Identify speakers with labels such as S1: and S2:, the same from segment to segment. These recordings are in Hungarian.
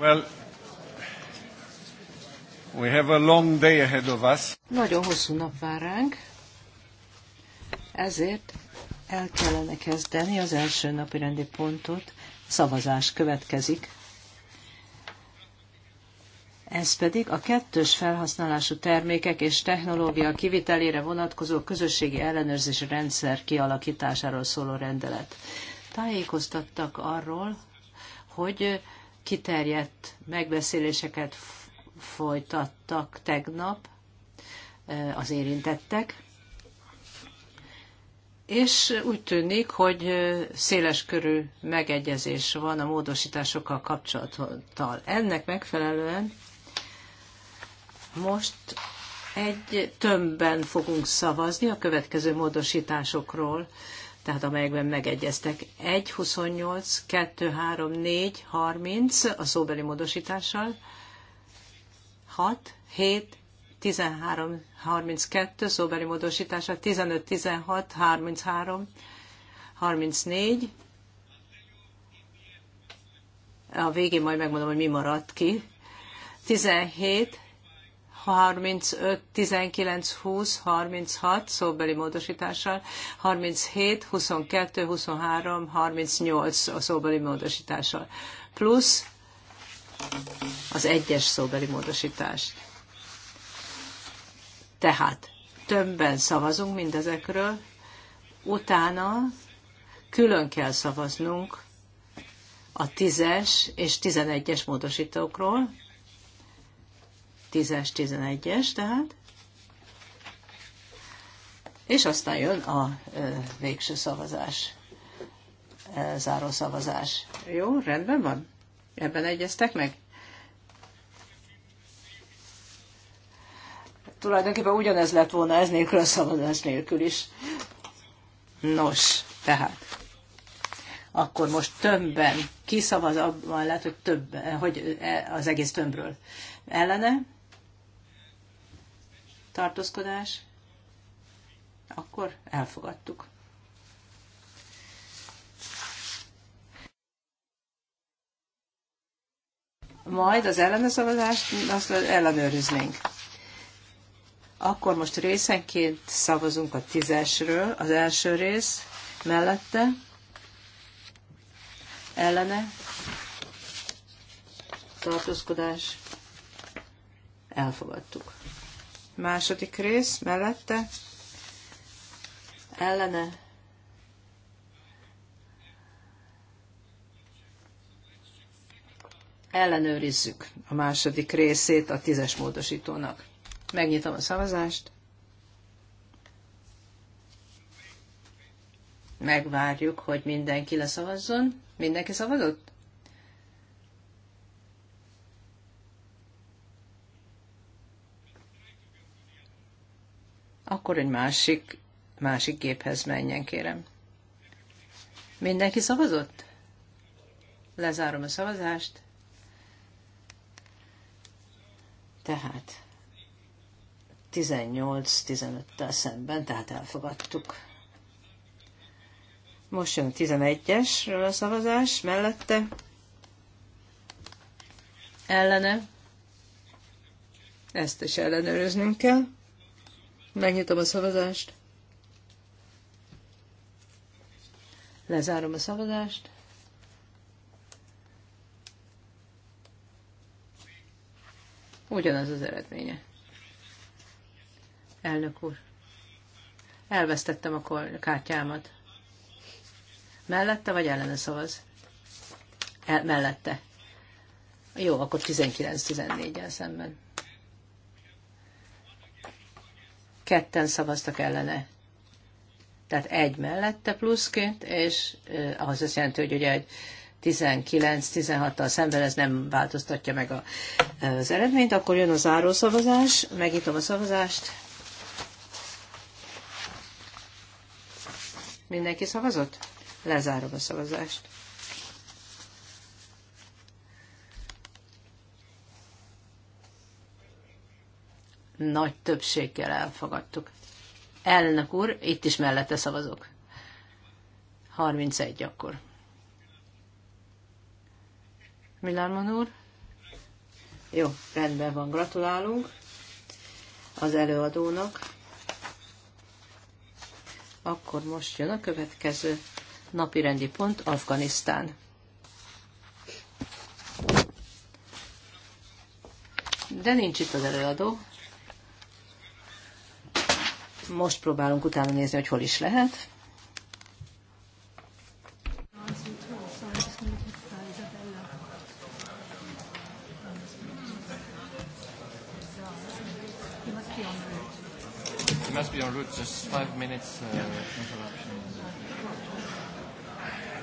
S1: Well, we have a long day ahead of us.
S2: Nagyon hosszú nap vár ránk, ezért el kellene kezdeni az első napi rendi pontot. Szavazás következik. Ez pedig a kettős felhasználású termékek és technológia kivitelére vonatkozó közösségi ellenőrzési rendszer kialakításáról szóló rendelet. Tájékoztattak arról, hogy kiterjedt megbeszéléseket folytattak tegnap az érintettek, és úgy tűnik, hogy széles körű megegyezés van a módosításokkal kapcsolattal. Ennek megfelelően most egy tömbben fogunk szavazni a következő módosításokról, tehát amelyekben megegyeztek. 1, 28, 2, 3, 4, 30 a szóbeli módosítással, 6, 7, 13, 32 szóbeli módosítással, 15, 16, 33, 34, a végén majd megmondom, hogy mi maradt ki, 17, 35, 19, 20, 36 szóbeli módosítással, 37, 22, 23, 38 szóbeli módosítással. Plusz az egyes szóbeli módosítás. Tehát többen szavazunk mindezekről, utána külön kell szavaznunk a 10-es és 11-es módosítókról, 10-es, 11-es, tehát. És aztán jön a végső szavazás, záró szavazás. Jó, rendben van? Ebben egyeztek meg? Tulajdonképpen ugyanez lett volna ez nélkül a szavazás nélkül is. Nos, tehát akkor most tömbben kiszavaz abban lehet, hogy több, hogy az egész tömbről ellene, tartózkodás, akkor elfogadtuk. Majd az ellenőrzavazást, azt ellenőriznénk. Akkor most részenként szavazunk a tízesről, az első rész mellette, ellene, tartózkodás, elfogadtuk. Második rész mellette ellene ellenőrizzük a második részét a tízes módosítónak. Megnyitom a szavazást. Megvárjuk, hogy mindenki leszavazzon. Mindenki szavazott? akkor egy másik, másik géphez menjen, kérem. Mindenki szavazott? Lezárom a szavazást. Tehát 18-15-tel szemben, tehát elfogadtuk. Most jön a 11-esről a szavazás, mellette ellene. Ezt is ellenőröznünk kell. Megnyitom a szavazást. Lezárom a szavazást. Ugyanaz az eredménye. Elnök úr. Elvesztettem a kártyámat. Mellette vagy ellene szavaz? El, mellette. Jó, akkor 19-14-en szemben. ketten szavaztak ellene. Tehát egy mellette pluszként, és eh, ahhoz azt jelenti, hogy ugye egy 19-16-tal szemben ez nem változtatja meg a, az eredményt. Akkor jön a zárószavazás, megnyitom a szavazást. Mindenki szavazott? Lezárom a szavazást. nagy többséggel elfogadtuk. Elnök úr, itt is mellette szavazok. 31 akkor. Milárman úr? Jó, rendben van, gratulálunk az előadónak. Akkor most jön a következő napi rendi pont, Afganisztán. De nincs itt az előadó most próbálunk utána nézni, hogy hol is lehet. He must be en route, just five minutes uh, yeah. interruption.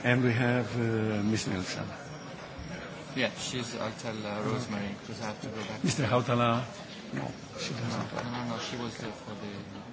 S1: And we have uh, Miss Nielsen. Yeah, she's, I'll tell uh, Rosemary, because I have to go back. Mr. Hautala? No, she doesn't. No, no, no, she was there for the...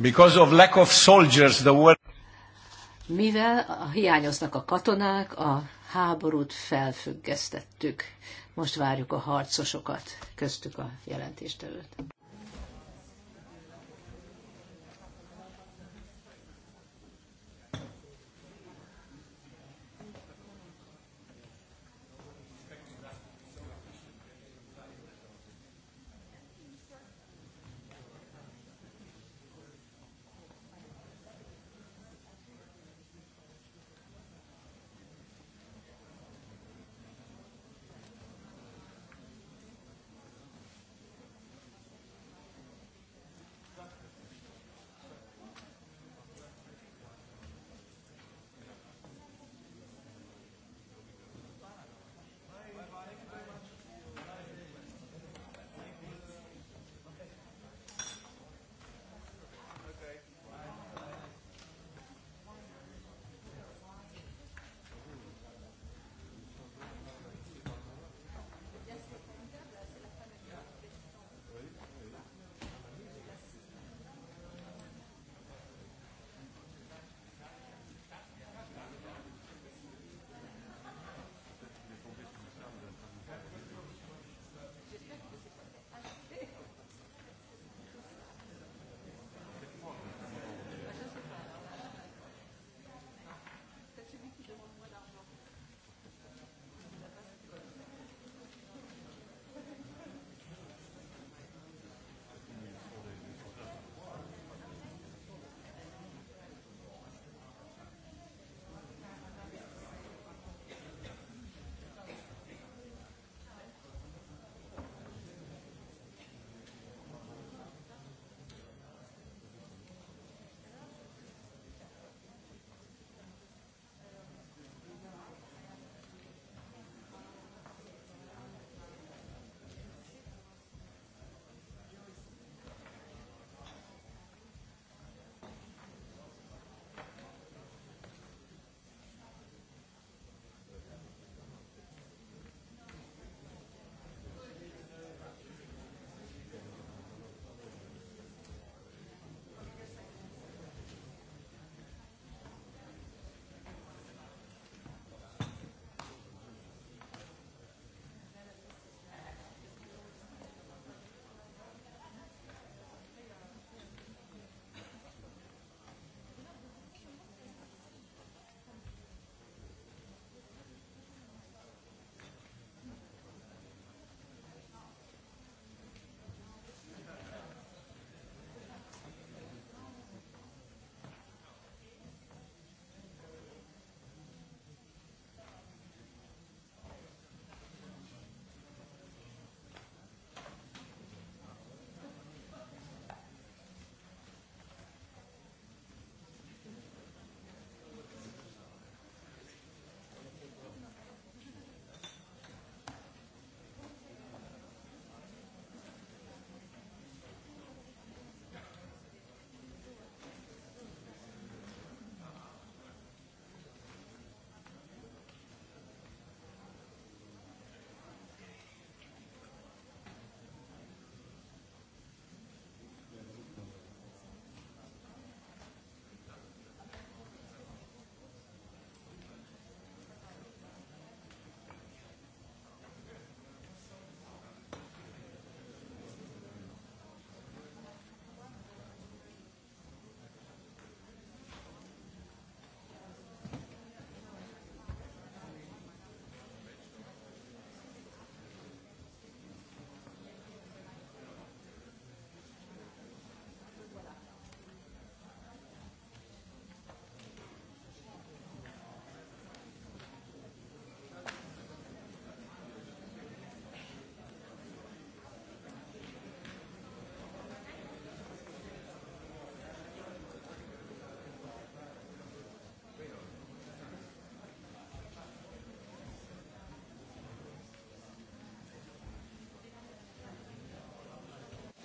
S3: Because of lack of soldiers, the world...
S2: Mivel hiányoznak a katonák, a háborút felfüggesztettük. Most várjuk a harcosokat, köztük a jelentéstevőt.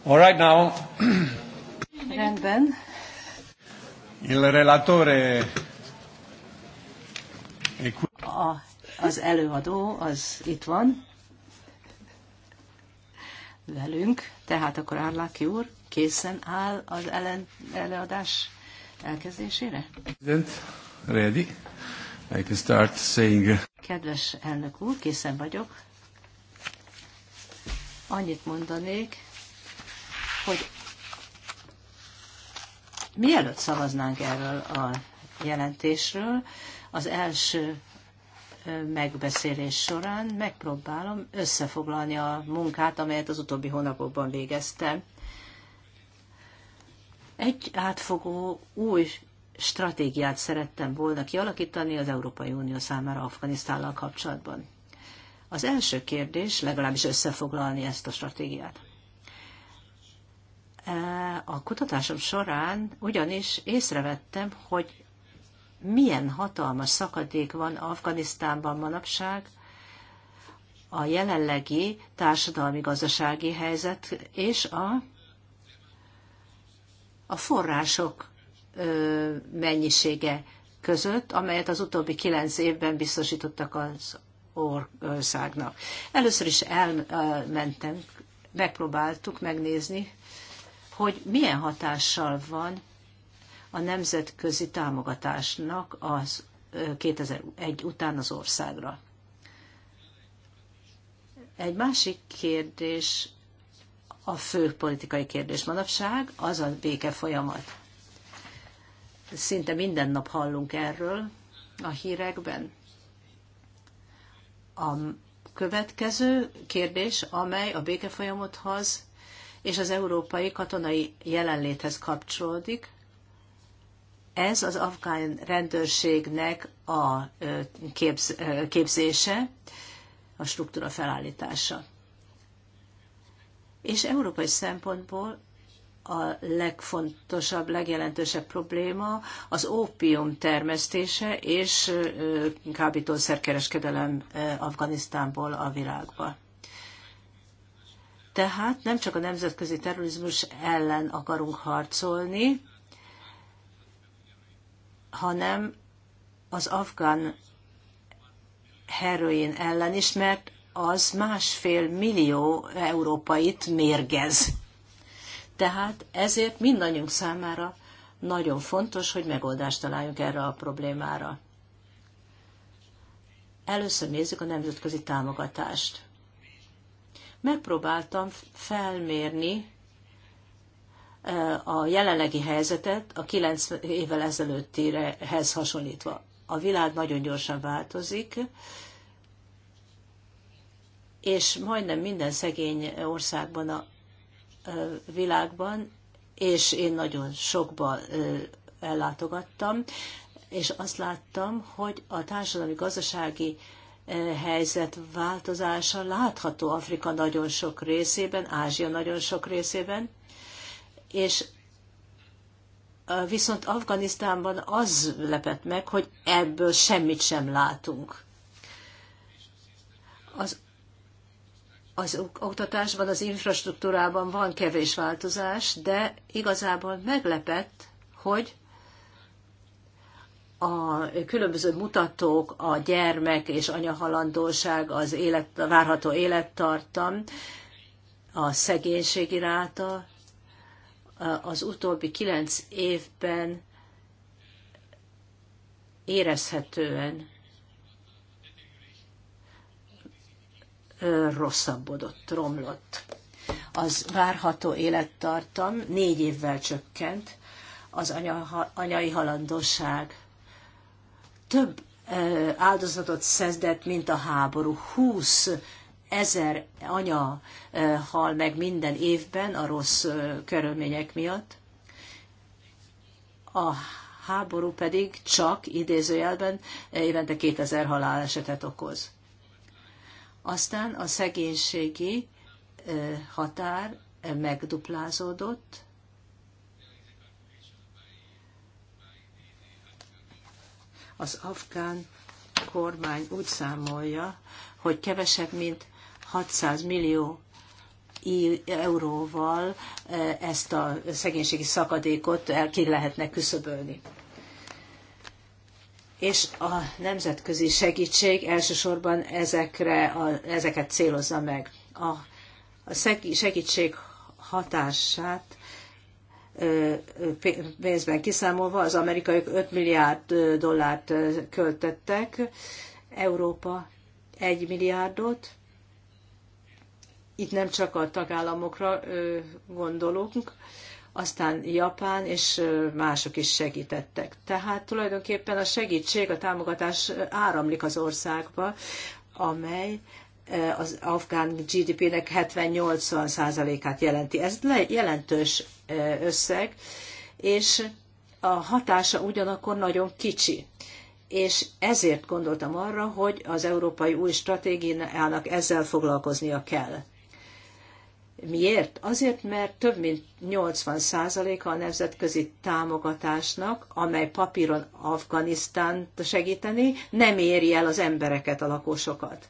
S1: All right now.
S2: Rendben.
S1: Il relatore
S2: a, az előadó az itt van velünk, tehát akkor Árláki úr készen áll az ellen, előadás elkezdésére?
S3: Ready. I can start saying... Uh,
S2: Kedves elnök úr, készen vagyok. Annyit mondanék, hogy mielőtt szavaznánk erről a jelentésről, az első megbeszélés során megpróbálom összefoglalni a munkát, amelyet az utóbbi hónapokban végeztem. Egy átfogó új stratégiát szerettem volna kialakítani az Európai Unió számára Afganisztállal kapcsolatban. Az első kérdés legalábbis összefoglalni ezt a stratégiát. E, a kutatásom során ugyanis észrevettem, hogy milyen hatalmas szakadék van Afganisztánban manapság a jelenlegi társadalmi-gazdasági helyzet és a, a források mennyisége között, amelyet az utóbbi kilenc évben biztosítottak az országnak. Először is elmentem, megpróbáltuk megnézni, hogy milyen hatással van a nemzetközi támogatásnak az 2001 után az országra. Egy másik kérdés, a fő politikai kérdés manapság, az a béke folyamat. Szinte minden nap hallunk erről a hírekben. A következő kérdés, amely a béke folyamathoz és az európai katonai jelenléthez kapcsolódik. Ez az afgán rendőrségnek a képz, képzése, a struktúra felállítása. És európai szempontból a legfontosabb, legjelentősebb probléma az ópium termesztése és kábítószerkereskedelem Afganisztánból a világba. Tehát nem csak a nemzetközi terrorizmus ellen akarunk harcolni, hanem az afgán heroin ellen is, mert az másfél millió európait mérgez. Tehát ezért mindannyiunk számára nagyon fontos, hogy megoldást találjunk erre a problémára. Először nézzük a nemzetközi támogatást. Megpróbáltam felmérni e, a jelenlegi helyzetet a 9 évvel ezelőttirehez hasonlítva. A világ nagyon gyorsan változik, és majdnem minden szegény országban a e, világban, és én nagyon sokba e, ellátogattam, és azt láttam, hogy a társadalmi gazdasági helyzet változása látható Afrika nagyon sok részében, Ázsia nagyon sok részében, és viszont Afganisztánban az lepett meg, hogy ebből semmit sem látunk. Az, az oktatásban, az infrastruktúrában van kevés változás, de igazából meglepett, hogy a különböző mutatók, a gyermek és anyahalandóság, az élet, a várható élettartam, a szegénységi ráta az utóbbi kilenc évben érezhetően rosszabbodott, romlott. Az várható élettartam négy évvel csökkent, az anya, anyai halandóság több áldozatot szedett, mint a háború. 20 ezer anya hal meg minden évben a rossz körülmények miatt. A háború pedig csak idézőjelben évente 2000 halálesetet okoz. Aztán a szegénységi határ megduplázódott, Az afgán kormány úgy számolja, hogy kevesebb, mint 600 millió euróval e, ezt a szegénységi szakadékot el ki lehetne küszöbölni. És a nemzetközi segítség elsősorban ezekre a, ezeket célozza meg. A, a segítség hatását pénzben kiszámolva az amerikaiak 5 milliárd dollárt költöttek, Európa 1 milliárdot. Itt nem csak a tagállamokra gondolunk, aztán Japán és mások is segítettek. Tehát tulajdonképpen a segítség, a támogatás áramlik az országba, amely Eh, az afgán GDP-nek 70-80 százalékát jelenti. Ez jelentős eh, összeg, és a hatása ugyanakkor nagyon kicsi. És ezért gondoltam arra, hogy az európai új stratégiának ezzel foglalkoznia kell. Miért? Azért, mert több mint 80%-a a nemzetközi támogatásnak, amely papíron Afganisztánt segíteni, nem éri el az embereket, a lakosokat.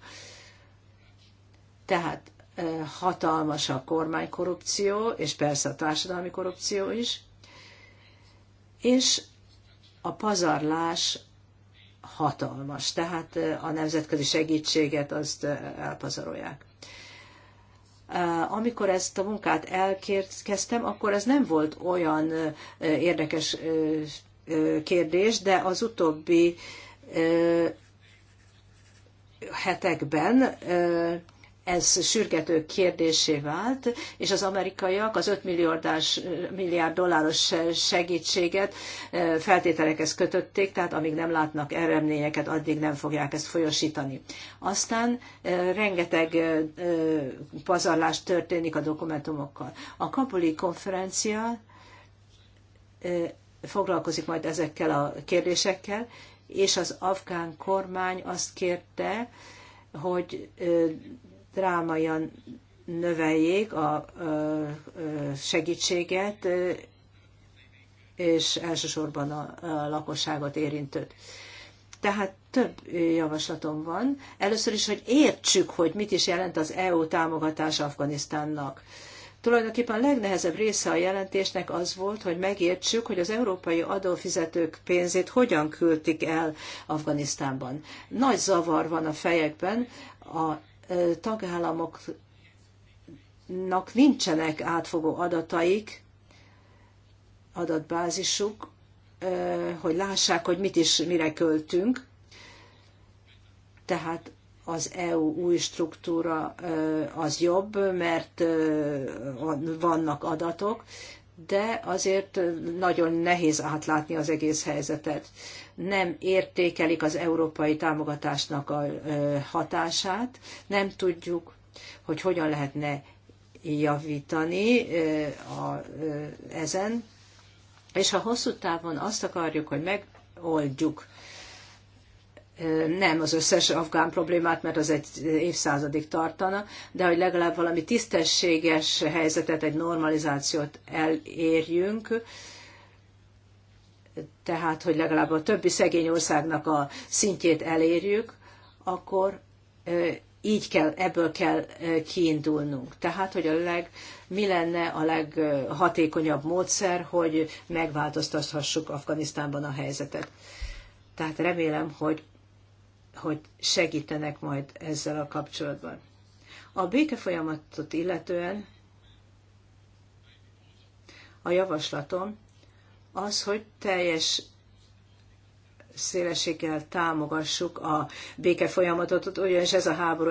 S2: Tehát hatalmas a kormánykorrupció, és persze a társadalmi korrupció is, és a pazarlás hatalmas, tehát a nemzetközi segítséget azt elpazarolják. Amikor ezt a munkát elkezdtem, akkor ez nem volt olyan érdekes kérdés, de az utóbbi hetekben ez sürgető kérdésé vált, és az amerikaiak az 5 milliárdás, milliárd dolláros segítséget feltételekhez kötötték, tehát amíg nem látnak eredményeket, addig nem fogják ezt folyosítani. Aztán rengeteg pazarlás történik a dokumentumokkal. A Kabuli konferencia foglalkozik majd ezekkel a kérdésekkel, és az afgán kormány azt kérte, hogy drámaian növeljék a segítséget, és elsősorban a lakosságot érintőt. Tehát több javaslatom van. Először is, hogy értsük, hogy mit is jelent az EU támogatása Afganisztánnak. Tulajdonképpen a legnehezebb része a jelentésnek az volt, hogy megértsük, hogy az európai adófizetők pénzét hogyan küldtik el Afganisztánban. Nagy zavar van a fejekben a tagállamoknak nincsenek átfogó adataik, adatbázisuk, hogy lássák, hogy mit is mire költünk. Tehát az EU új struktúra az jobb, mert vannak adatok, de azért nagyon nehéz átlátni az egész helyzetet nem értékelik az európai támogatásnak a hatását, nem tudjuk, hogy hogyan lehetne javítani ezen, és ha hosszú távon azt akarjuk, hogy megoldjuk nem az összes afgán problémát, mert az egy évszázadig tartana, de hogy legalább valami tisztességes helyzetet, egy normalizációt elérjünk, tehát hogy legalább a többi szegény országnak a szintjét elérjük, akkor így kell, ebből kell kiindulnunk. Tehát, hogy a leg, mi lenne a leghatékonyabb módszer, hogy megváltoztathassuk Afganisztánban a helyzetet. Tehát remélem, hogy, hogy segítenek majd ezzel a kapcsolatban. A béke folyamatot illetően a javaslatom az, hogy teljes szélességgel támogassuk a béke folyamatot, ugyanis ez a háború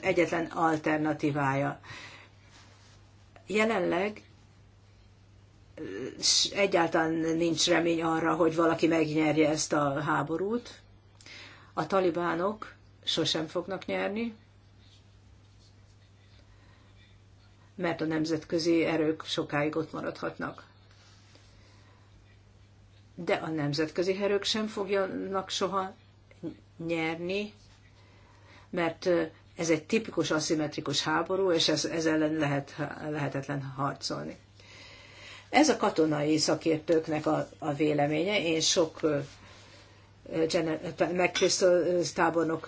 S2: egyetlen alternatívája. Jelenleg egyáltalán nincs remény arra, hogy valaki megnyerje ezt a háborút. A talibánok sosem fognak nyerni, mert a nemzetközi erők sokáig ott maradhatnak de a nemzetközi erők sem fogjanak soha nyerni, mert ez egy tipikus aszimmetrikus háború, és ez, ez ellen lehet, lehetetlen harcolni. Ez a katonai szakértőknek a, a véleménye. Én sok McChrystal tábornok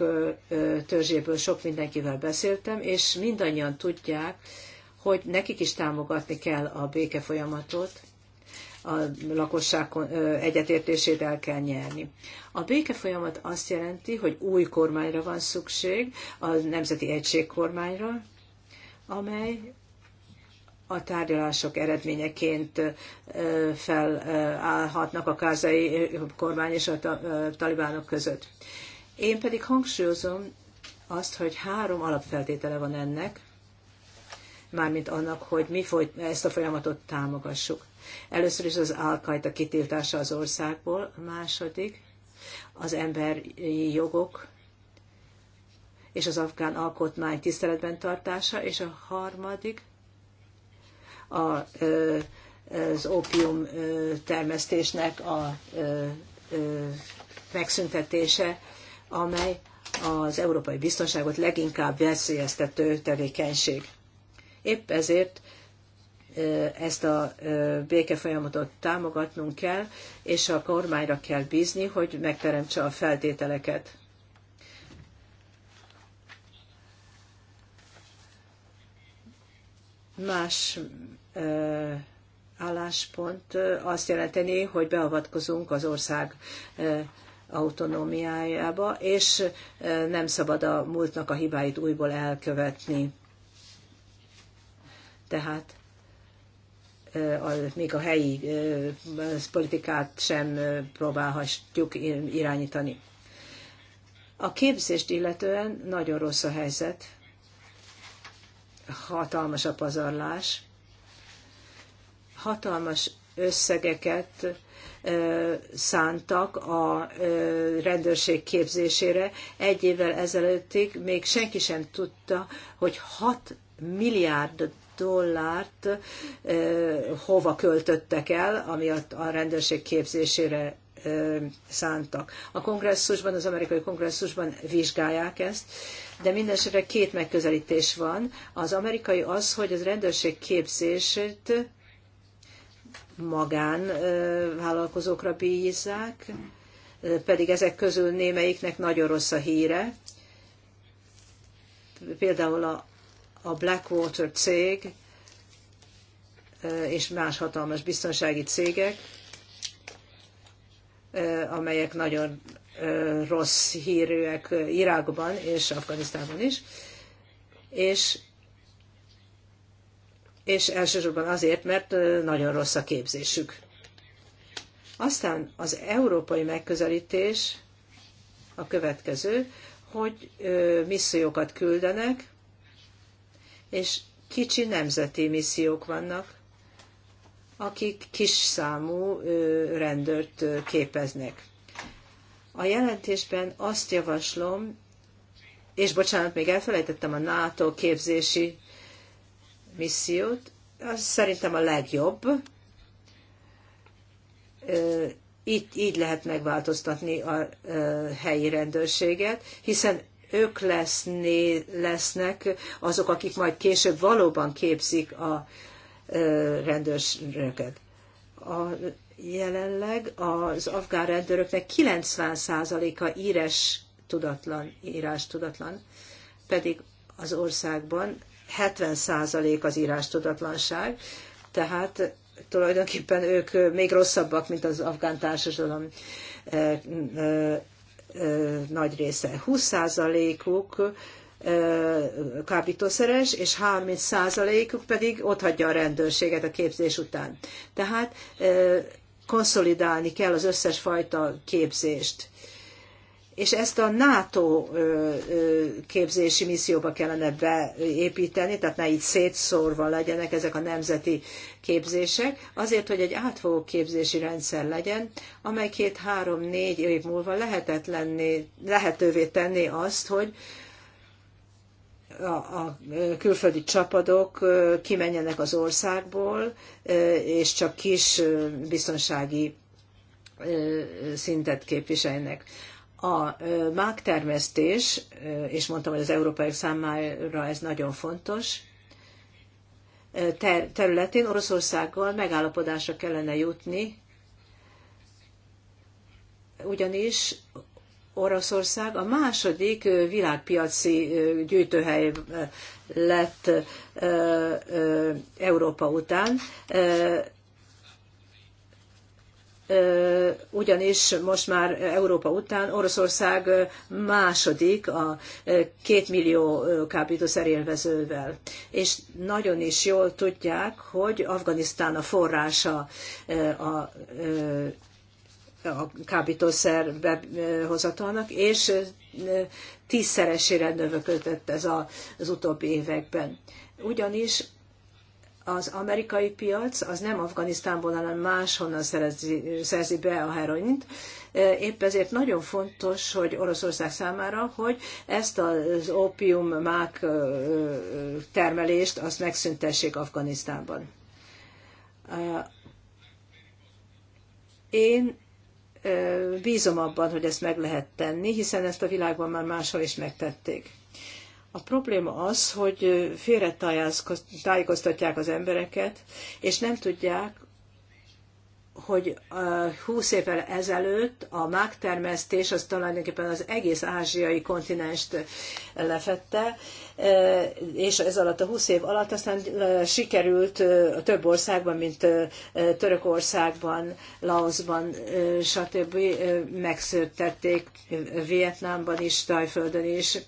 S2: törzséből sok mindenkivel beszéltem, és mindannyian tudják, hogy nekik is támogatni kell a béke folyamatot, a lakosság egyetértését el kell nyerni. A béke folyamat azt jelenti, hogy új kormányra van szükség, a Nemzeti Egység kormányra, amely a tárgyalások eredményeként felállhatnak a kázai kormány és a talibánok között. Én pedig hangsúlyozom azt, hogy három alapfeltétele van ennek, mármint annak, hogy mi ezt a folyamatot támogassuk. Először is az a kitiltása az országból, a második az emberi jogok és az afgán alkotmány tiszteletben tartása, és a harmadik a, az ópium termesztésnek a megszüntetése, amely az európai biztonságot leginkább veszélyeztető tevékenység. Épp ezért ezt a békefolyamatot támogatnunk kell, és a kormányra kell bízni, hogy megteremtse a feltételeket. Más álláspont azt jelenteni, hogy beavatkozunk az ország autonómiájába, és nem szabad a múltnak a hibáit újból elkövetni. Tehát még a helyi politikát sem próbálhatjuk irányítani. A képzést illetően nagyon rossz a helyzet, hatalmas a pazarlás, hatalmas összegeket szántak a rendőrség képzésére. Egy évvel ezelőttig még senki sem tudta, hogy 6 milliárd dollárt hova költöttek el, ami a rendőrség képzésére szántak. A kongresszusban, az amerikai kongresszusban vizsgálják ezt, de mindenesetre két megközelítés van. Az amerikai az, hogy az rendőrség képzését vállalkozókra bízzák, pedig ezek közül némelyiknek nagyon rossz a híre. Például a a Blackwater cég és más hatalmas biztonsági cégek, amelyek nagyon rossz hírűek Irákban és Afganisztánban is, és, és elsősorban azért, mert nagyon rossz a képzésük. Aztán az európai megközelítés a következő, hogy missziókat küldenek, és kicsi nemzeti missziók vannak, akik kis számú rendőrt képeznek. A jelentésben azt javaslom, és bocsánat, még elfelejtettem a NATO képzési missziót, az szerintem a legjobb. Itt így lehet megváltoztatni a helyi rendőrséget, hiszen ők leszné, lesznek azok, akik majd később valóban képzik a rendőröket. A, jelenleg az afgán rendőröknek 90%-a íres tudatlan, írás tudatlan, pedig az országban 70% az írás tudatlanság, tehát tulajdonképpen ők még rosszabbak, mint az afgán társadalom nagy része. 20%-uk kábítószeres, és 30%-uk pedig otthagyja a rendőrséget a képzés után. Tehát konszolidálni kell az összes fajta képzést és ezt a NATO képzési misszióba kellene beépíteni, tehát ne így szétszórva legyenek ezek a nemzeti képzések, azért, hogy egy átfogó képzési rendszer legyen, amely két-három-négy év múlva lehetetlenné, lehetővé tenni azt, hogy a, a külföldi csapadok kimenjenek az országból, és csak kis biztonsági szintet képviselnek a mágtermesztés, és mondtam, hogy az európai számára ez nagyon fontos, területén Oroszországgal megállapodásra kellene jutni, ugyanis Oroszország a második világpiaci gyűjtőhely lett Európa után ugyanis most már Európa után Oroszország második a két millió kábítószer élvezővel. És nagyon is jól tudják, hogy Afganisztán a forrása a a kábítószer behozatalnak, és tízszeresére növökötött ez az utóbbi években. Ugyanis az amerikai piac az nem Afganisztánból, hanem máshonnan szerezi, szerzi be a heroint. Épp ezért nagyon fontos, hogy Oroszország számára, hogy ezt az mák termelést azt megszüntessék Afganisztánban. Én bízom abban, hogy ezt meg lehet tenni, hiszen ezt a világban már máshol is megtették a probléma az, hogy félre tájékoztatják az embereket, és nem tudják, hogy 20 évvel ezelőtt a mágtermesztés az tulajdonképpen az egész ázsiai kontinenst lefette, és ez alatt a 20 év alatt aztán sikerült több országban, mint Törökországban, Laosban, stb. megszörtették Vietnámban is, Tajföldön is.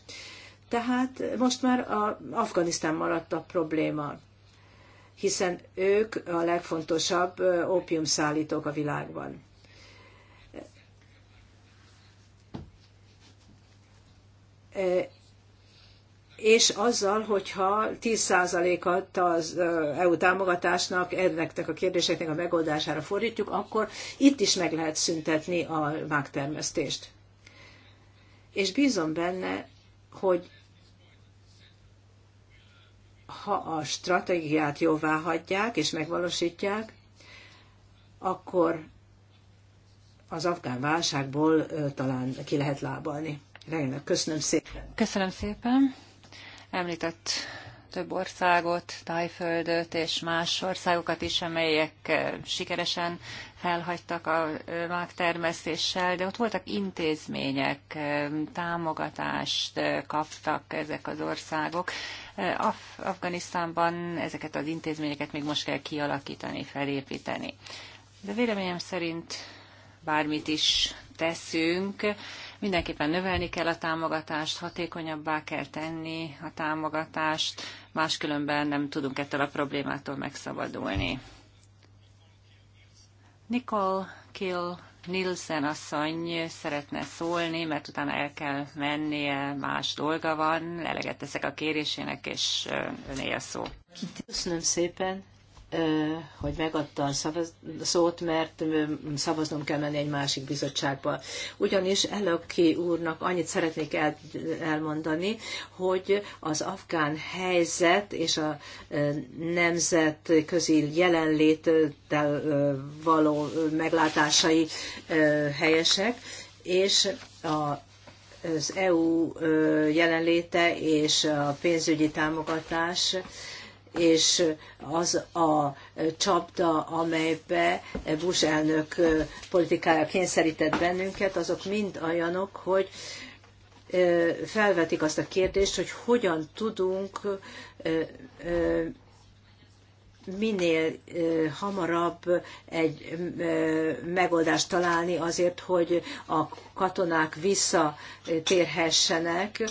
S2: Tehát most már a Afganisztán maradt a probléma, hiszen ők a legfontosabb ópiumszállítók a világban. És azzal, hogyha 10%-at az EU támogatásnak, ennek a kérdéseknek a megoldására fordítjuk, akkor itt is meg lehet szüntetni a mágtermesztést. És bízom benne, hogy ha a stratégiát jóvá hagyják és megvalósítják, akkor az afgán válságból talán ki lehet lábalni. Remek, köszönöm szépen. Köszönöm szépen. Említett
S1: több országot, Tájföldöt és más országokat is, amelyek sikeresen felhagytak a mák termesztéssel, de ott voltak intézmények, támogatást kaptak ezek az országok. Af- Afganisztánban ezeket az intézményeket még most kell kialakítani, felépíteni. De véleményem szerint bármit is teszünk, mindenképpen növelni kell a támogatást, hatékonyabbá kell tenni a támogatást, máskülönben nem tudunk ettől a problémától megszabadulni. Nicole Kill Nielsen asszony szeretne szólni, mert utána el kell mennie, más dolga van. Eleget teszek a kérésének, és öné a szó.
S2: Köszönöm szépen hogy megadta a szót, mert szavaznom kell menni egy másik bizottságba. Ugyanis Eloki úrnak annyit szeretnék el, elmondani, hogy az afgán helyzet és a nemzet közül jelenléttel való meglátásai helyesek, és a az EU jelenléte és a pénzügyi támogatás és az a csapda, amelybe Bush elnök politikája kényszerített bennünket, azok mind olyanok, hogy felvetik azt a kérdést, hogy hogyan tudunk minél hamarabb egy megoldást találni azért, hogy a katonák visszatérhessenek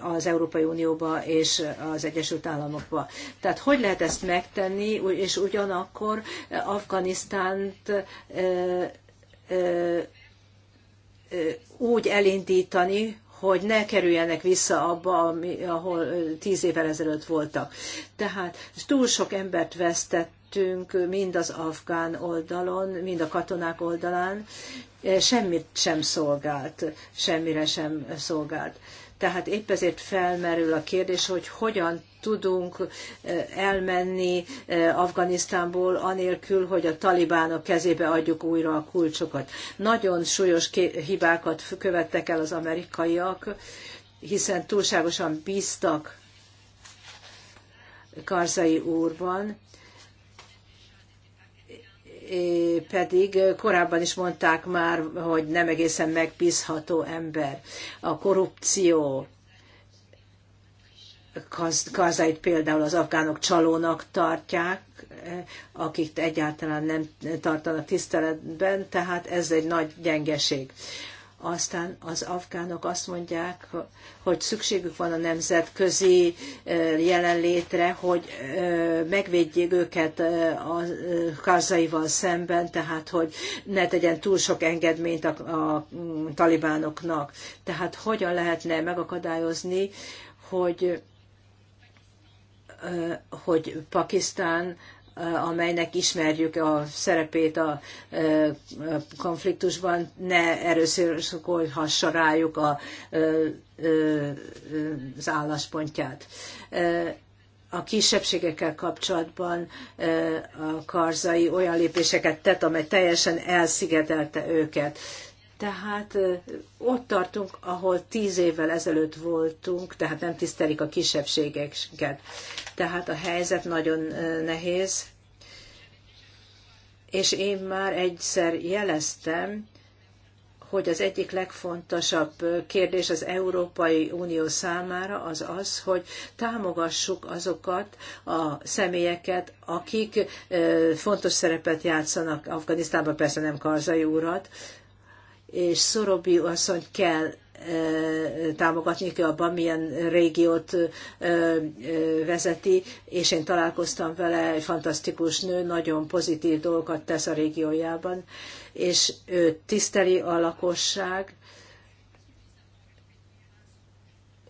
S2: az Európai Unióba és az Egyesült Államokba. Tehát hogy lehet ezt megtenni, és ugyanakkor Afganisztánt úgy elindítani, hogy ne kerüljenek vissza abba, ami, ahol tíz évvel ezelőtt voltak. Tehát túl sok embert vesztettünk, mind az afgán oldalon, mind a katonák oldalán, semmit sem szolgált, semmire sem szolgált. Tehát épp ezért felmerül a kérdés, hogy hogyan tudunk eh, elmenni eh, Afganisztánból anélkül, hogy a talibánok kezébe adjuk újra a kulcsokat. Nagyon súlyos hibákat követtek el az amerikaiak, hiszen túlságosan bíztak Karzai úrban, pedig korábban is mondták már, hogy nem egészen megbízható ember. A korrupció Kazait például az afgánok csalónak tartják, akik egyáltalán nem tartanak tiszteletben, tehát ez egy nagy gyengeség. Aztán az afgánok azt mondják, hogy szükségük van a nemzetközi jelenlétre, hogy megvédjék őket a kazaival szemben, tehát hogy ne tegyen túl sok engedményt a, a mm, talibánoknak. Tehát hogyan lehetne megakadályozni, hogy hogy Pakisztán Eh, amelynek ismerjük a szerepét eh, a konfliktusban, ne erőszakolhassa rájuk a, eh, az álláspontját. A kisebbségekkel kapcsolatban a Karzai olyan lépéseket tett, amely teljesen elszigetelte őket tehát ott tartunk, ahol tíz évvel ezelőtt voltunk, tehát nem tisztelik a kisebbségeket. Tehát a helyzet nagyon nehéz. És én már egyszer jeleztem, hogy az egyik legfontosabb kérdés az Európai Unió számára az az, hogy támogassuk azokat a személyeket, akik fontos szerepet játszanak Afganisztánban, persze nem Karzai urat, és Szorobi asszony kell támogatni, ki abban milyen régiót vezeti, és én találkoztam vele, egy fantasztikus nő, nagyon pozitív dolgokat tesz a régiójában, és ő tiszteli a lakosság,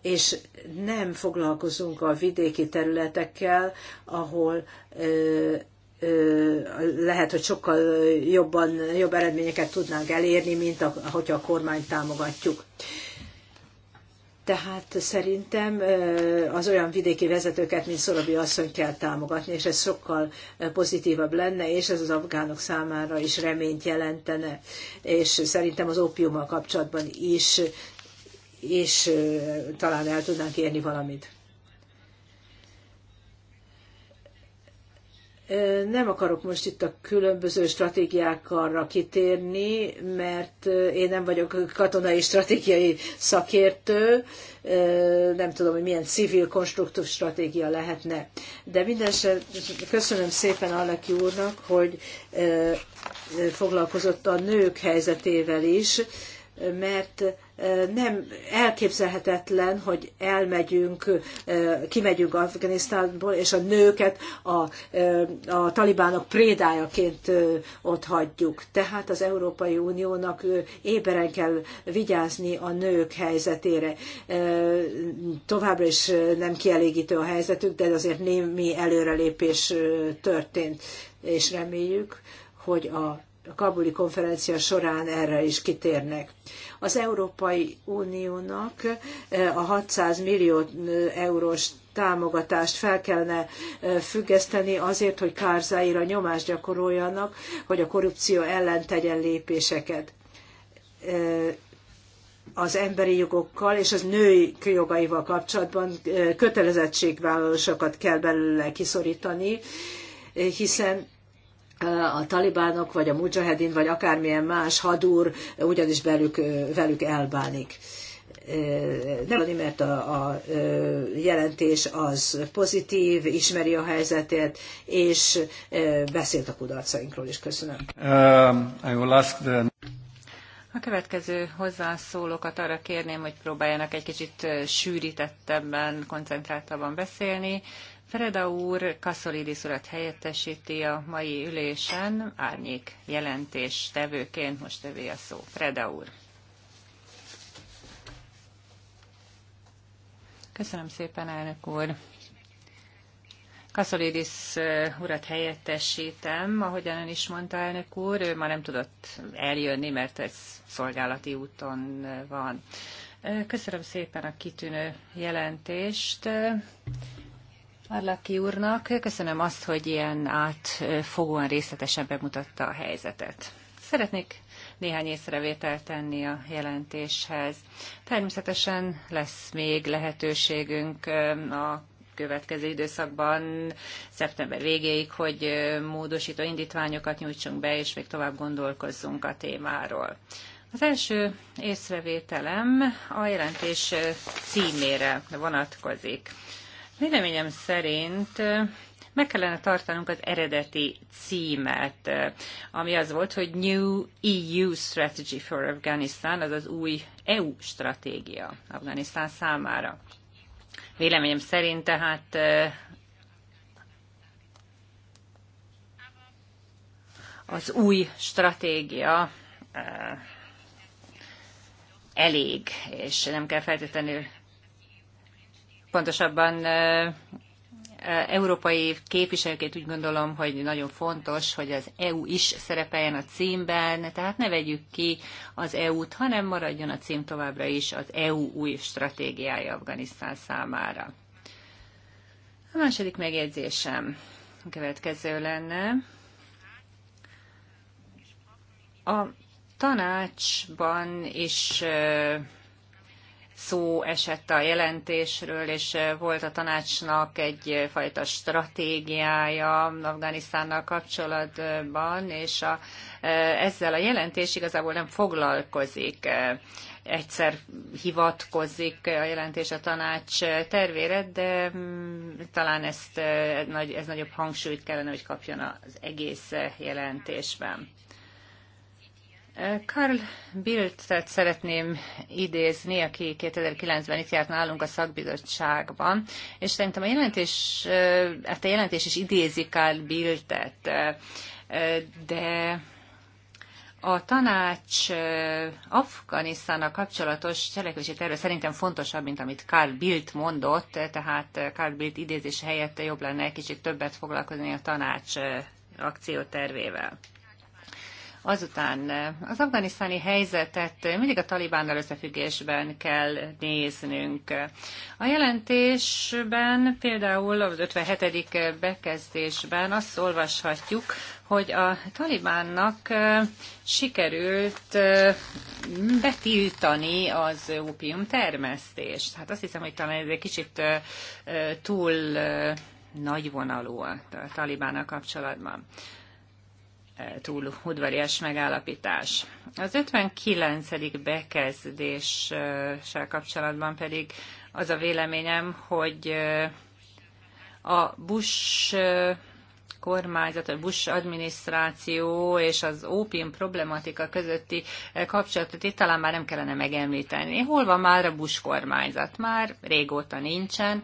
S2: és nem foglalkozunk a vidéki területekkel, ahol lehet, hogy sokkal jobban, jobb eredményeket tudnánk elérni, mint a, hogyha a kormányt támogatjuk. Tehát szerintem az olyan vidéki vezetőket, mint Szorobi asszony kell támogatni, és ez sokkal pozitívabb lenne, és ez az afgánok számára is reményt jelentene, és szerintem az ópiummal kapcsolatban is, és talán el tudnánk érni valamit. Nem akarok most itt a különböző stratégiákra kitérni, mert én nem vagyok katonai stratégiai szakértő, nem tudom, hogy milyen civil konstruktív stratégia lehetne. De mindenesetre köszönöm szépen Alleki úrnak, hogy foglalkozott a nők helyzetével is, mert nem elképzelhetetlen, hogy elmegyünk, kimegyünk Afganisztánból, és a nőket a, a talibánok prédájaként ott hagyjuk. Tehát az Európai Uniónak éberen kell vigyázni a nők helyzetére. Továbbra is nem kielégítő a helyzetük, de azért némi előrelépés történt, és reméljük, hogy a a kabuli konferencia során erre is kitérnek. Az Európai Uniónak eh, a 600 millió eh, eurós támogatást fel kellene eh, függeszteni azért, hogy Kárzáira nyomást gyakoroljanak, hogy a korrupció ellen tegyen lépéseket az emberi jogokkal és az női jogaival kapcsolatban kötelezettségvállalásokat kell belőle kiszorítani, hiszen a talibánok, vagy a mujahedin, vagy akármilyen más hadúr ugyanis belük velük elbánik. Nem, mert a, a jelentés az pozitív, ismeri a helyzetet, és beszélt a kudarcainkról is. Köszönöm.
S1: Um, the... A következő hozzászólókat arra kérném, hogy próbáljanak egy kicsit sűrítettebben, koncentráltabban beszélni. Freda úr Kaszolidis urat helyettesíti a mai ülésen, árnyék jelentés tevőként most tevé a szó. Freda úr. Köszönöm szépen, elnök úr. Kaszolidis urat helyettesítem, ahogyan ön is mondta, elnök úr, ő ma nem tudott eljönni, mert ez szolgálati úton van. Köszönöm szépen a kitűnő jelentést. Arlaki úrnak. Köszönöm azt, hogy ilyen átfogóan részletesen bemutatta a helyzetet. Szeretnék néhány észrevételt tenni a jelentéshez. Természetesen lesz még lehetőségünk a következő időszakban, szeptember végéig, hogy módosító indítványokat nyújtsunk be, és még tovább gondolkozzunk a témáról. Az első észrevételem a jelentés címére vonatkozik. Véleményem szerint meg kellene tartanunk az eredeti címet, ami az volt, hogy New EU Strategy for Afghanistan, az az új EU stratégia Afganisztán számára. Véleményem szerint tehát az új stratégia elég, és nem kell feltétlenül pontosabban európai képviselőként úgy gondolom, hogy nagyon fontos, hogy az EU is szerepeljen a címben, tehát ne vegyük ki az EU-t, hanem maradjon a cím továbbra is az EU új stratégiája Afganisztán számára. A második megjegyzésem a következő lenne. A tanácsban is szó esett a jelentésről, és volt a tanácsnak egyfajta stratégiája Afganisztánnal kapcsolatban, és a, ezzel a jelentés igazából nem foglalkozik egyszer hivatkozik a jelentés a tanács tervére, de mm, talán ezt, eh, ez nagyobb hangsúlyt kellene, hogy kapjon az egész jelentésben. Karl Bildt-et szeretném idézni, aki 2009-ben itt járt nálunk a szakbizottságban, és szerintem a jelentés, hát a jelentés is idézi Karl Bildt-et, de a tanács Afganisztánnal kapcsolatos cselekvési terve szerintem fontosabb, mint amit Karl Bildt mondott, tehát Karl Bildt idézés helyett jobb lenne egy kicsit többet foglalkozni a tanács akciótervével. Azután eh, az afganisztáni helyzetet eh, mindig a talibánnal összefüggésben kell néznünk. A jelentésben például az 57. bekezdésben azt olvashatjuk, hogy a talibánnak eh, sikerült betiltani az opium termesztést. Hát azt hiszem, hogy talán ez egy kicsit túl nagyvonalú a talibánnal kapcsolatban túl udvarias megállapítás. Az 59. bekezdéssel kapcsolatban pedig az a véleményem, hogy a Bush kormányzat, a Bush adminisztráció és az ópium problematika közötti kapcsolatot itt talán már nem kellene megemlíteni. Hol van már a Bush kormányzat? Már régóta nincsen,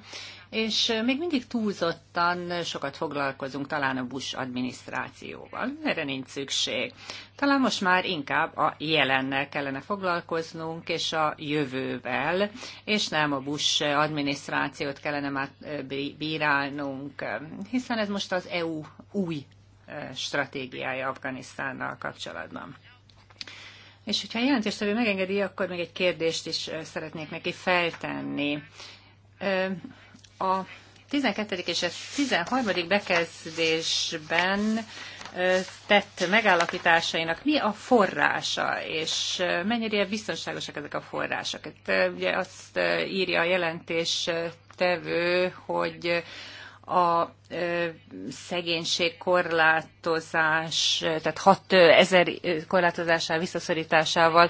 S1: és még mindig túlzottan sokat foglalkozunk talán a Bush adminisztrációval. Erre nincs szükség. Talán most már inkább a jelennel kellene foglalkoznunk, és a jövővel, és nem a Bush adminisztrációt kellene már bírálnunk, hiszen ez most az EU új stratégiája Afganisztánnal kapcsolatban. És hogyha a jelentéstevő megengedi, akkor még egy kérdést is szeretnék neki feltenni. A 12. és a 13. bekezdésben tett megállapításainak mi a forrása, és mennyire biztonságosak ezek a források. Itt ugye azt írja a jelentés tevő, hogy a szegénység korlátozás, tehát 6000 ezer korlátozásával, visszaszorításával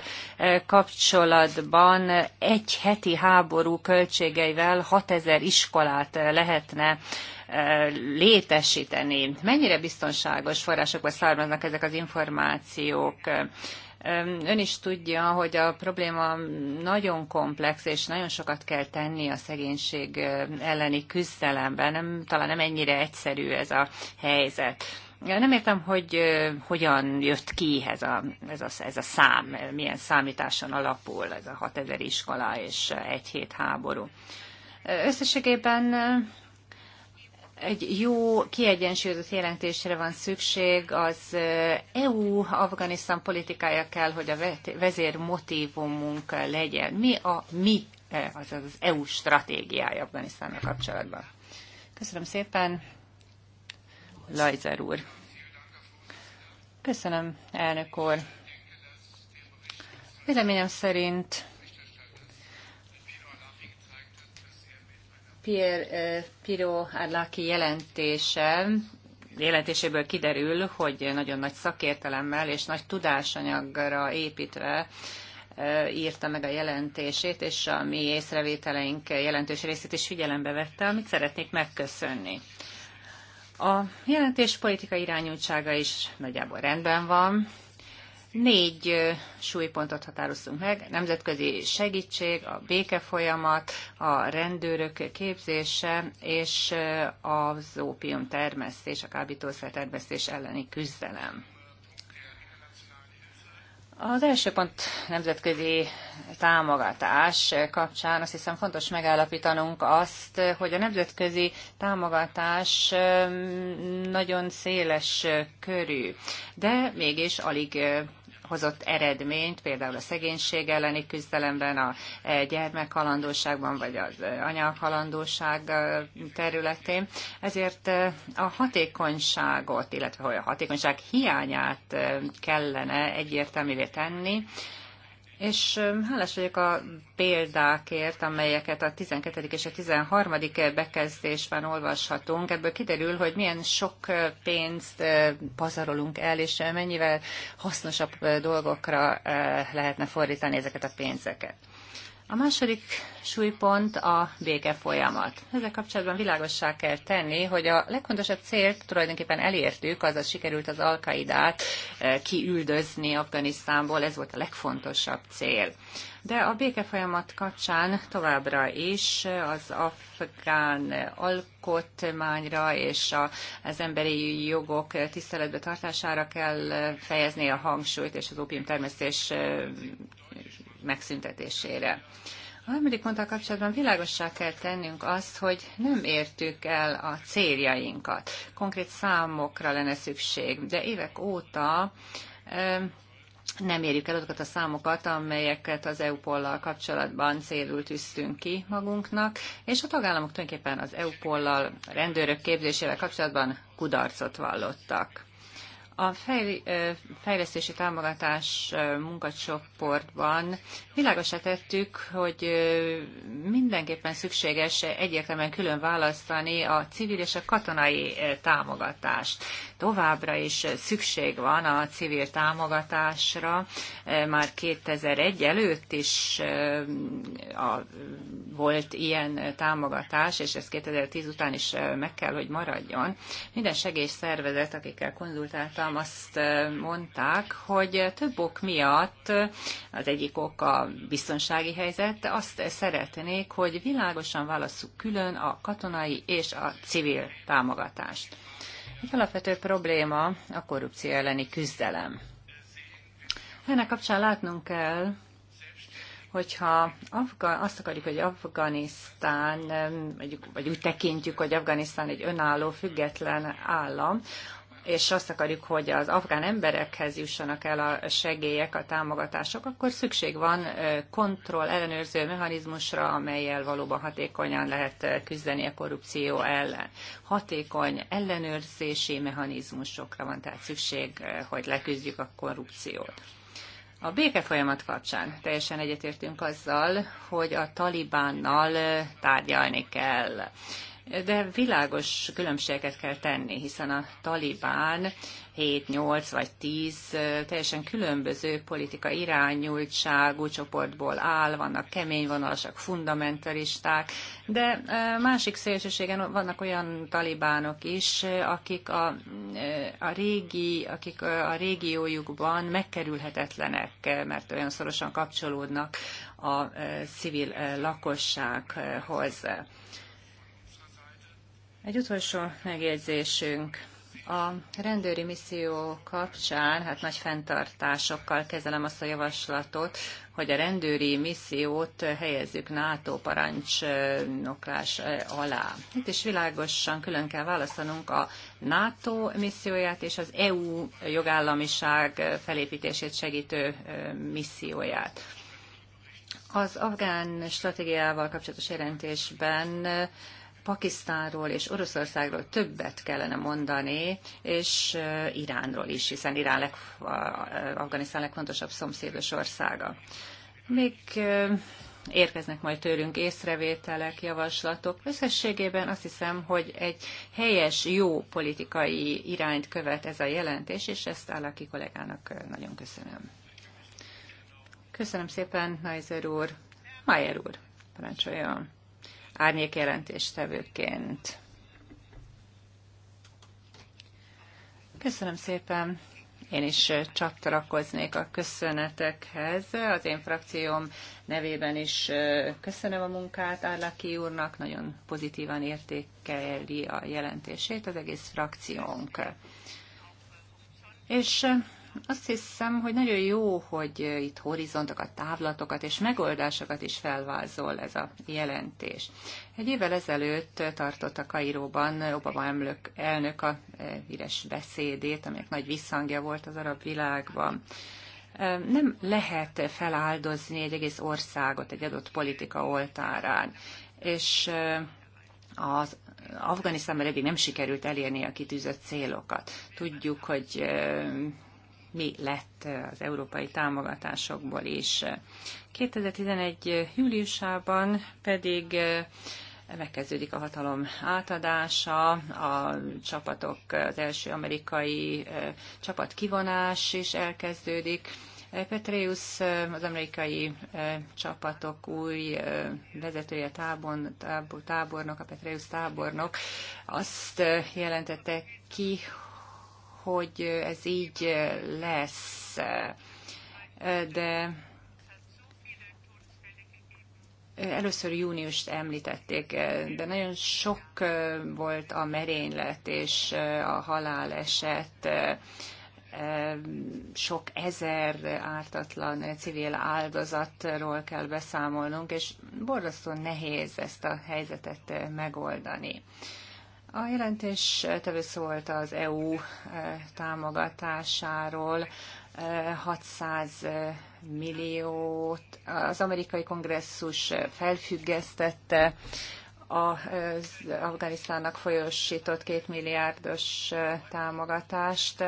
S1: kapcsolatban egy heti háború költségeivel 6000 ezer iskolát lehetne létesíteni. Mennyire biztonságos forrásokból származnak ezek az információk? Ön is tudja, hogy a probléma nagyon komplex, és nagyon sokat kell tenni a szegénység elleni küzdelemben. Nem, talán nem ennyire egyszerű ez a helyzet. Nem értem, hogy hogyan jött ki ez a, ez a, ez a szám, milyen számításon alapul ez a 6000 iskola és egy hét háború. Összességében egy jó, kiegyensúlyozott jelentésre van szükség, az EU-Afganisztán politikája kell, hogy a vezér motivumunk legyen. Mi a mi, azaz az EU stratégiája Afganisztánnal kapcsolatban? Köszönöm szépen, Lajzer úr. Köszönöm, elnök úr. Véleményem szerint Pierre eh, Piro Arlaki jelentése jelentéséből kiderül, hogy nagyon nagy szakértelemmel és nagy tudásanyagra építve eh, írta meg a jelentését, és a mi észrevételeink jelentős részét is figyelembe vette, amit szeretnék megköszönni. A jelentés politikai irányultsága is nagyjából rendben van, négy súlypontot határoztunk meg, nemzetközi segítség, a békefolyamat, a rendőrök képzése és az ópium termesztés, a kábítószer termesztés elleni küzdelem. Az első pont nemzetközi támogatás kapcsán azt hiszem fontos megállapítanunk azt, hogy a nemzetközi támogatás nagyon széles körű, de mégis alig hozott eredményt, például a szegénység elleni küzdelemben, a e, gyermekhalandóságban, vagy az e, anyahalandóság e, területén. Ezért a hatékonyságot, illetve a hatékonyság hiányát kellene egyértelművé tenni, és hálás vagyok a példákért, amelyeket a 12. és a 13. bekezdésben olvashatunk. Ebből kiderül, hogy milyen sok pénzt pazarolunk el, és mennyivel hasznosabb dolgokra lehetne fordítani ezeket a pénzeket. A második súlypont a béke folyamat. Ezzel kapcsolatban világossá kell tenni, hogy a legfontosabb célt tulajdonképpen elértük, azaz sikerült az alkaidát eh, kiüldözni Afganisztánból, ez volt a legfontosabb cél. De a béke folyamat kapcsán továbbra is az afgán alkotmányra és az emberi jogok tiszteletbe tartására kell eh, fejezni a hangsúlyt, és az opium termesztés eh, megszüntetésére. A harmadik ponttal kapcsolatban világossá kell tennünk azt, hogy nem értük el a céljainkat. Konkrét számokra lenne szükség, de évek óta nem érjük el azokat a számokat, amelyeket az EU-pollal kapcsolatban célul tűztünk ki magunknak, és a tagállamok tulajdonképpen az EU-pollal rendőrök képzésével kapcsolatban kudarcot vallottak. A fejlesztési támogatás munkacsoportban világosra tettük, hogy mindenképpen szükséges egyértelműen külön választani a civil és a katonai támogatást továbbra is szükség van a civil támogatásra. Már 2001 előtt is eh, a, volt ilyen támogatás, és ez 2010 után is eh, meg kell, hogy maradjon. Minden segélyszervezet, akikkel konzultáltam, azt eh, mondták, hogy több ok miatt, az egyik ok a biztonsági helyzet, azt szeretnék, hogy világosan válasszuk külön a katonai és a civil támogatást. Egy alapvető probléma a korrupció elleni küzdelem. Ennek kapcsán látnunk kell, hogyha Afga- azt akarjuk, hogy Afganisztán, vagy úgy tekintjük, hogy Afganisztán egy önálló, független állam, és azt akarjuk, hogy az afgán emberekhez jussanak el a segélyek, a támogatások, akkor szükség van kontroll ellenőrző mechanizmusra, amelyel valóban hatékonyan lehet küzdeni a korrupció ellen. Hatékony ellenőrzési mechanizmusokra van tehát szükség, hogy leküzdjük a korrupciót. A béke folyamat kapcsán teljesen egyetértünk azzal, hogy a talibánnal tárgyalni kell de világos különbségeket kell tenni, hiszen a talibán 7-8 vagy 10 teljesen különböző politika irányultságú csoportból áll, vannak kemény vonalasak, fundamentalisták, de másik szélsőségen vannak olyan talibánok is, akik a, a, régi, akik a régiójukban megkerülhetetlenek, mert olyan szorosan kapcsolódnak a civil lakossághoz. Egy utolsó megjegyzésünk. A rendőri misszió kapcsán hát nagy fenntartásokkal kezelem azt a javaslatot, hogy a rendőri missziót helyezzük NATO parancsnoklás eh, alá. Itt is világosan külön kell választanunk a NATO misszióját és az EU jogállamiság felépítését segítő eh, misszióját. Az afgán stratégiával kapcsolatos jelentésben eh, Pakisztánról és Oroszországról többet kellene mondani, és Iránról is, hiszen Irán leg, Afganisztán legfontosabb szomszédos országa. Még érkeznek majd tőlünk észrevételek, javaslatok. Összességében azt hiszem, hogy egy helyes, jó politikai irányt követ ez a jelentés, és ezt Állaki kollégának nagyon köszönöm. Köszönöm szépen, Neiser úr. Mayer úr, parancsoljon árnyék jelentéstevőként. Köszönöm szépen. Én is csatlakoznék a köszönetekhez. Az én frakcióm nevében is köszönöm a munkát Árlaki úrnak, nagyon pozitívan értékeli a jelentését az egész frakciónk. És azt hiszem, hogy nagyon jó, hogy eh, itt horizontokat, távlatokat és megoldásokat is felvázol ez a jelentés. Egy évvel ezelőtt tartott a Kairóban Obama emlök, elnök a eh, híres beszédét, aminek nagy visszhangja volt az arab világban. Eh, nem lehet feláldozni egy egész országot egy adott politika oltárán, és az Afganisztánban eddig nem sikerült elérni a kitűzött célokat. Tudjuk, hogy mi lett az európai támogatásokból is. 2011. júliusában pedig megkezdődik a hatalom átadása, a csapatok, az első amerikai csapat kivonás is elkezdődik. Petreus, az amerikai csapatok új vezetője, tábor, tábornok, a Petreus tábornok azt jelentette ki, hogy ez így lesz. De először júniust említették, de nagyon sok volt a merénylet és a haláleset, sok ezer ártatlan civil áldozatról kell beszámolnunk, és borzasztó nehéz ezt a helyzetet megoldani. A jelentés tevő szólt az EU eh, támogatásáról, 600 eh, eh, milliót az amerikai kongresszus felfüggesztette, az Afganisztánnak folyosított kétmilliárdos támogatást.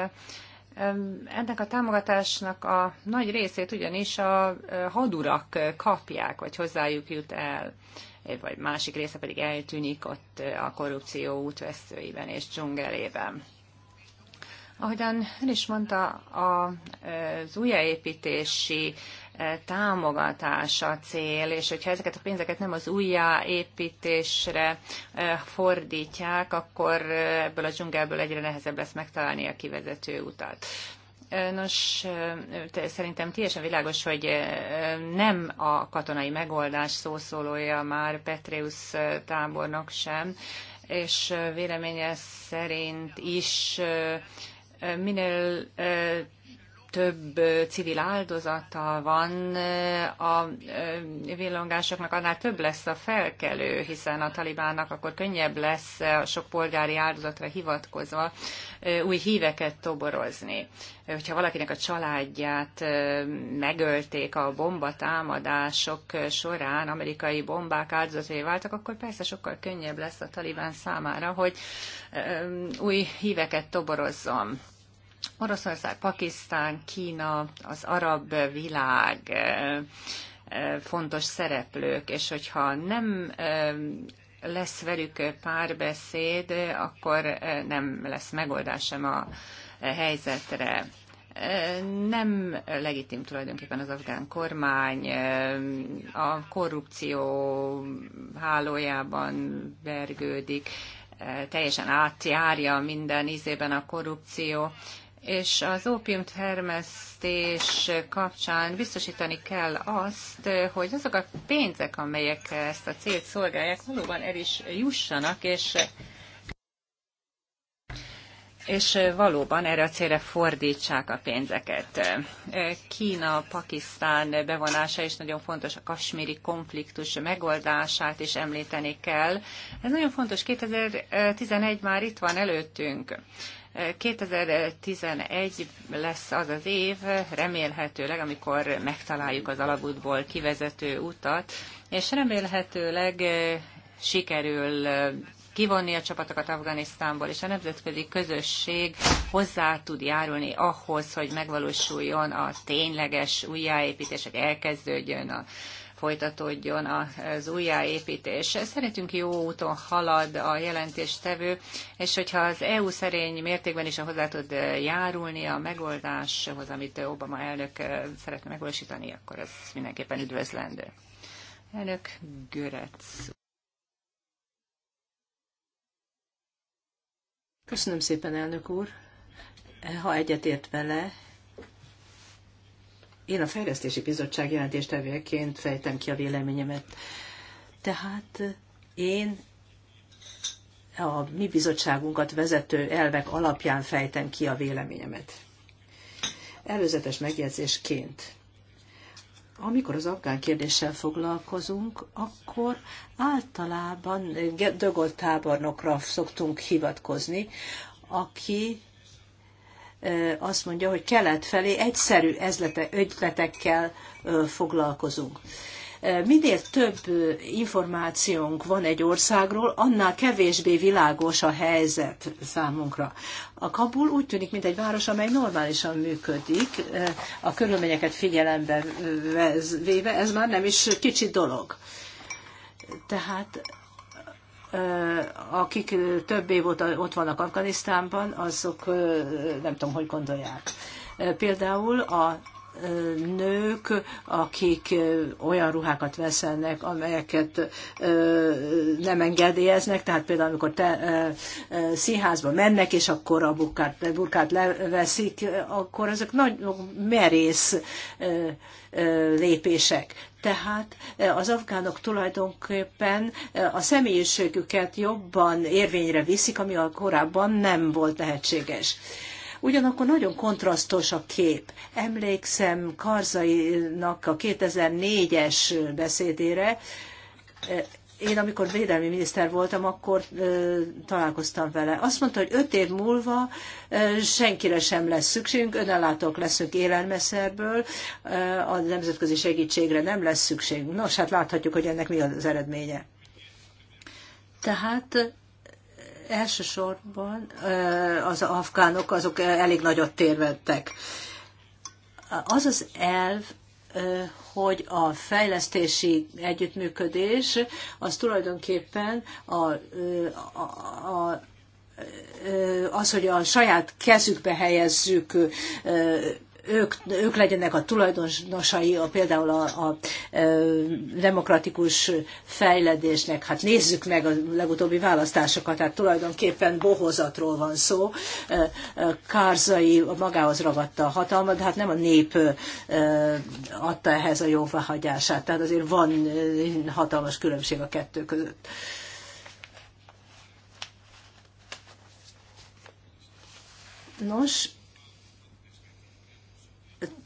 S1: Ennek a támogatásnak a nagy részét ugyanis a hadurak kapják, vagy hozzájuk jut el vagy másik része pedig eltűnik ott a korrupció útvesztőiben és dzsungelében. Ahogyan ön is mondta, az újjáépítési támogatása cél, és hogyha ezeket a pénzeket nem az újjáépítésre fordítják, akkor ebből a dzsungelből egyre nehezebb lesz megtalálni a kivezető utat. Nos, szerintem teljesen világos, hogy nem a katonai megoldás szószólója már Petreus tábornok sem, és véleménye szerint is minél több civil áldozata van, a villongásoknak annál több lesz a felkelő, hiszen a talibának akkor könnyebb lesz a sok polgári áldozatra hivatkozva új híveket toborozni. Hogyha valakinek a családját megölték a bombatámadások során, amerikai bombák áldozatai váltak, akkor persze sokkal könnyebb lesz a talibán számára, hogy új híveket toborozzon. Oroszország, Pakisztán, Kína, az arab világ fontos szereplők, és hogyha nem lesz velük párbeszéd, akkor nem lesz megoldás sem a helyzetre. Nem legitim tulajdonképpen az afgán kormány, a korrupció hálójában vergődik, teljesen átjárja minden ízében a korrupció, és az termesztés kapcsán biztosítani kell azt, hogy azok a pénzek, amelyek ezt a célt szolgálják, valóban el is jussanak, és és valóban erre a célra fordítsák a pénzeket. Kína, Pakisztán bevonása is nagyon fontos, a kasmíri konfliktus megoldását is említeni kell. Ez nagyon fontos, 2011 már itt van előttünk. 2011 lesz az az év, remélhetőleg, amikor megtaláljuk az alagútból kivezető utat, és remélhetőleg eh, sikerül eh, kivonni a csapatokat Afganisztánból, és a nemzetközi közösség hozzá tud járulni ahhoz, hogy megvalósuljon a tényleges újjáépítések, elkezdődjön a folytatódjon az újjáépítés. Szeretünk jó úton halad a jelentéstevő, és hogyha az EU szerény mértékben is hozzá tud járulni a megoldáshoz, amit Obama elnök szeretne megvalósítani, akkor ez mindenképpen üdvözlendő. Elnök
S2: Görec. Köszönöm szépen, elnök úr. Ha egyetért vele, én a Fejlesztési Bizottság jelentéstevőjeként fejtem ki a véleményemet. Tehát én a mi bizottságunkat vezető elvek alapján fejtem ki a véleményemet. Előzetes megjegyzésként. Amikor az afgán kérdéssel foglalkozunk, akkor általában dögolt tábornokra szoktunk hivatkozni, aki azt mondja, hogy kelet felé egyszerű ötletekkel foglalkozunk. Minél több információnk van egy országról, annál kevésbé világos a helyzet számunkra. A Kabul úgy tűnik, mint egy város, amely normálisan működik, a körülményeket figyelembe véve, ez már nem is kicsi dolog. Tehát akik több év óta ott vannak Afganisztánban, azok nem tudom, hogy gondolják. Például a nők, akik olyan ruhákat veszenek, amelyeket nem engedélyeznek, tehát például amikor te, színházba mennek, és akkor a burkát, burkát leveszik, akkor ezek nagyon merész lépések. Tehát az afgánok tulajdonképpen a személyiségüket jobban érvényre viszik, ami a korábban nem volt lehetséges. Ugyanakkor nagyon kontrasztos a kép. Emlékszem Karzainak a 2004-es beszédére, én amikor védelmi miniszter voltam, akkor találkoztam vele. Azt mondta, hogy öt év múlva senkire sem lesz szükségünk, önellátók leszünk élelmeszerből, a nemzetközi segítségre nem lesz szükségünk. Nos, hát láthatjuk, hogy ennek mi az eredménye. Tehát Elsősorban az afgánok azok elég nagyot térvettek. Az az elv, hogy a fejlesztési együttműködés az tulajdonképpen a, a, a az, hogy a saját kezükbe helyezzük ők, ők legyenek a tulajdonosai a, például a, a, demokratikus fejledésnek. Hát nézzük meg a legutóbbi választásokat, hát tulajdonképpen bohozatról van szó. Kárzai magához ragadta a hatalmat, de hát nem a nép adta ehhez a jóváhagyását. Tehát azért van hatalmas különbség a kettő között. Nos,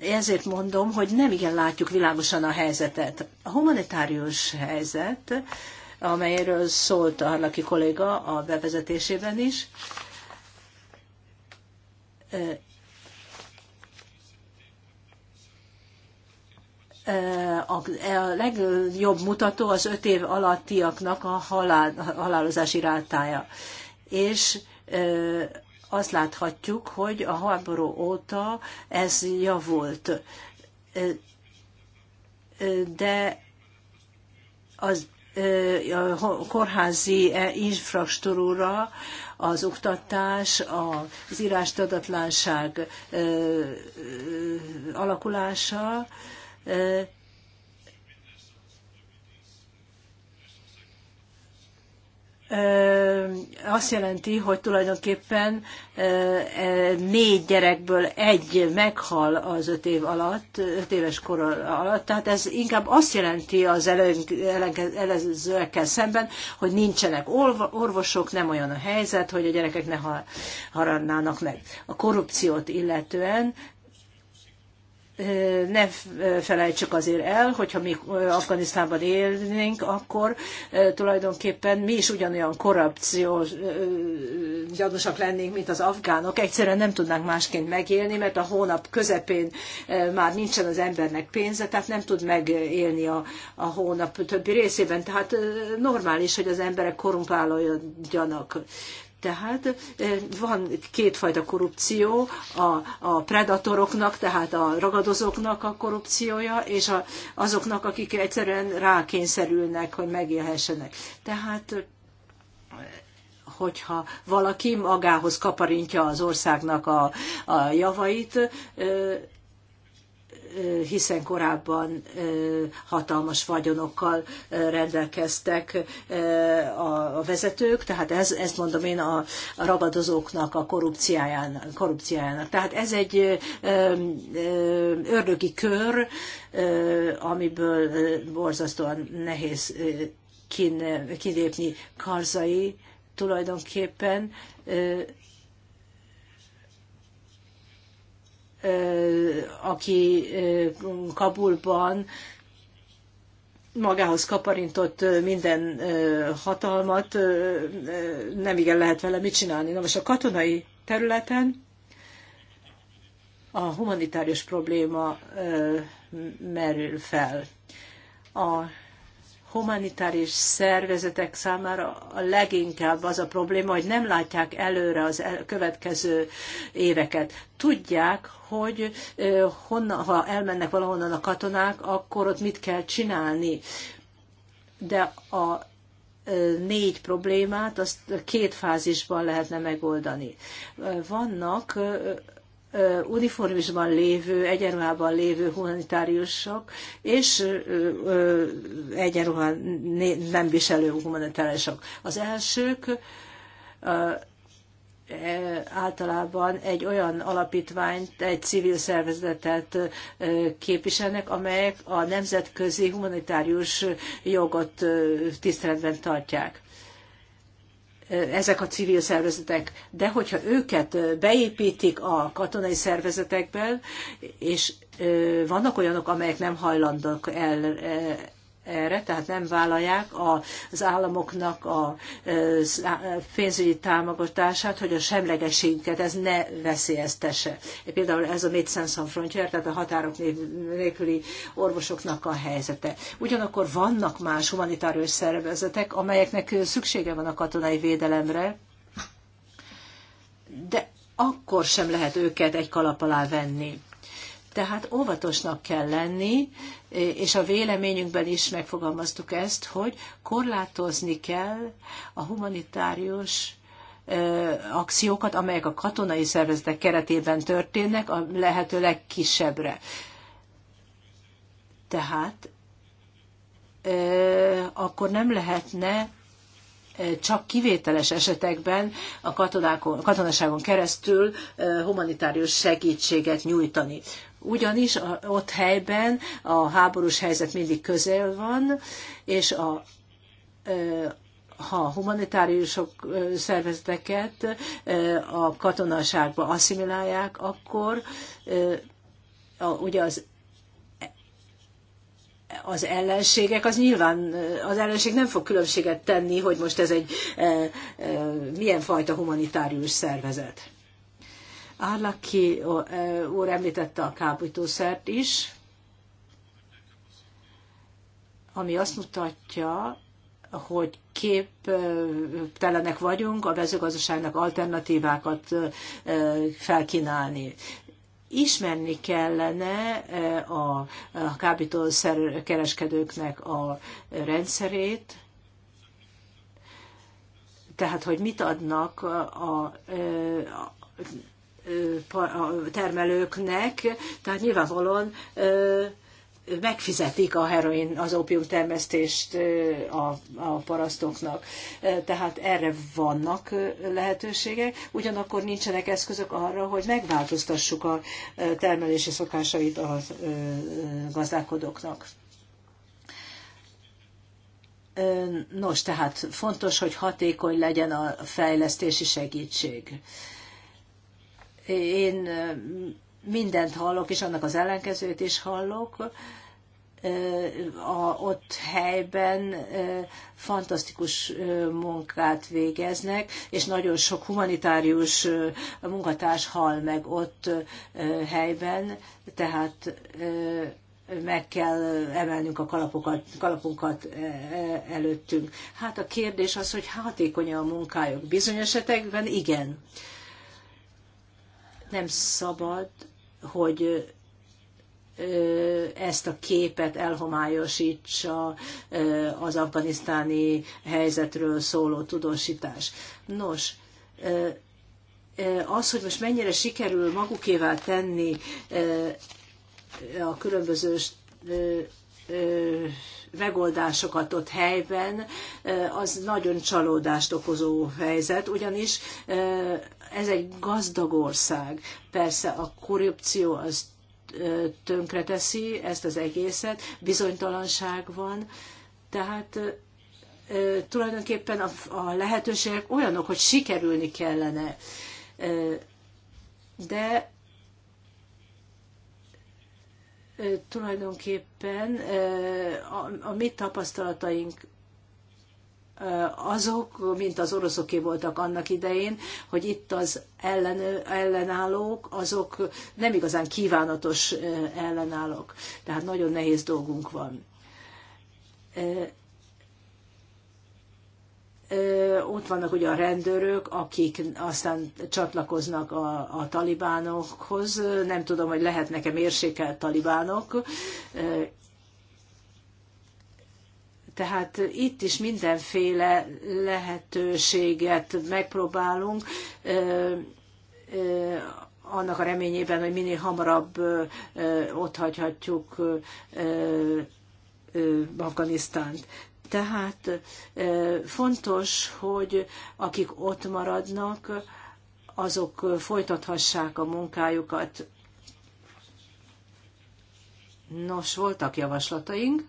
S2: ezért mondom, hogy nem igen látjuk világosan a helyzetet. A humanitárius helyzet, amelyről szólt a Harlaki kolléga a bevezetésében is, a legjobb mutató az öt év alattiaknak a halál, halálozási rátája. És azt láthatjuk, hogy a háború óta ez javult. De az a kórházi infrastruktúra, az oktatás, az írástudatlanság alakulása azt jelenti, hogy tulajdonképpen e, négy gyerekből egy meghal az öt év alatt, öt éves kor alatt, tehát ez inkább azt jelenti az előzőekkel szemben, hogy nincsenek orvosok, nem olyan a helyzet, hogy a gyerekek ne haradnának meg. A korrupciót illetően ne felejtsük azért el, hogyha mi Afganisztánban élnénk, akkor tulajdonképpen mi is ugyanolyan korrupciós gyanúsak lennénk, mint az afgánok. Egyszerűen nem tudnánk másként megélni, mert a hónap közepén már nincsen az embernek pénze, tehát nem tud megélni a, a hónap többi részében. Tehát normális, hogy az emberek korrumpálódjanak. Tehát eh, van kétfajta korrupció, a, a predatoroknak, tehát a ragadozóknak a korrupciója, és a, azoknak, akik egyszerűen rákényszerülnek, hogy megélhessenek. Tehát eh, hogyha valaki magához kaparintja az országnak a, a javait, eh, hiszen korábban hatalmas vagyonokkal rendelkeztek a vezetők, tehát ez, ezt mondom én a, a rabadozóknak a korrupciájának, korrupciájának. Tehát ez egy ördögi kör, amiből borzasztóan nehéz kilépni Karzai tulajdonképpen aki Kabulban magához kaparintott minden hatalmat, nem igen lehet vele mit csinálni. Na most a katonai területen a humanitárius probléma merül fel. A humanitárius szervezetek számára a leginkább az a probléma, hogy nem látják előre az következő éveket. Tudják, hogy honna, ha elmennek valahonnan a katonák, akkor ott mit kell csinálni. De a négy problémát, azt két fázisban lehetne megoldani. Vannak uniformisban lévő, egyenruhában lévő humanitáriusok, és egyenruhán nem viselő humanitáriusok. Az elsők e, általában egy olyan alapítványt, egy civil szervezetet képviselnek, amelyek a nemzetközi humanitárius jogot tiszteletben tartják ezek a civil szervezetek, de hogyha őket beépítik a katonai szervezetekben, és vannak olyanok, amelyek nem hajlandók el, erre, tehát nem vállalják az államoknak a pénzügyi támogatását, hogy a semlegességüket ez ne veszélyeztesse. Például ez a Médecins Sans Frontier, tehát a határok nélküli orvosoknak a helyzete. Ugyanakkor vannak más humanitárius szervezetek, amelyeknek szüksége van a katonai védelemre, de akkor sem lehet őket egy kalap alá venni tehát óvatosnak kell lenni, és a véleményünkben is megfogalmaztuk ezt, hogy korlátozni kell a humanitárius akciókat, amelyek a katonai szervezetek keretében történnek, a lehető legkisebbre. Tehát akkor nem lehetne csak kivételes esetekben a katonákon, katonaságon keresztül humanitárius segítséget nyújtani ugyanis a, ott helyben a háborús helyzet mindig közel van, és a, ha humanitárius szervezeteket a katonaságba asszimilálják, akkor a, ugye az az ellenségek, az nyilván az ellenség nem fog különbséget tenni, hogy most ez egy e, e, milyen fajta humanitárius szervezet. Árlaki úr említette a kábítószert is, ami azt mutatja, hogy képtelenek vagyunk a mezőgazdaságnak alternatívákat felkínálni. Ismerni kellene a kábítószer kereskedőknek a rendszerét, tehát hogy mit adnak a, a termelőknek, tehát nyilvánvalóan megfizetik a heroin, az ópium termesztést a, a parasztoknak. Tehát erre vannak lehetőségek, ugyanakkor nincsenek eszközök arra, hogy megváltoztassuk a termelési szokásait a gazdálkodóknak. Nos, tehát fontos, hogy hatékony legyen a fejlesztési segítség én mindent hallok, és annak az ellenkezőt is hallok. A, ott helyben fantasztikus munkát végeznek, és nagyon sok humanitárius munkatárs hal meg ott helyben, tehát meg kell emelnünk a kalapokat, kalapunkat előttünk. Hát a kérdés az, hogy hatékony a munkájuk. Bizonyos esetekben igen nem szabad, hogy ezt a képet elhomályosítsa az afganisztáni helyzetről szóló tudósítás. Nos, az, hogy most mennyire sikerül magukévá tenni a különböző megoldásokat ott helyben, az nagyon csalódást okozó helyzet, ugyanis ez egy gazdag ország. Persze a korrupció az tönkreteszi ezt az egészet, bizonytalanság van, tehát tulajdonképpen a, a lehetőségek olyanok, hogy sikerülni kellene. De tulajdonképpen a, a mi tapasztalataink azok, mint az oroszoké voltak annak idején, hogy itt az ellen, ellenállók, azok nem igazán kívánatos ellenállók. Tehát nagyon nehéz dolgunk van. Ott vannak ugye a rendőrök, akik aztán csatlakoznak a, a talibánokhoz. Nem tudom, hogy lehetnek-e mérsékelt talibánok tehát itt is mindenféle lehetőséget megpróbálunk annak a reményében, hogy minél hamarabb ott hagyhatjuk Afganisztánt. Tehát fontos, hogy akik ott maradnak, azok folytathassák a munkájukat. Nos, voltak javaslataink,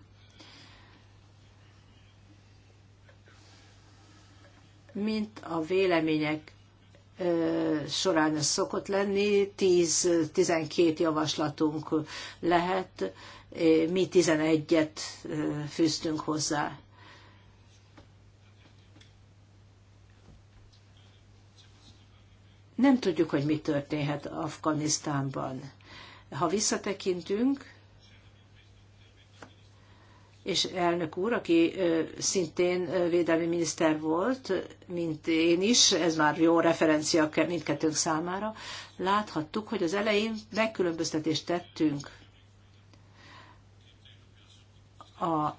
S2: mint a vélemények során ez szokott lenni, 10-12 javaslatunk lehet, mi 11-et fűztünk hozzá. Nem tudjuk, hogy mi történhet Afganisztánban. Ha visszatekintünk, és elnök úr, aki szintén védelmi miniszter volt, mint én is, ez már jó referencia mindkettőnk számára, láthattuk, hogy az elején megkülönböztetést tettünk a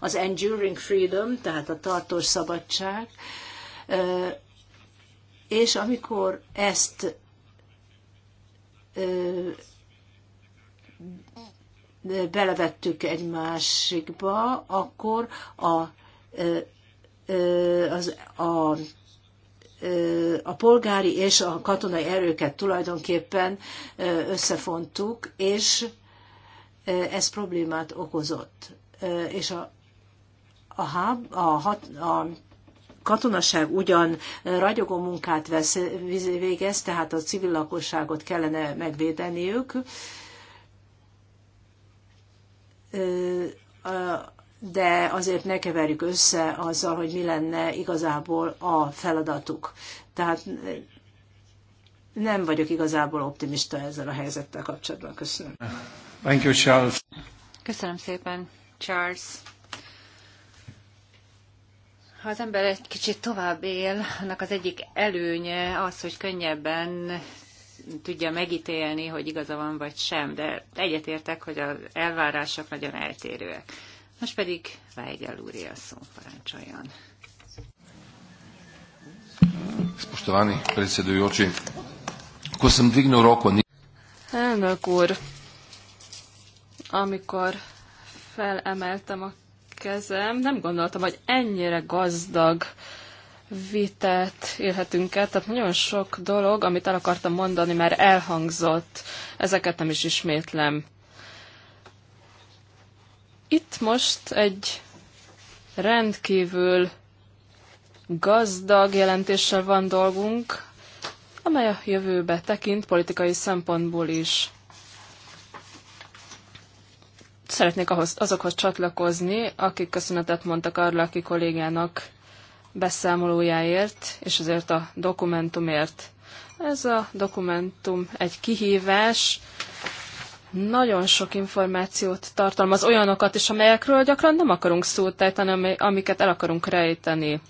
S2: az enduring freedom, tehát a tartós szabadság, és amikor ezt belevettük egy másikba, akkor a, az, a a polgári és a katonai erőket tulajdonképpen összefontuk, és ez problémát okozott. És a, a, a, a, hat, a katonaság ugyan ragyogó munkát vesz, végez, tehát a civil lakosságot kellene megvédeniük, de azért ne keverjük össze azzal, hogy mi lenne igazából a feladatuk. Tehát nem vagyok igazából optimista ezzel a helyzettel kapcsolatban. Köszönöm.
S3: Thank you, Charles.
S2: Köszönöm
S1: szépen, Charles. Ha az ember egy kicsit tovább él, annak az egyik előnye az, hogy könnyebben tudja megítélni, hogy igaza van vagy sem, de egyetértek, hogy az elvárások nagyon eltérőek. Most pedig Weigel úré a szó, parancsoljon.
S3: Spoštovani predsedujoči, ko sem roko... Elnök úr, amikor felemeltem a kezem, nem gondoltam, hogy ennyire gazdag uh, vitát élhetünk el. Tehát nagyon sok dolog, amit el akartam mondani, már elhangzott. Ezeket nem is ismétlem. Itt most egy rendkívül gazdag jelentéssel van dolgunk, amely a jövőbe tekint politikai szempontból is. Szeretnék ahhoz, azokhoz csatlakozni, akik köszönetet mondtak aki kollégának beszámolójáért és azért a dokumentumért. Ez a dokumentum egy kihívás, nagyon sok információt tartalmaz, olyanokat is, amelyekről gyakran nem akarunk szót ejteni, amiket el akarunk rejteni.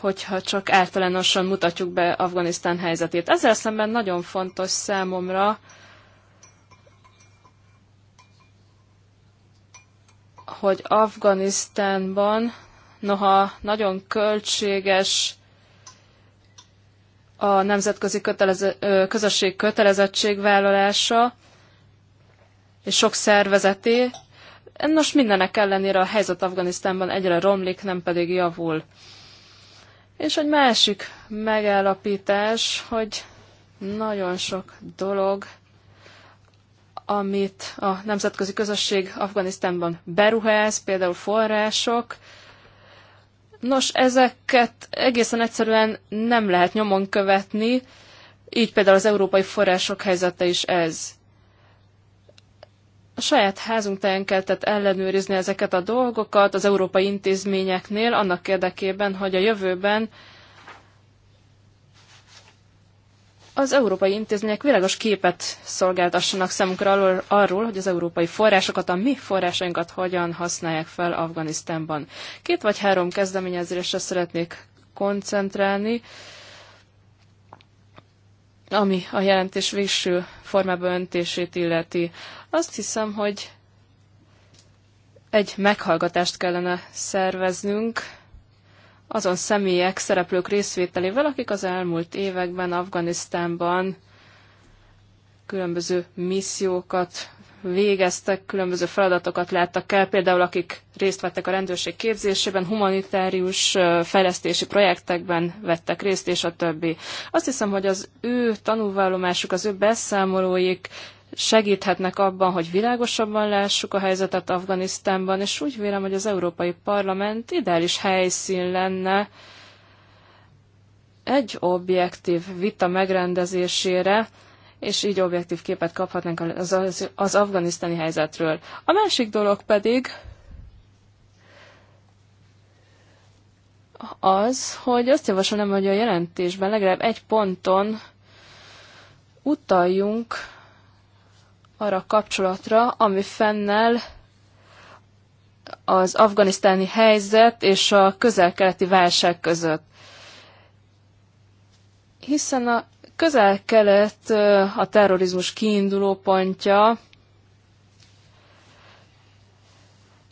S3: Hogyha csak általánosan mutatjuk be Afganisztán helyzetét. Ezzel szemben nagyon fontos számomra, hogy Afganisztánban Noha nagyon költséges a nemzetközi köteleze, közösség kötelezettségvállalása, és sok szervezeté. Nos, mindenek ellenére a helyzet Afganisztánban egyre romlik, nem pedig javul. És egy másik megállapítás, hogy nagyon sok dolog, amit a nemzetközi közösség Afganisztánban beruház, például források, Nos, ezeket egészen egyszerűen nem lehet nyomon követni, így például az európai források helyzete is ez. A saját házunk táján kellett ellenőrizni ezeket a dolgokat az európai intézményeknél, annak érdekében, hogy a jövőben az európai intézmények világos képet szolgáltassanak számunkra arról, arról, hogy az európai forrásokat, a mi forrásainkat hogyan használják fel Afganisztánban. Két vagy három kezdeményezésre szeretnék koncentrálni, ami a jelentés végső formába öntését illeti. Azt hiszem, hogy egy meghallgatást kellene szerveznünk, azon személyek, szereplők részvételével, akik az elmúlt években Afganisztánban különböző missziókat végeztek, különböző feladatokat láttak el, például akik részt vettek a rendőrség képzésében, humanitárius fejlesztési projektekben vettek részt, és a többi. Azt hiszem, hogy az ő tanulvallomásuk, az ő beszámolóik segíthetnek abban, hogy világosabban lássuk a helyzetet Afganisztánban, és úgy vélem, hogy az Európai Parlament ideális helyszín lenne egy objektív vita megrendezésére, és így objektív képet kaphatnánk az, az, az afganisztáni helyzetről. A másik dolog pedig az, hogy azt javasolom, hogy a jelentésben legalább egy ponton utaljunk arra a kapcsolatra, ami fennel az afganisztáni helyzet és a közel-keleti válság között. Hiszen a közel-kelet a terrorizmus kiinduló pontja,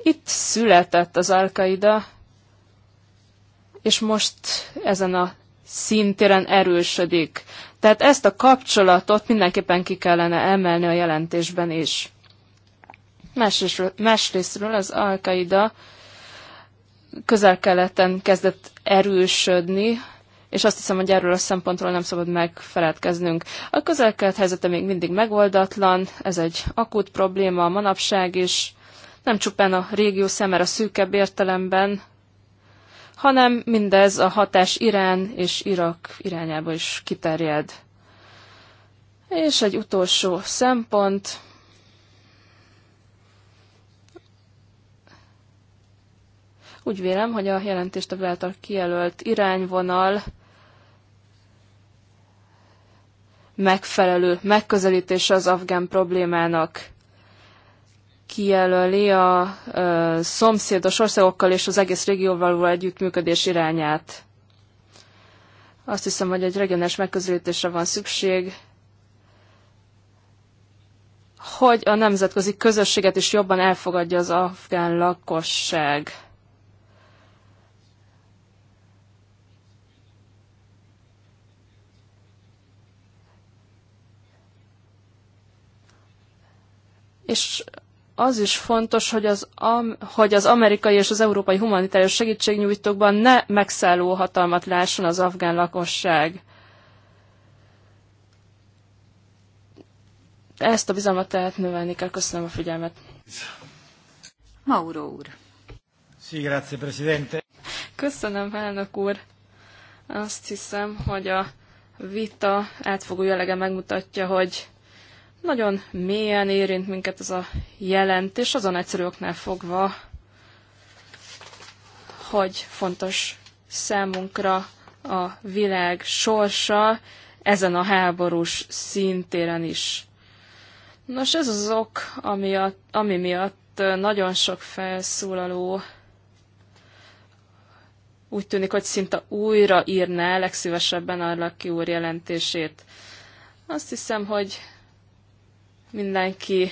S3: itt született az Al-Qaida, és most ezen a szintéren erősödik. Tehát ezt a kapcsolatot mindenképpen ki kellene emelni a jelentésben is. Másrésztről, másrésztről az Al-Qaida közel-keleten kezdett erősödni, és azt hiszem, hogy erről a szempontról nem szabad megfeledkeznünk. A közel helyzete még mindig megoldatlan, ez egy akut probléma a manapság is, nem csupán a régió szemére szűkebb értelemben, hanem mindez a hatás Irán és Irak irányába is kiterjed. És egy utolsó szempont, Úgy vélem, hogy a a által kijelölt irányvonal megfelelő megközelítése az afgán problémának kijelöli a ö, szomszédos országokkal és az egész régióval való együttműködés irányát. Azt hiszem, hogy egy regionális megközelítésre van szükség, hogy a nemzetközi közösséget is jobban elfogadja az afgán lakosság. és az is fontos, hogy az, am, hogy az amerikai és az európai humanitárius segítségnyújtókban ne megszálló hatalmat lásson az afgán lakosság. Ezt a bizalmat tehet növelni kell. Köszönöm a figyelmet. Mauro úr. Sí, grazie, presidente. Köszönöm, elnök úr. Azt hiszem, hogy a vita átfogó jellege megmutatja, hogy nagyon mélyen érint minket ez a jelentés, azon egyszerű oknál fogva, hogy fontos számunkra a világ sorsa ezen a háborús szintéren is. Nos, ez az ok, ami, a, ami miatt nagyon sok felszólaló úgy tűnik, hogy szinte újra írná legszívesebben a úr jelentését. Azt hiszem, hogy mindenki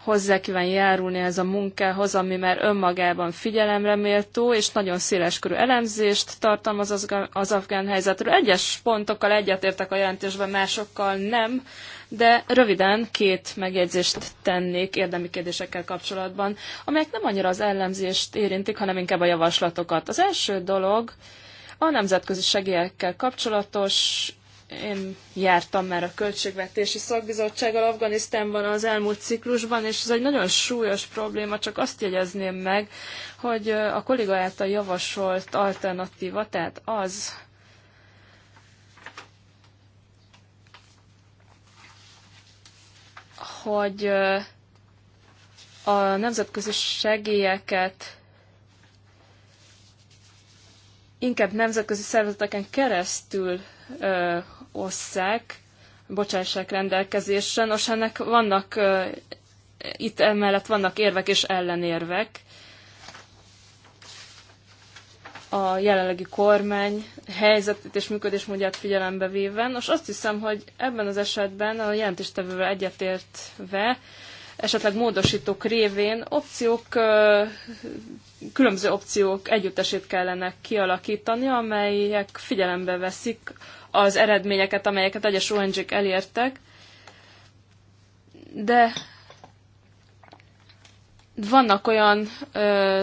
S3: hozzá kíván járulni ez a munkához, ami már önmagában figyelemre méltó, és nagyon széles körű elemzést tartalmaz az, az afgán helyzetről. Egyes pontokkal egyetértek a jelentésben, másokkal nem, de röviden két megjegyzést tennék érdemi kérdésekkel kapcsolatban, amelyek nem annyira az elemzést érintik, hanem inkább a javaslatokat. Az első dolog a nemzetközi segélyekkel kapcsolatos én jártam már a Költségvetési Szakbizottsággal Afganisztánban az elmúlt ciklusban, és ez egy nagyon súlyos probléma, csak azt jegyezném meg, hogy a kolléga által javasolt alternatíva, tehát az, hogy a nemzetközi segélyeket inkább nemzetközi szervezeteken keresztül osszák, bocsássák rendelkezésre. Nos, ennek vannak, itt emellett vannak érvek és ellenérvek. A jelenlegi kormány helyzetét és működésmódját figyelembe véve. Nos, azt hiszem, hogy ebben az esetben a jelentéstevővel egyetértve, esetleg módosítók révén opciók különböző opciók együttesét kellene kialakítani, amelyek figyelembe veszik az eredményeket, amelyeket egyes ONG-k elértek, de vannak olyan ö,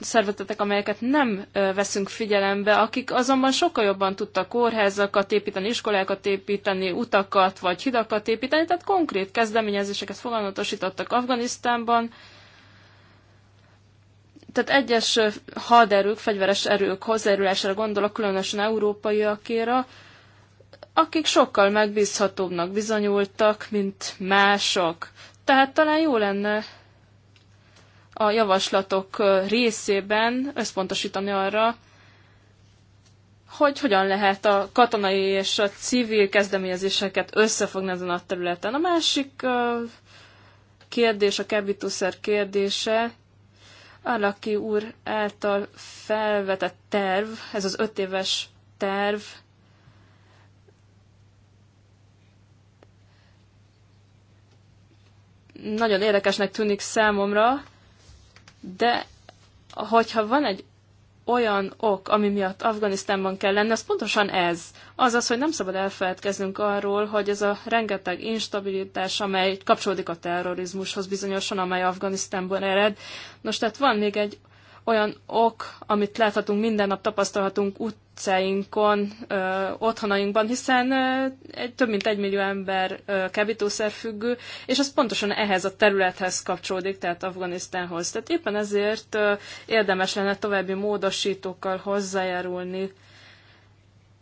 S3: szervezetek, amelyeket nem ö, veszünk figyelembe, akik azonban sokkal jobban tudtak kórházakat építeni, iskolákat építeni, utakat vagy hidakat építeni, tehát konkrét kezdeményezéseket foganatosítottak Afganisztánban, tehát egyes haderők, fegyveres erők hozzájárulására gondolok, különösen európaiakéra, akik sokkal megbízhatóbbnak bizonyultak, mint mások. Tehát talán jó lenne a javaslatok részében összpontosítani arra, hogy hogyan lehet a katonai és a civil kezdeményezéseket összefogni ezen a területen. A másik kérdés, a kebitusszer kérdése, Arlaki úr által felvetett terv, ez az öt éves terv, nagyon érdekesnek tűnik számomra, de hogyha van egy olyan ok, ami miatt Afganisztánban kell lenni, az pontosan ez. Azaz, hogy nem szabad elfeledkeznünk arról, hogy ez a rengeteg instabilitás, amely kapcsolódik a terrorizmushoz bizonyosan, amely Afganisztánban ered. Nos, tehát van még egy olyan ok, amit láthatunk minden nap, tapasztalhatunk utcáinkon, ö, otthonainkban, hiszen ö, egy, több mint egymillió ember ö, kábítószerfüggő, és az pontosan ehhez a területhez kapcsolódik, tehát Afganisztánhoz. Tehát éppen ezért ö, érdemes lenne további módosítókkal hozzájárulni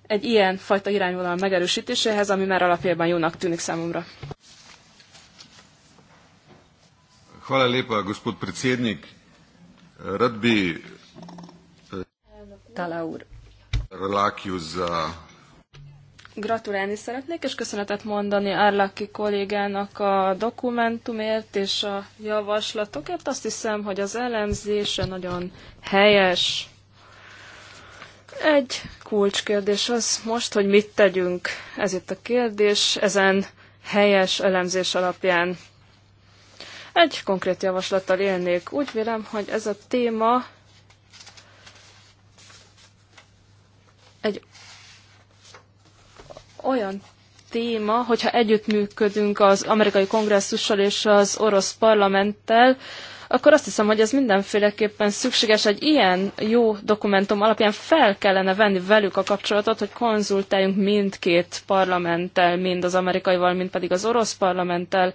S3: egy ilyen fajta irányvonal megerősítéséhez, ami már alapjában jónak tűnik számomra. Hvala lepa, gospod predsednik. Rad bi Tala úr.
S1: Uh,
S3: Gratulálni szeretnék, és köszönetet mondani Árlaki kollégának a dokumentumért és a javaslatokért. Azt hiszem, hogy az elemzése nagyon helyes. Egy kulcskérdés az most, hogy mit tegyünk. Ez itt a kérdés, ezen helyes elemzés alapján. Egy konkrét javaslattal élnék. Úgy vélem, hogy ez a téma egy olyan téma, hogyha együttműködünk az amerikai kongresszussal és az orosz parlamenttel, akkor azt hiszem, hogy ez mindenféleképpen szükséges. Egy ilyen jó dokumentum alapján fel kellene venni velük a kapcsolatot, hogy konzultáljunk mindkét parlamenttel, mind az amerikaival, mind pedig az orosz parlamenttel,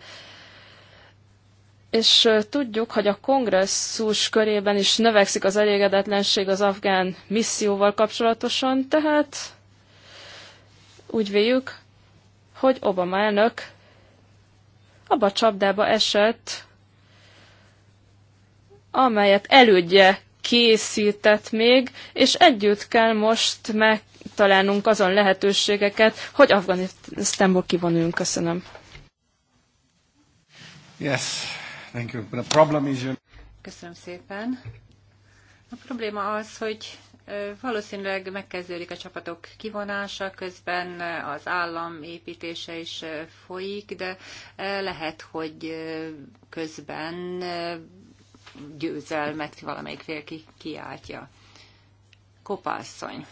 S3: és tudjuk, hogy a kongresszus körében is növekszik az elégedetlenség az afgán misszióval kapcsolatosan, tehát úgy véljük, hogy Obama elnök abba a csapdába esett, amelyet elődje készített még, és együtt kell most megtalálnunk azon lehetőségeket, hogy Afganisztánból kivonuljunk, Köszönöm. Yes. Thank you. The problem is...
S1: Köszönöm szépen. A probléma az, hogy valószínűleg megkezdődik a csapatok kivonása, közben az állam építése is folyik, de lehet, hogy közben győzelmet valamelyik fél ki, kiáltja. Kopászony.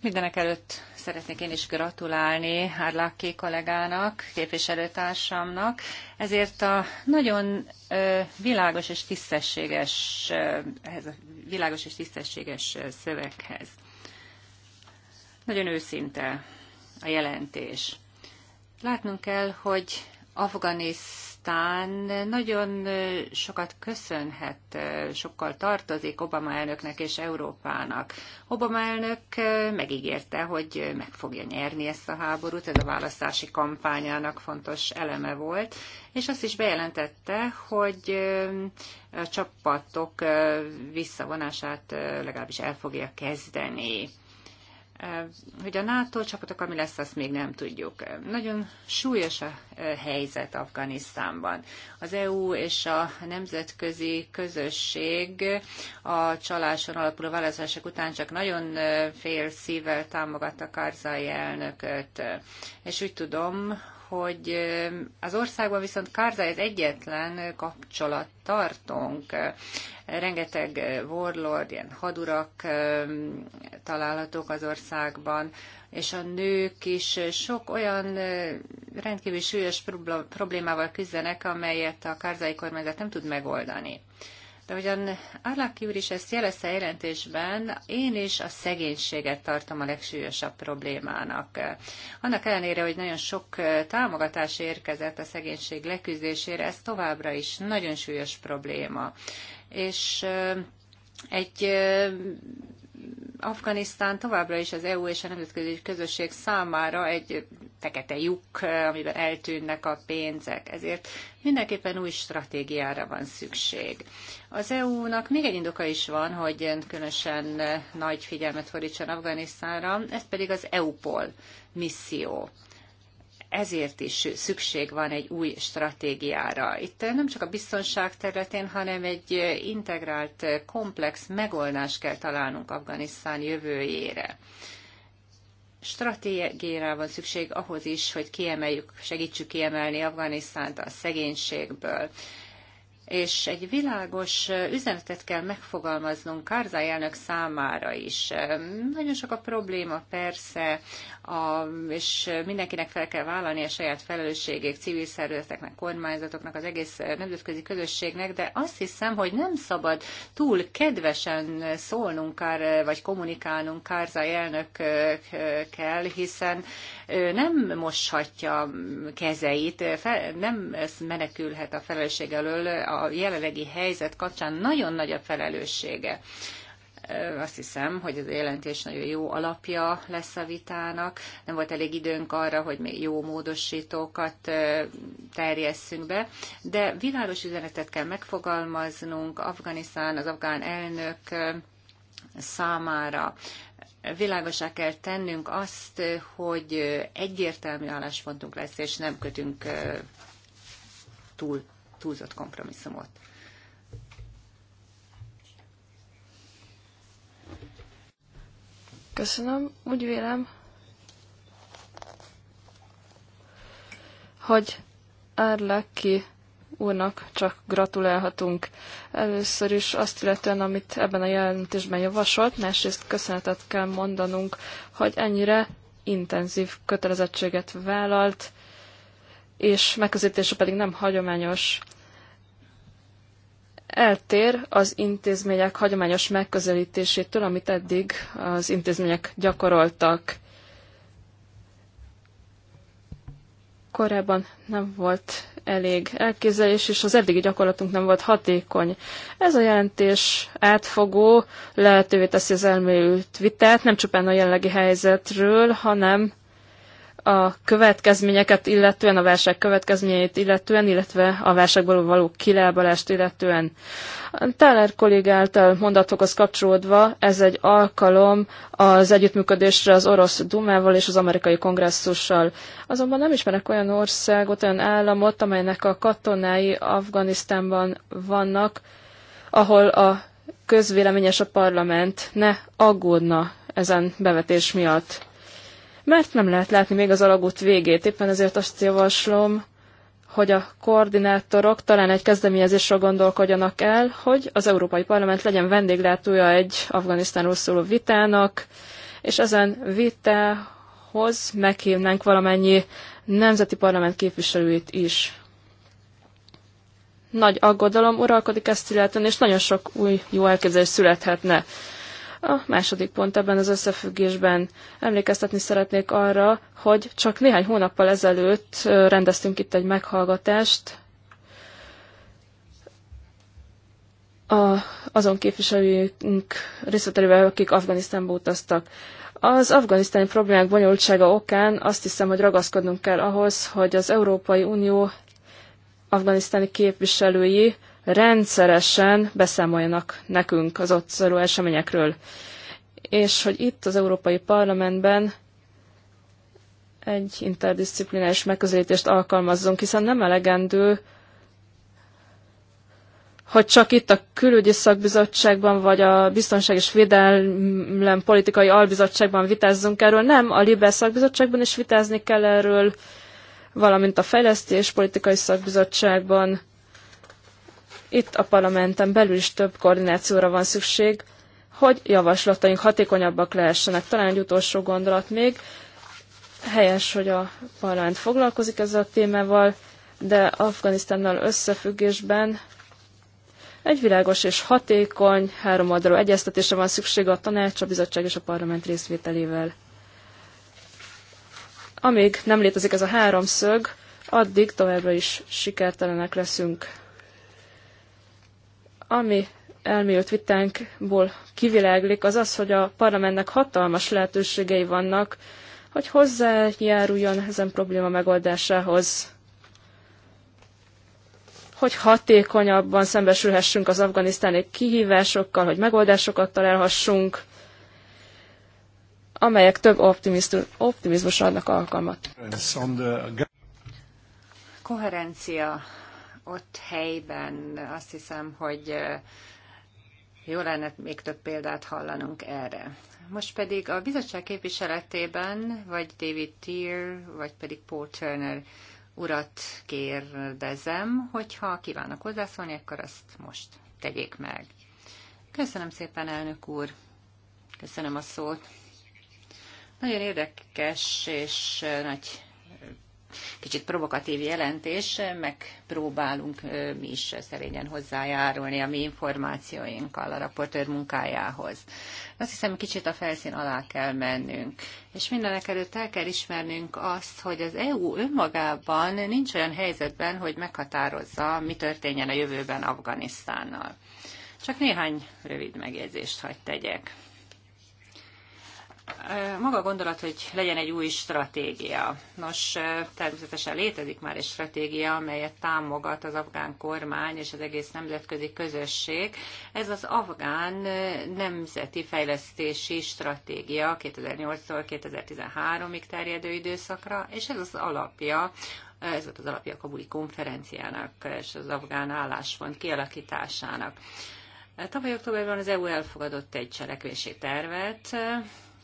S1: Mindenek előtt szeretnék én is gratulálni Árláki kollégának, képviselőtársamnak, ezért a nagyon világos és tisztességes, ehhez a világos és tisztességes szöveghez. Nagyon őszinte a jelentés. Látnunk kell, hogy Afganisztán aztán nagyon sokat köszönhet, sokkal tartozik Obama elnöknek és Európának. Obama elnök megígérte, hogy meg fogja nyerni ezt a háborút, ez a választási kampányának fontos eleme volt, és azt is bejelentette, hogy a csapatok visszavonását legalábbis el fogja kezdeni. Eh, hogy a NATO csapatok, ami lesz, azt még nem tudjuk. Nagyon súlyos a eh, helyzet Afganisztánban. Az EU és a nemzetközi közösség a csaláson alapuló választások után csak nagyon eh, fél szívvel támogatta Karzai elnököt. És úgy tudom, hogy az országban viszont Kárza ez egyetlen tartunk. Rengeteg warlord, ilyen hadurak találhatók az országban, és a nők is sok olyan rendkívül súlyos problémával küzdenek, amelyet a kárzai kormányzat nem tud megoldani. De ugyan Arlaki úr is ezt jelezte a jelentésben, én is a szegénységet tartom a legsúlyosabb problémának. Annak ellenére, hogy nagyon sok támogatás érkezett a szegénység leküzdésére, ez továbbra is nagyon súlyos probléma. És egy Afganisztán továbbra is az EU és a nemzetközi közösség számára egy fekete lyuk, amiben eltűnnek a pénzek. Ezért mindenképpen új stratégiára van szükség. Az EU-nak még egy indoka is van, hogy különösen nagy figyelmet fordítson Afganisztánra, ez pedig az EUPOL misszió ezért is szükség van egy új stratégiára. Itt nem csak a biztonság területén, hanem egy integrált, komplex megoldást kell találnunk Afganisztán jövőjére stratégiára van szükség ahhoz is, hogy kiemeljük, segítsük kiemelni Afganisztánt a szegénységből. És egy világos üzenetet kell megfogalmaznunk Kárzáj elnök számára is. Nagyon sok a probléma persze, a, és mindenkinek fel kell vállalni a saját felelősségét, civil szervezeteknek, kormányzatoknak, az egész nemzetközi közösségnek, de azt hiszem, hogy nem szabad túl kedvesen szólnunk kár, vagy kommunikálnunk Kárzai elnökkel, hiszen nem moshatja kezeit, fel, nem menekülhet a felelősség elől, a jelenlegi helyzet kapcsán nagyon nagy a felelőssége. Azt hiszem, hogy ez jelentés nagyon jó alapja lesz a vitának. Nem volt elég időnk arra, hogy még jó módosítókat terjesszünk be, de világos üzenetet kell megfogalmaznunk Afganisztán, az afgán elnök számára világosá kell tennünk azt, hogy egyértelmű álláspontunk lesz, és nem kötünk túl, túlzott kompromisszumot.
S3: Köszönöm. Úgy vélem, hogy Árlaki úrnak csak gratulálhatunk. Először is azt illetően, amit ebben a jelentésben javasolt, másrészt köszönetet kell mondanunk, hogy ennyire intenzív kötelezettséget vállalt, és megközelítése pedig nem hagyományos eltér az intézmények hagyományos megközelítésétől, amit eddig az intézmények gyakoroltak. Korábban nem volt elég elképzelés, és az eddigi gyakorlatunk nem volt hatékony. Ez a jelentés átfogó, lehetővé teszi az elmélyült vitát, nem csupán a jelenlegi helyzetről, hanem a következményeket illetően, a válság következményeit illetően, illetve a válságból való kilábalást illetően. Táler kollégá által mondatokhoz kapcsolódva ez egy alkalom az együttműködésre az orosz Dumával és az amerikai kongresszussal. Azonban nem ismerek olyan országot, olyan államot, amelynek a katonái Afganisztánban vannak, ahol a közvéleményes a parlament ne aggódna ezen bevetés miatt mert nem lehet látni még az alagút végét. Éppen ezért azt javaslom, hogy a koordinátorok talán egy kezdeményezésre gondolkodjanak el, hogy az Európai Parlament legyen vendéglátója egy Afganisztánról szóló vitának, és ezen vitához meghívnánk valamennyi nemzeti parlament képviselőit is. Nagy aggodalom uralkodik ezt illetően, és nagyon sok új jó elképzelés születhetne. A második pont ebben az összefüggésben emlékeztetni szeretnék arra, hogy csak néhány hónappal ezelőtt rendeztünk itt egy meghallgatást a, azon képviselőink részletelével, akik Afganisztánba utaztak. Az afganisztáni problémák bonyolultsága okán azt hiszem, hogy ragaszkodnunk kell ahhoz, hogy az Európai Unió afganisztáni képviselői rendszeresen beszámoljanak nekünk az ott zajló eseményekről. És hogy itt az Európai Parlamentben egy interdisziplináris megközelítést alkalmazzunk, hiszen nem elegendő, hogy csak itt a külügyi szakbizottságban, vagy a biztonság és védelem politikai albizottságban vitázzunk erről. Nem, a Libe szakbizottságban is vitázni kell erről, valamint a fejlesztés politikai szakbizottságban itt a parlamenten belül is több koordinációra van szükség, hogy javaslataink hatékonyabbak lehessenek. Talán egy utolsó gondolat még. Helyes, hogy a parlament foglalkozik ezzel a témával, de Afganisztánnal összefüggésben egy világos és hatékony háromoldalú egyeztetésre van szüksége a tanács, a bizottság és a parlament részvételével. Amíg nem létezik ez a háromszög, addig továbbra is sikertelenek leszünk. Ami elmélt vitánkból kiviláglik, az az, hogy a parlamentnek hatalmas lehetőségei vannak, hogy hozzájáruljon ezen probléma megoldásához, hogy hatékonyabban szembesülhessünk az afganisztáni kihívásokkal, hogy megoldásokat találhassunk, amelyek több optimizmus adnak alkalmat.
S1: Koherencia ott helyben azt hiszem, hogy jó lenne még több példát hallanunk erre. Most pedig a bizottság képviseletében vagy David Tier, vagy pedig Paul Turner urat kérdezem, hogyha kívánnak hozzászólni, akkor azt most tegyék meg. Köszönöm szépen, elnök úr. Köszönöm a szót. Nagyon érdekes és nagy kicsit provokatív jelentés, megpróbálunk mi is szerényen hozzájárulni a mi információinkkal a raportőr munkájához. Azt hiszem, kicsit a felszín alá kell mennünk. És mindenek előtt el kell ismernünk azt, hogy az EU önmagában nincs olyan helyzetben, hogy meghatározza, mi történjen a jövőben Afganisztánnal. Csak néhány rövid megjegyzést hagy tegyek maga a gondolat, hogy legyen egy új stratégia. Nos, eh, természetesen létezik már egy stratégia, amelyet támogat az afgán kormány és az egész nemzetközi közösség. Ez az afgán eh, nemzeti fejlesztési stratégia 2008-tól 2013-ig terjedő időszakra, és ez az alapja eh, ez volt az alapja a kabuli konferenciának és az afgán álláspont kialakításának. Tavaly októberben az EU elfogadott egy cselekvési tervet,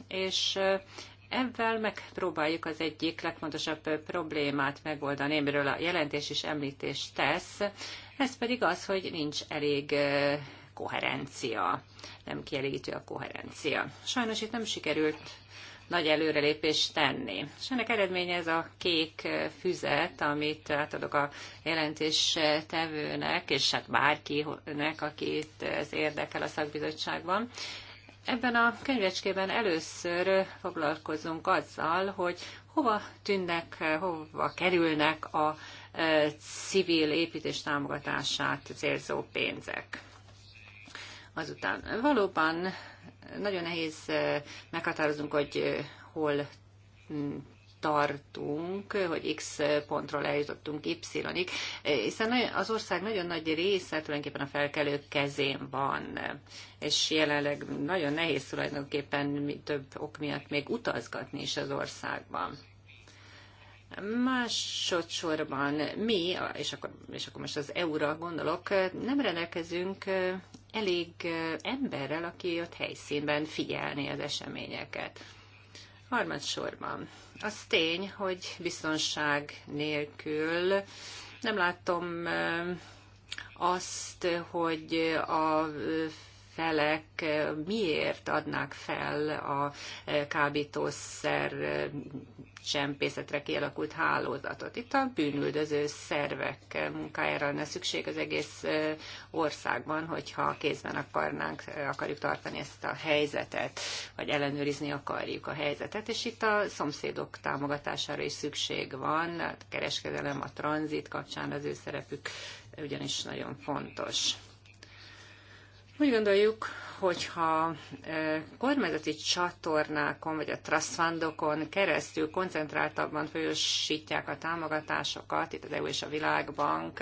S1: és eh, ezzel megpróbáljuk az egyik legfontosabb eh, problémát megoldani, amiről a jelentés is említést tesz, ez pedig az, hogy nincs elég eh, koherencia, nem kielégítő a koherencia. Sajnos itt nem sikerült nagy előrelépést tenni. És ennek eredménye ez a kék füzet, amit átadok a jelentés tevőnek, és hát bárkinek, akit ez érdekel a szakbizottságban. Ebben a könyvecskében először foglalkozunk azzal, hogy hova tűnnek, hova kerülnek a e, civil építés támogatását célzó pénzek. Azután valóban nagyon nehéz e, meghatározunk, hogy e, hol tartunk, hogy X pontról eljutottunk Y-ig, hiszen az ország nagyon nagy része tulajdonképpen a felkelők kezén van, és jelenleg nagyon nehéz tulajdonképpen több ok miatt még utazgatni is az országban. Másodszorban mi, és akkor, és akkor most az EU-ra gondolok, nem rendelkezünk elég emberrel, aki ott helyszínben figyelni az eseményeket. Harmadsorban az tény, hogy biztonság nélkül nem látom azt, hogy a felek miért adnák fel a kábítószer csempészetre kialakult hálózatot. Itt a bűnüldöző szervek munkájára lenne szükség az egész országban, hogyha kézben akarnánk, akarjuk tartani ezt a helyzetet, vagy ellenőrizni akarjuk a helyzetet, és itt a szomszédok támogatására is szükség van, a hát kereskedelem, a tranzit kapcsán az ő szerepük ugyanis nagyon fontos. Úgy gondoljuk, hogyha kormányzati csatornákon vagy a trustfundokon keresztül koncentráltabban folyosítják a támogatásokat, itt az EU és a Világbank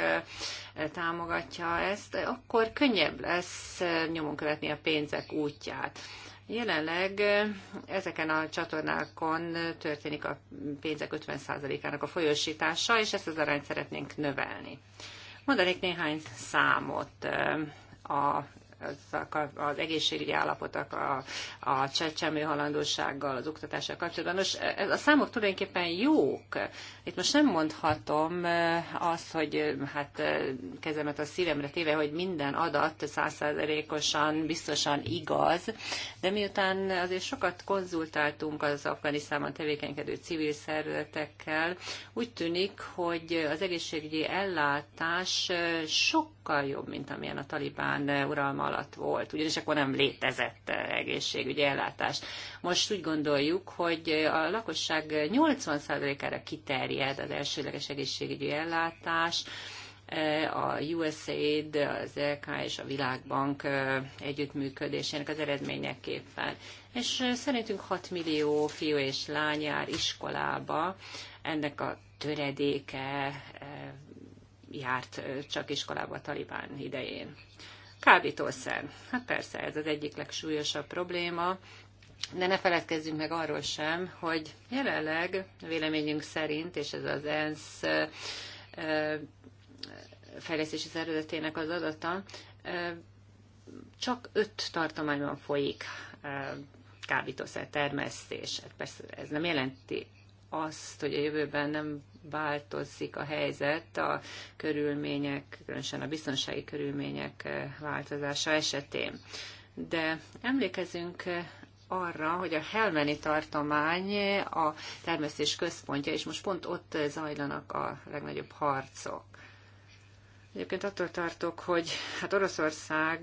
S1: támogatja ezt, akkor könnyebb lesz nyomon követni a pénzek útját. Jelenleg ezeken a csatornákon történik a pénzek 50%-ának a folyosítása, és ezt az arányt szeretnénk növelni. Mondanék néhány számot a az egészségügyi állapotok, a, a csecsemő halandósággal, az oktatással kapcsolatban. Nos, ez a számok tulajdonképpen jók. Itt most nem mondhatom eh, azt, hogy eh, hát eh, kezemet a szívemre téve, hogy minden adat százszázalékosan, biztosan igaz, de miután azért sokat konzultáltunk az Afganisztánban tevékenykedő civil szervezetekkel, úgy tűnik, hogy az egészségügyi ellátás sok sokkal jobb, mint amilyen a talibán uralma alatt volt, ugyanis akkor nem létezett eh, egészségügyi ellátás. Most úgy gondoljuk, hogy a lakosság 80%-ára kiterjed az elsőleges egészségügyi ellátás, eh, a USAID, az LK és a Világbank eh, együttműködésének az eredményeképpen. És szerintünk 6 millió fiú és lány jár iskolába, ennek a töredéke járt csak iskolába a Talibán idején. Kábítószer. Hát persze, ez az egyik legsúlyosabb probléma, de ne feledkezzünk meg arról sem, hogy jelenleg véleményünk szerint, és ez az ENSZ fejlesztési szervezetének az adata, csak öt tartományban folyik kábítószer termesztés. Hát persze ez nem jelenti azt, hogy a jövőben nem változik a helyzet a körülmények, különösen a biztonsági körülmények változása esetén. De emlékezünk arra, hogy a Helmeni tartomány a termesztés központja, és most pont ott zajlanak a legnagyobb harcok. Egyébként attól tartok, hogy hát Oroszország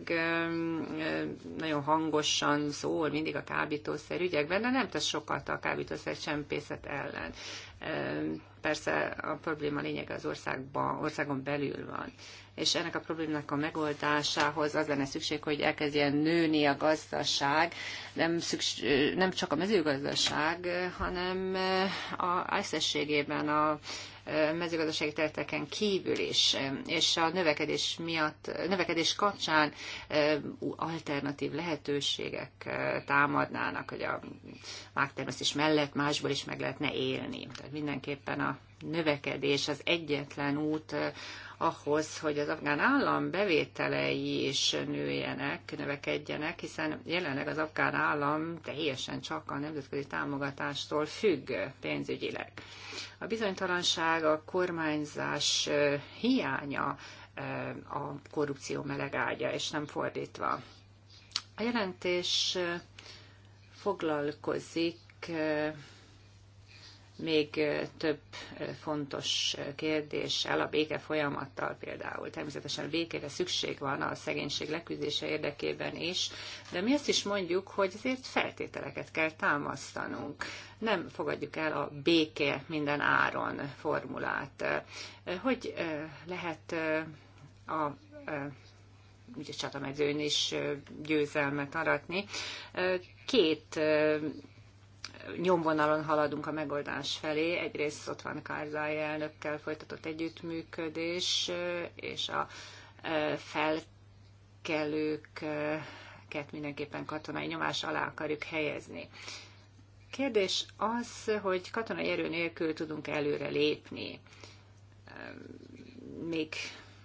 S1: nagyon hangosan szól mindig a kábítószer ügyekben, de nem tesz sokat a kábítószer csempészet ellen. Persze a probléma lényege az országban, országon belül van és ennek a problémának a megoldásához az lenne szükség, hogy elkezdjen nőni a gazdaság, nem, szükség, nem csak a mezőgazdaság, hanem a összességében a mezőgazdasági területeken kívül is, és a növekedés miatt, növekedés kapcsán alternatív lehetőségek támadnának, hogy a mágtermesztés mellett másból is meg lehetne élni. Tehát mindenképpen a növekedés az egyetlen út, ahhoz, hogy az afgán állam bevételei is nőjenek, növekedjenek, hiszen jelenleg az afgán állam teljesen csak a nemzetközi támogatástól függ pénzügyileg. A bizonytalanság, a kormányzás hiánya a korrupció melegágya, és nem fordítva. A jelentés foglalkozik még több fontos el a béke folyamattal például. Természetesen békére szükség van a szegénység leküzdése érdekében is, de mi azt is mondjuk, hogy ezért feltételeket kell támasztanunk. Nem fogadjuk el a béke minden áron formulát. Hogy lehet a ugye csatamezőn is győzelmet aratni. Két nyomvonalon haladunk a megoldás felé. Egyrészt ott van Kárzai elnökkel folytatott együttműködés, és a e, felkelőket mindenképpen katonai nyomás alá akarjuk helyezni. Kérdés az, hogy katonai erő nélkül tudunk előre lépni. E, még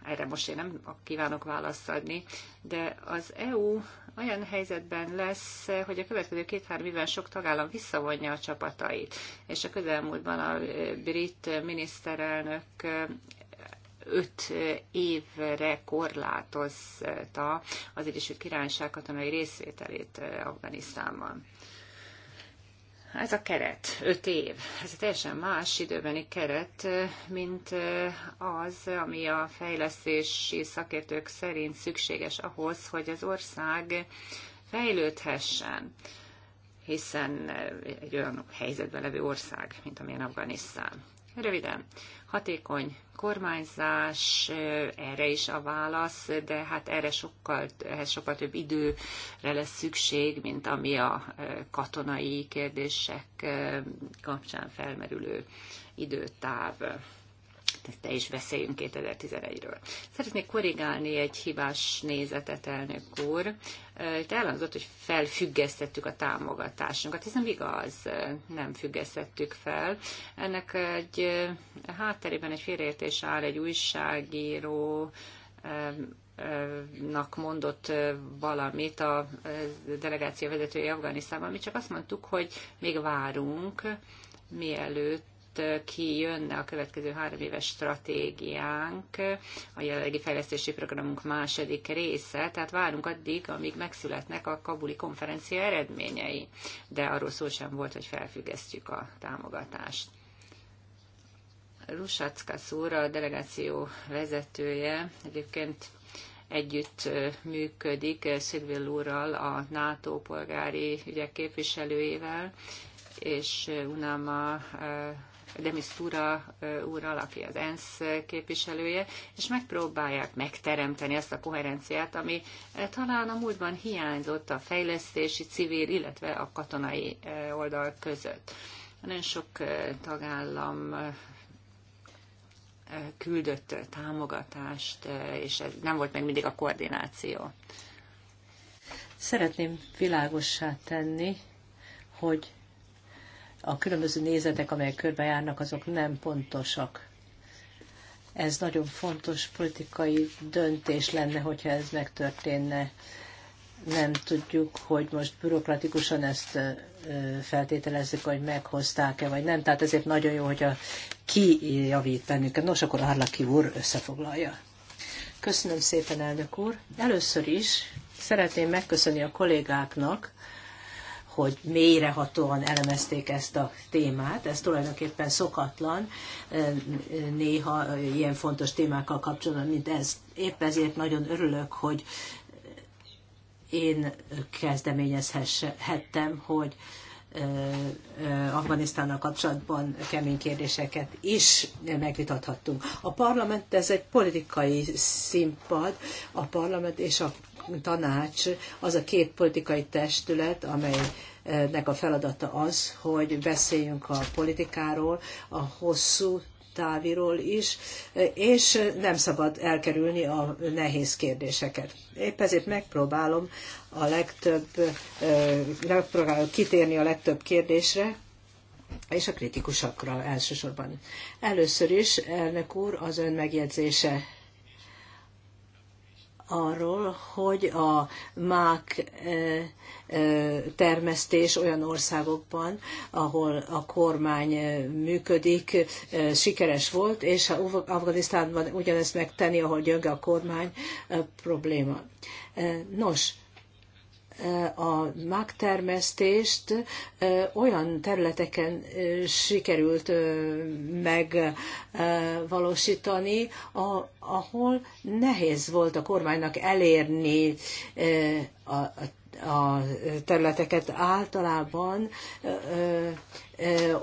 S1: erre most én nem kívánok választ adni, de az EU olyan helyzetben lesz, hogy a következő két-három évben sok tagállam visszavonja a csapatait. És a közelmúltban a brit miniszterelnök öt évre korlátozta az Egyesült Királyság katonai részvételét Afganisztánban ez a keret, öt év, ez egy teljesen más időbeni keret, mint az, ami a fejlesztési szakértők szerint szükséges ahhoz, hogy az ország fejlődhessen, hiszen egy olyan helyzetben levő ország, mint amilyen Afganisztán. Röviden, hatékony kormányzás, erre is a válasz, de hát erre sokkal, ehhez sokkal több időre lesz szükség, mint ami a katonai kérdések kapcsán felmerülő időtáv te is beszéljünk 2011-ről. Szeretnék korrigálni egy hibás nézetet, elnök úr. Itt elhangzott, hogy felfüggesztettük a támogatásunkat. Ez nem igaz, nem függesztettük fel. Ennek egy hátterében egy félreértés áll egy újságíró, nak mondott valamit a delegáció vezetője Afganisztánban. Mi csak azt mondtuk, hogy még várunk, mielőtt miatt kijönne a következő három éves stratégiánk, a jelenlegi fejlesztési programunk második része, tehát várunk addig, amíg megszületnek a kabuli konferencia eredményei, de arról szó sem volt, hogy felfüggesztjük a támogatást. Rusacka úr, a delegáció vezetője, egyébként együtt működik Szilvil úrral, a NATO polgári ügyek képviselőjével, és Unama Demisztúra úrral, aki az ENSZ képviselője, és megpróbálják megteremteni azt a koherenciát, ami talán a múltban hiányzott a fejlesztési, civil, illetve a katonai oldal között. Nagyon sok tagállam küldött támogatást, és ez nem volt meg mindig a koordináció.
S2: Szeretném világossá tenni, hogy a különböző nézetek, amelyek körbejárnak, azok nem pontosak. Ez nagyon fontos politikai döntés lenne, hogyha ez megtörténne. Nem tudjuk, hogy most bürokratikusan ezt feltételezzük, hogy meghozták-e, vagy nem. Tehát ezért nagyon jó, hogyha kijavít bennünket. Nos, akkor Árlaki úr összefoglalja. Köszönöm szépen, elnök úr. Először is szeretném megköszönni a kollégáknak, hogy mélyrehatóan elemezték ezt a témát. Ez tulajdonképpen szokatlan néha ilyen fontos témákkal kapcsolatban, mint ez. Épp ezért nagyon örülök, hogy én kezdeményezhettem, hogy Afganisztánnal kapcsolatban kemény kérdéseket is megvitathattunk. A parlament ez egy politikai színpad, a parlament és a tanács az a két politikai testület, amelynek a feladata az, hogy beszéljünk a politikáról, a hosszú táviról is, és nem szabad elkerülni a nehéz kérdéseket. Épp ezért megpróbálom a legtöbb, megpróbálok kitérni a legtöbb kérdésre, és a kritikusakra elsősorban. Először is, elnök úr, az ön megjegyzése arról, hogy a mák eh, eh, termesztés olyan országokban, ahol a kormány eh, működik, sikeres volt, és ha Afganisztánban ugyanezt megtenni, ahol gyönge a kormány, probléma. Nos, a mágtermesztést olyan területeken sikerült megvalósítani, ahol nehéz volt a kormánynak elérni a a területeket általában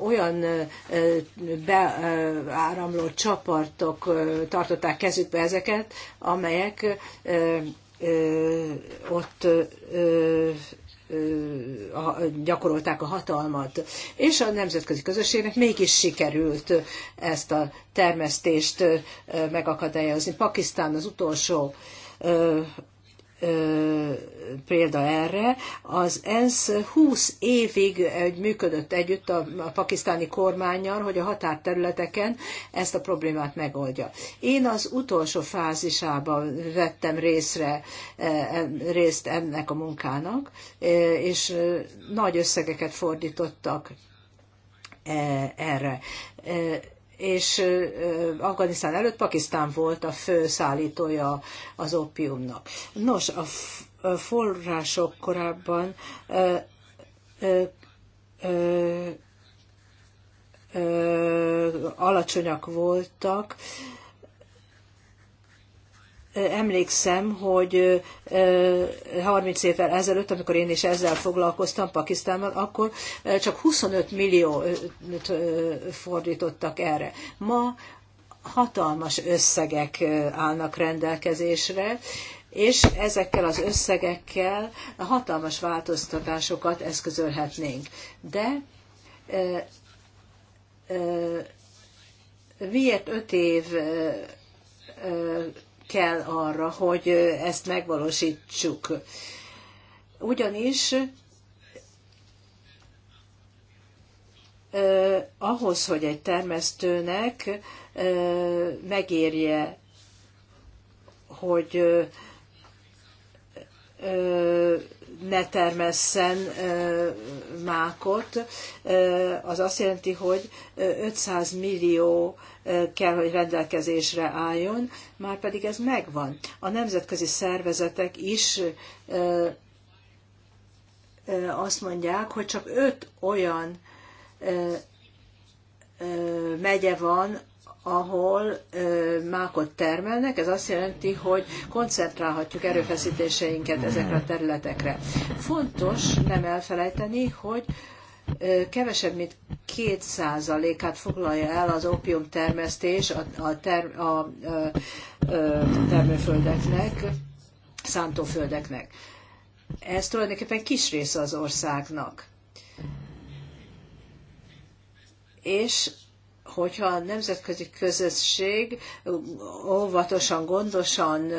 S2: olyan beáramló csapartok tartották kezükbe ezeket, amelyek ott gyakorolták a hatalmat, és a nemzetközi közösségnek mégis sikerült ezt a termesztést megakadályozni. Pakisztán az utolsó példa erre. Az ENSZ 20 évig működött együtt a, a pakisztáni kormányjal, hogy a határterületeken ezt a problémát megoldja. Én az utolsó fázisában vettem részre, e, részt ennek a munkának, és nagy összegeket fordítottak erre és Afganisztán előtt Pakisztán volt a fő szállítója az opiumnak. Nos, a források korábban ö, alacsonyak voltak, emlékszem, hogy 30 évvel ezelőtt, amikor én is ezzel foglalkoztam Pakisztánban, akkor csak 25 millió fordítottak erre. Ma hatalmas összegek állnak rendelkezésre, és ezekkel az összegekkel hatalmas változtatásokat eszközölhetnénk. De miért 5 év kell arra, hogy ezt megvalósítsuk. Ugyanis eh, ahhoz, hogy egy termesztőnek eh, megérje, hogy eh, ne termesszen mákot, az azt jelenti, hogy 500 millió kell, hogy rendelkezésre álljon, már pedig ez megvan. A nemzetközi szervezetek is azt mondják, hogy csak öt olyan megye van, ahol ö, mákot termelnek, ez azt jelenti, hogy koncentrálhatjuk erőfeszítéseinket ezekre a területekre. Fontos nem elfelejteni, hogy kevesebb, mint 2%-át foglalja el az opium termesztés a, a, ter, a, a termőföldeknek, szántóföldeknek. Ez tulajdonképpen kis része az országnak. És hogyha a nemzetközi közösség óvatosan, gondosan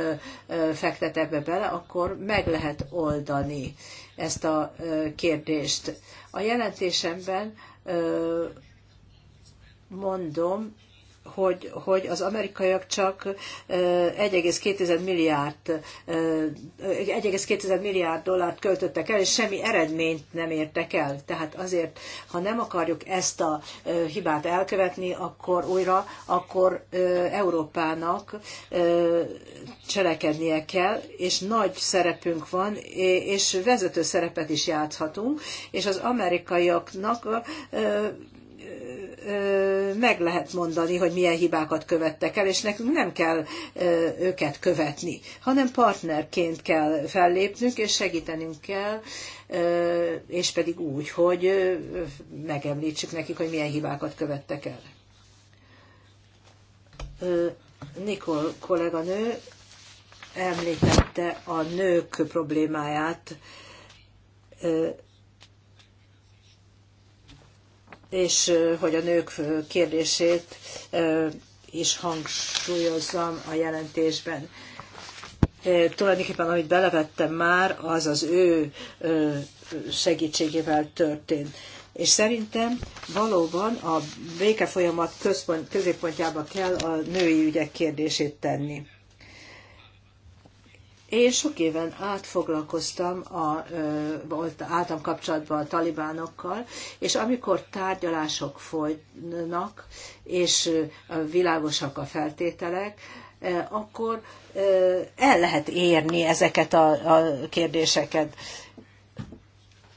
S2: fektet ebbe bele, akkor meg lehet oldani ezt a kérdést a jelentésemben mondom, hogy, hogy az amerikaiak csak 1,2 milliárd, 1,2 milliárd dollárt költöttek el, és semmi eredményt nem értek el. Tehát azért, ha nem akarjuk ezt a hibát elkövetni, akkor újra, akkor Európának cselekednie kell, és nagy szerepünk van, és vezető szerepet is játszhatunk, és az amerikaiaknak meg lehet mondani, hogy milyen hibákat követtek el, és nekünk nem kell őket követni, hanem partnerként kell fellépnünk, és segítenünk kell, és pedig úgy, hogy megemlítsük nekik, hogy milyen hibákat követtek el. Nikol kolléganő említette a nők problémáját, és hogy a nők kérdését is hangsúlyozzam a jelentésben. Tulajdonképpen, amit belevettem már, az az ő segítségével történt. És szerintem valóban a folyamat központ, középpontjába kell a női ügyek kérdését tenni. Én sok éven át foglalkoztam, a, volt, álltam kapcsolatban a talibánokkal, és amikor tárgyalások folynak, és világosak a feltételek, akkor el lehet érni ezeket a, a kérdéseket.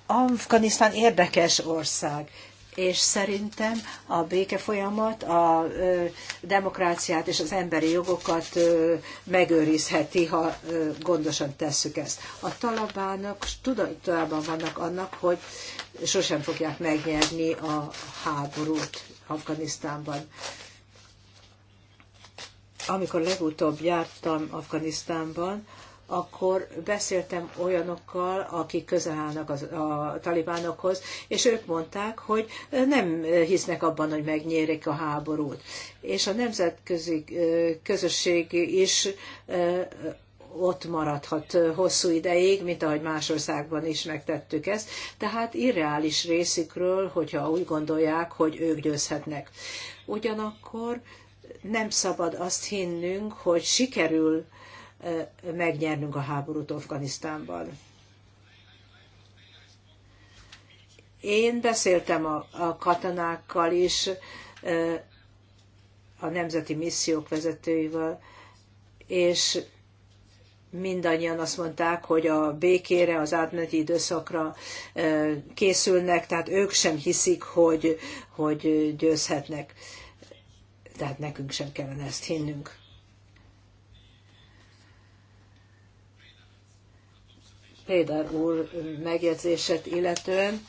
S2: Afganisztán érdekes ország, és szerintem a békefolyamat a demokráciát és az emberi jogokat megőrizheti, ha gondosan tesszük ezt. A talabának tudatában vannak annak, hogy sosem fogják megnyerni a háborút Afganisztánban. Amikor legutóbb jártam Afganisztánban, akkor beszéltem olyanokkal, akik közel állnak az, a talibánokhoz, és ők mondták, hogy nem hisznek abban, hogy megnyérik a háborút. És a nemzetközi közösség is ott maradhat hosszú ideig, mint ahogy más országban is megtettük ezt. Tehát irreális részükről, hogyha úgy gondolják, hogy ők győzhetnek. Ugyanakkor nem szabad azt hinnünk, hogy sikerül megnyernünk a háborút Afganisztánban. Én beszéltem a, a katonákkal is, a nemzeti missziók vezetőivel, és mindannyian azt mondták, hogy a békére, az átmeneti időszakra készülnek, tehát ők sem hiszik, hogy, hogy győzhetnek. Tehát nekünk sem kellene ezt hinnünk. Péter úr megjegyzését illetően.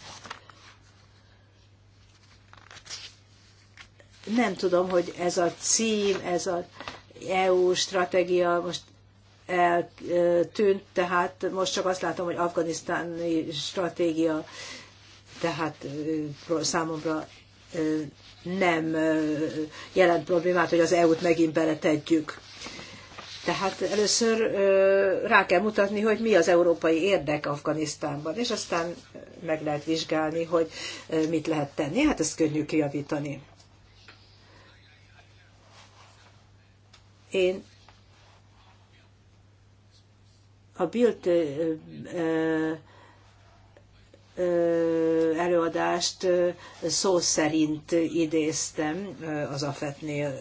S2: Nem tudom, hogy ez a cím, ez a EU stratégia most eltűnt, tehát most csak azt látom, hogy afganisztáni stratégia, tehát számomra nem jelent problémát, hogy az EU-t megint beletegyük. Tehát először rá kell mutatni, hogy mi az európai érdek Afganisztánban, és aztán meg lehet vizsgálni, hogy mit lehet tenni. Hát ezt könnyű kijavítani. Én a Bild előadást szó szerint idéztem az Afetnél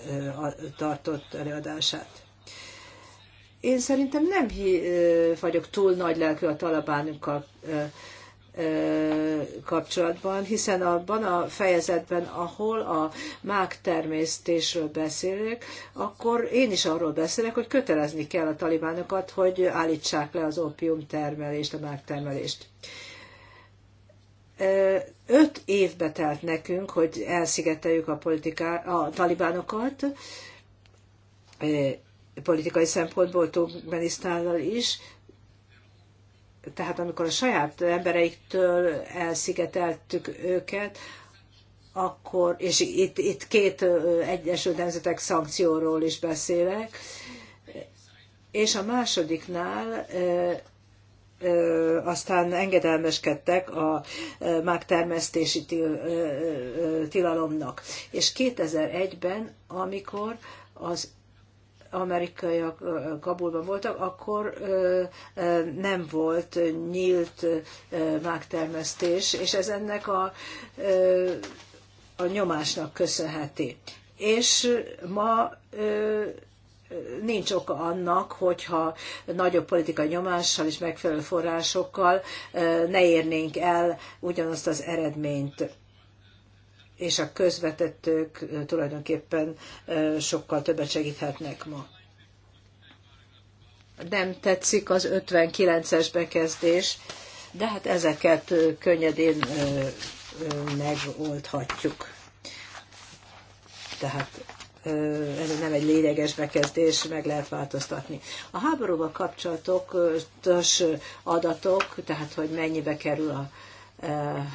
S2: tartott előadását. Én szerintem nem vagyok túl nagy lelkű a talabánunkkal kapcsolatban, hiszen abban a fejezetben, ahol a mák természtésről beszélek, akkor én is arról beszélek, hogy kötelezni kell a talibánokat, hogy állítsák le az opium termelést, a mák termelést. Öt évbe telt nekünk, hogy elszigeteljük a, politiká, a talibánokat, politikai szempontból Turkmenisztánnal is, tehát amikor a saját embereiktől elszigeteltük őket, akkor, és itt, itt két Egyesült Nemzetek szankcióról is beszélek, és a másodiknál aztán engedelmeskedtek a mágtermesztési til, tilalomnak. És 2001-ben, amikor az amerikaiak Kabulban voltak, akkor nem volt nyílt mágtermesztés, és ez ennek a, a nyomásnak köszönheti. És ma nincs oka annak, hogyha nagyobb politikai nyomással és megfelelő forrásokkal ne érnénk el ugyanazt az eredményt és a közvetettők tulajdonképpen sokkal többet segíthetnek ma. Nem tetszik az 59-es bekezdés, de hát ezeket könnyedén megoldhatjuk. Tehát ez nem egy lényeges bekezdés, meg lehet változtatni. A háborúval kapcsolatos adatok, tehát hogy mennyibe kerül a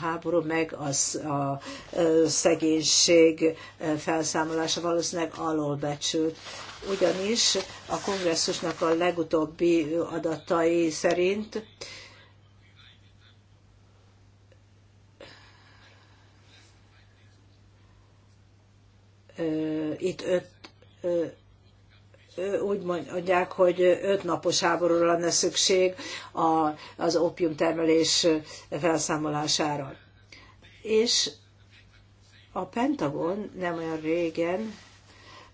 S2: háború, meg az, a szegénység felszámolása valószínűleg alulbecsült. Ugyanis a kongresszusnak a legutóbbi adatai szerint itt öt úgy mondják, hogy öt napos háborúra lenne szükség az ópiumtermelés felszámolására. És a Pentagon nem olyan régen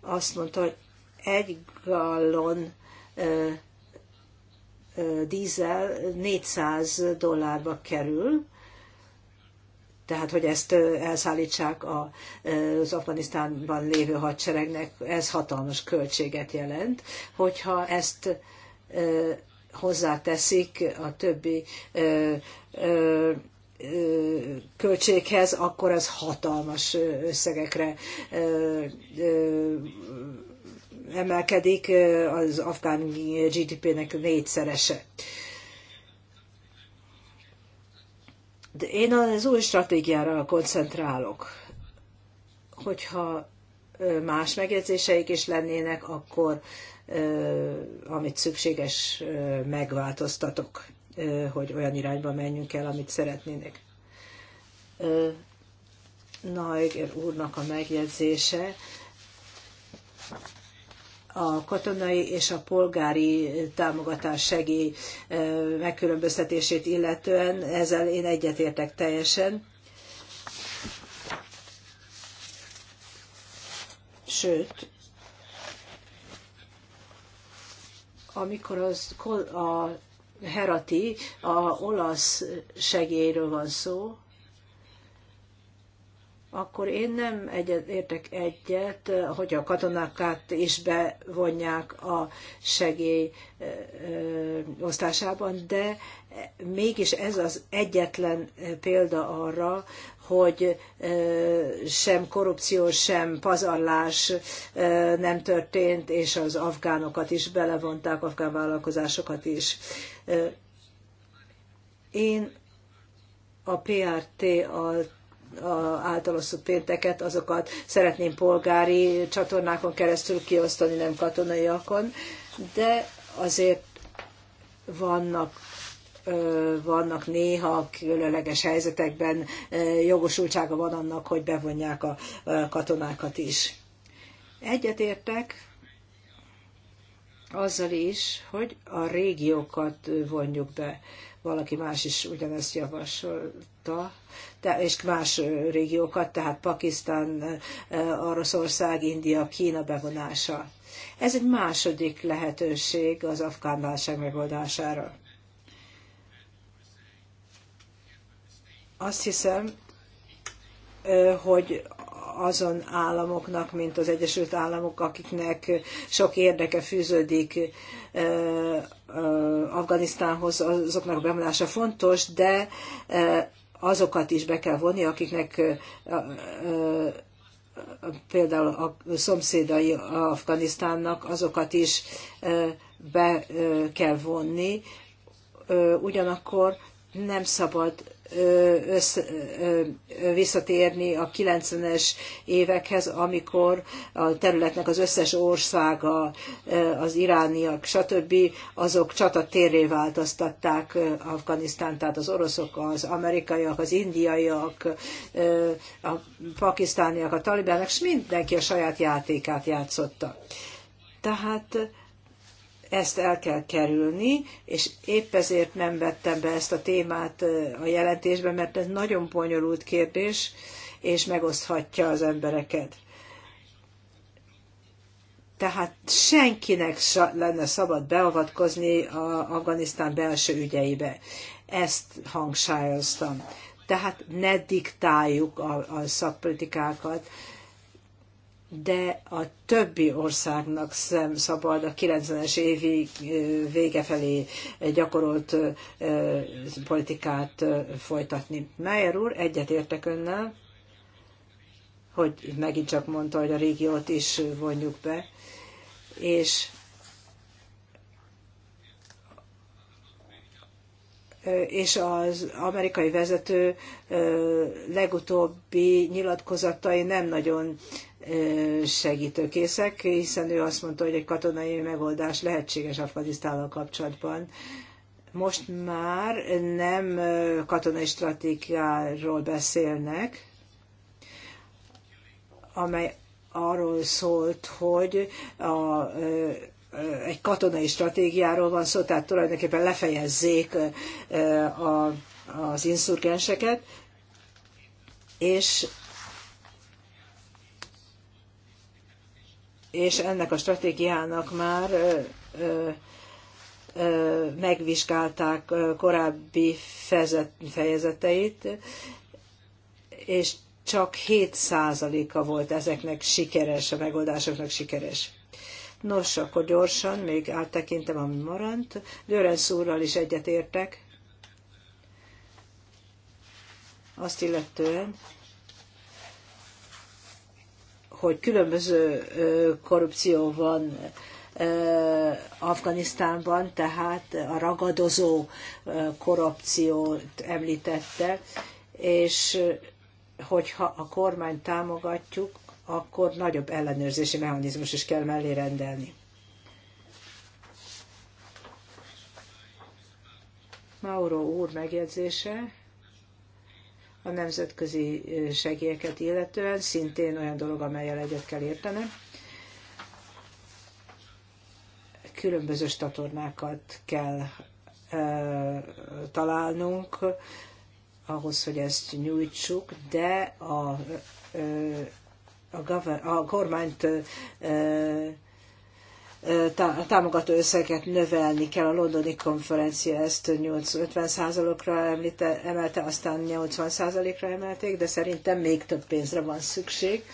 S2: azt mondta, hogy egy gallon dízel 400 dollárba kerül, tehát hogy ezt elszállítsák az Afganisztánban lévő hadseregnek, ez hatalmas költséget jelent, hogyha ezt hozzáteszik a többi költséghez, akkor ez hatalmas összegekre emelkedik, az afgán GDP-nek négyszerese. De én az új stratégiára koncentrálok. Hogyha más megjegyzéseik is lennének, akkor amit szükséges megváltoztatok, hogy olyan irányba menjünk el, amit szeretnének. Naiger úrnak a megjegyzése a katonai és a polgári támogatás segély megkülönböztetését illetően, ezzel én egyetértek teljesen. Sőt, amikor az, a Herati, a olasz segélyről van szó, akkor én nem egyet, értek egyet, hogy a katonákat is bevonják a segély osztásában, de mégis ez az egyetlen példa arra, hogy sem korrupció, sem pazarlás nem történt, és az afgánokat is belevonták, afgán vállalkozásokat is. Én a PRT alt osztott pénteket, azokat szeretném polgári csatornákon keresztül kiosztani, nem katonaiakon, de azért vannak vannak néha különleges helyzetekben jogosultsága van annak, hogy bevonják a katonákat is. Egyetértek azzal is, hogy a régiókat vonjuk be. Valaki más is ugyanezt javasolta, és más régiókat, tehát Pakisztán, Oroszország, India, Kína bevonása. Ez egy második lehetőség az afgán válság megoldására. Azt hiszem, hogy azon államoknak, mint az Egyesült Államok, akiknek sok érdeke fűződik Afganisztánhoz, azoknak a bevonása fontos, de azokat is be kell vonni, akiknek például a szomszédai Afganisztánnak azokat is be kell vonni, ugyanakkor nem szabad össze, visszatérni a 90-es évekhez, amikor a területnek az összes országa, az irániak, stb. azok csatatérré változtatták Afganisztán, tehát az oroszok, az amerikaiak, az indiaiak, a pakisztániak, a talibának, és mindenki a saját játékát játszotta. Tehát ezt el kell kerülni, és épp ezért nem vettem be ezt a témát eh, a jelentésbe, mert ez nagyon bonyolult kérdés, és megoszthatja az embereket. Tehát senkinek lenne szabad beavatkozni a Afganisztán belső ügyeibe. Ezt hangsúlyoztam. Tehát ne diktáljuk a, a szakpolitikákat, de a többi országnak sem szabad a 90-es évi vége felé gyakorolt politikát folytatni. Meyer úr, egyetértek önnel, hogy megint csak mondta, hogy a régiót is vonjuk be, és és az amerikai vezető legutóbbi nyilatkozatai nem nagyon segítőkészek, hiszen ő azt mondta, hogy egy katonai megoldás lehetséges Afganisztánnal kapcsolatban. Most már nem katonai stratégiáról beszélnek, amely arról szólt, hogy a, egy katonai stratégiáról van szó, tehát tulajdonképpen lefejezzék a, az inszurgenseket, és és ennek a stratégiának már megvizsgálták korábbi fejezeteit, és csak 7%-a volt ezeknek sikeres, a megoldásoknak sikeres. Nos, akkor gyorsan, még áttekintem, ami maradt. Görenc úrral is egyetértek. Azt illetően, hogy különböző korrupció van Afganisztánban, tehát a ragadozó korrupciót említette, és hogyha a kormány támogatjuk, akkor nagyobb ellenőrzési mechanizmus is kell mellé rendelni. Mauro úr megjegyzése a nemzetközi segélyeket illetően, szintén olyan dolog, amelyel egyet kell értenem. Különböző statornákat kell e, találnunk ahhoz, hogy ezt nyújtsuk, de a, ö, a, govern, a kormányt e, támogató összeget növelni kell. A londoni konferencia ezt 50%-ra emelte, aztán 80%-ra emelték, de szerintem még több pénzre van szükség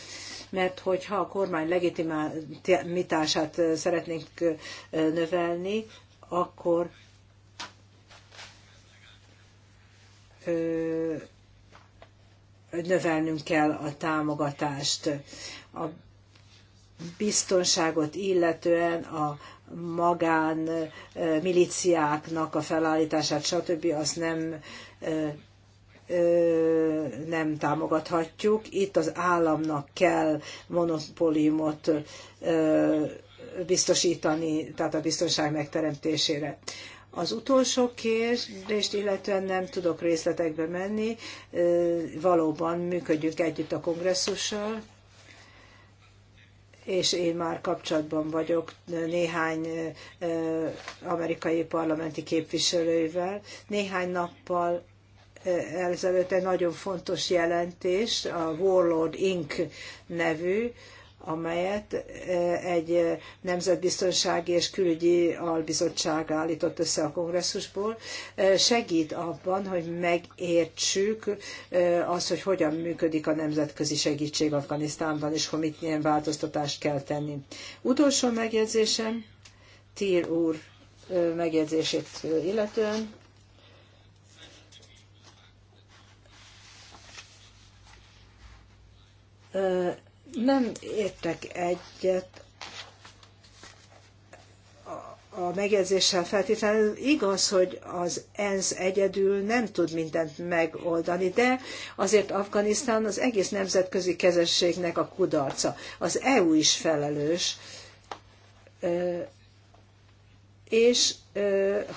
S2: mert hogyha a kormány legitimitását szeretnénk növelni, akkor növelnünk kell a támogatást. A biztonságot illetően a magán miliciáknak a felállítását, stb. azt nem nem támogathatjuk. Itt az államnak kell monopóliumot biztosítani, tehát a biztonság megteremtésére. Az utolsó kérdést illetően nem tudok részletekbe menni, valóban működjük együtt a kongresszussal, és én már kapcsolatban vagyok néhány amerikai parlamenti képviselővel. Néhány nappal ezelőtt egy nagyon fontos jelentés, a Warlord Inc. nevű, amelyet e, egy e, nemzetbiztonsági és külügyi albizottság állított össze a kongresszusból, e, segít abban, hogy megértsük azt, hogy hogyan működik a nemzetközi segítség Afganisztánban, és hogy mit milyen változtatást kell tenni. Utolsó megjegyzésem, Tír úr megjegyzését illetően, nem értek egyet a megjegyzéssel feltétlenül igaz, hogy az ENSZ egyedül nem tud mindent megoldani, de azért Afganisztán az egész nemzetközi kezességnek a kudarca. Az EU is felelős, és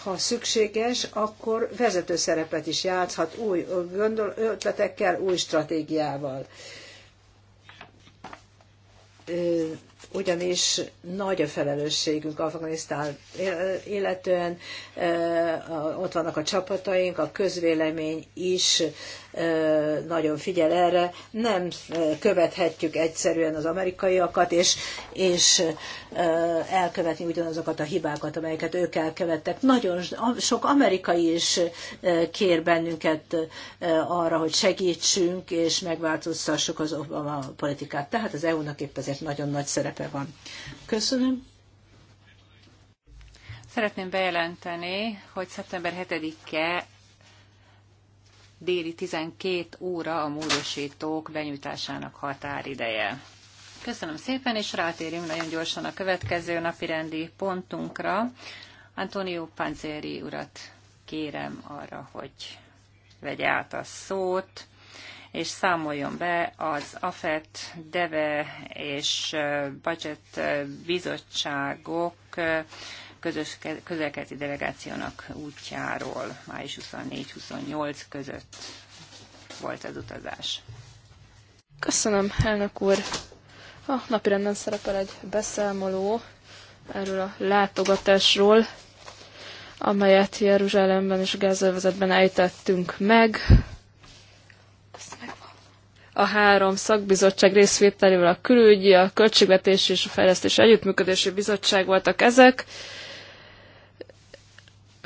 S2: ha szükséges, akkor vezető szerepet is játszhat új gondol, ötletekkel, új stratégiával ugyanis nagy a felelősségünk Afganisztán illetően, ott vannak a csapataink, a közvélemény is nagyon figyel erre, nem követhetjük egyszerűen az amerikaiakat, és, és elkövetni ugyanazokat a hibákat, amelyeket ők elkövettek. Nagyon sok amerikai is kér bennünket arra, hogy segítsünk, és megváltoztassuk az Obama politikát. Tehát az EU-nak épp ezért nagyon nagy szerepe van. Köszönöm.
S1: Szeretném bejelenteni, hogy szeptember 7-e déli 12 óra a módosítók benyújtásának határideje. Köszönöm szépen, és rátérjünk nagyon gyorsan a következő napirendi pontunkra. Antonio Panzeri urat kérem arra, hogy vegye át a szót, és számoljon be az AFET, DEVE és Budget bizottságok közös közelkeleti delegációnak útjáról május 24-28 között volt az utazás.
S3: Köszönöm, elnök úr! A napirenden szerepel egy beszámoló erről a látogatásról, amelyet Jeruzsálemben és Gázövezetben ejtettünk meg. A három szakbizottság részvételével a külügyi, a költségvetési és a fejlesztés együttműködési bizottság voltak ezek.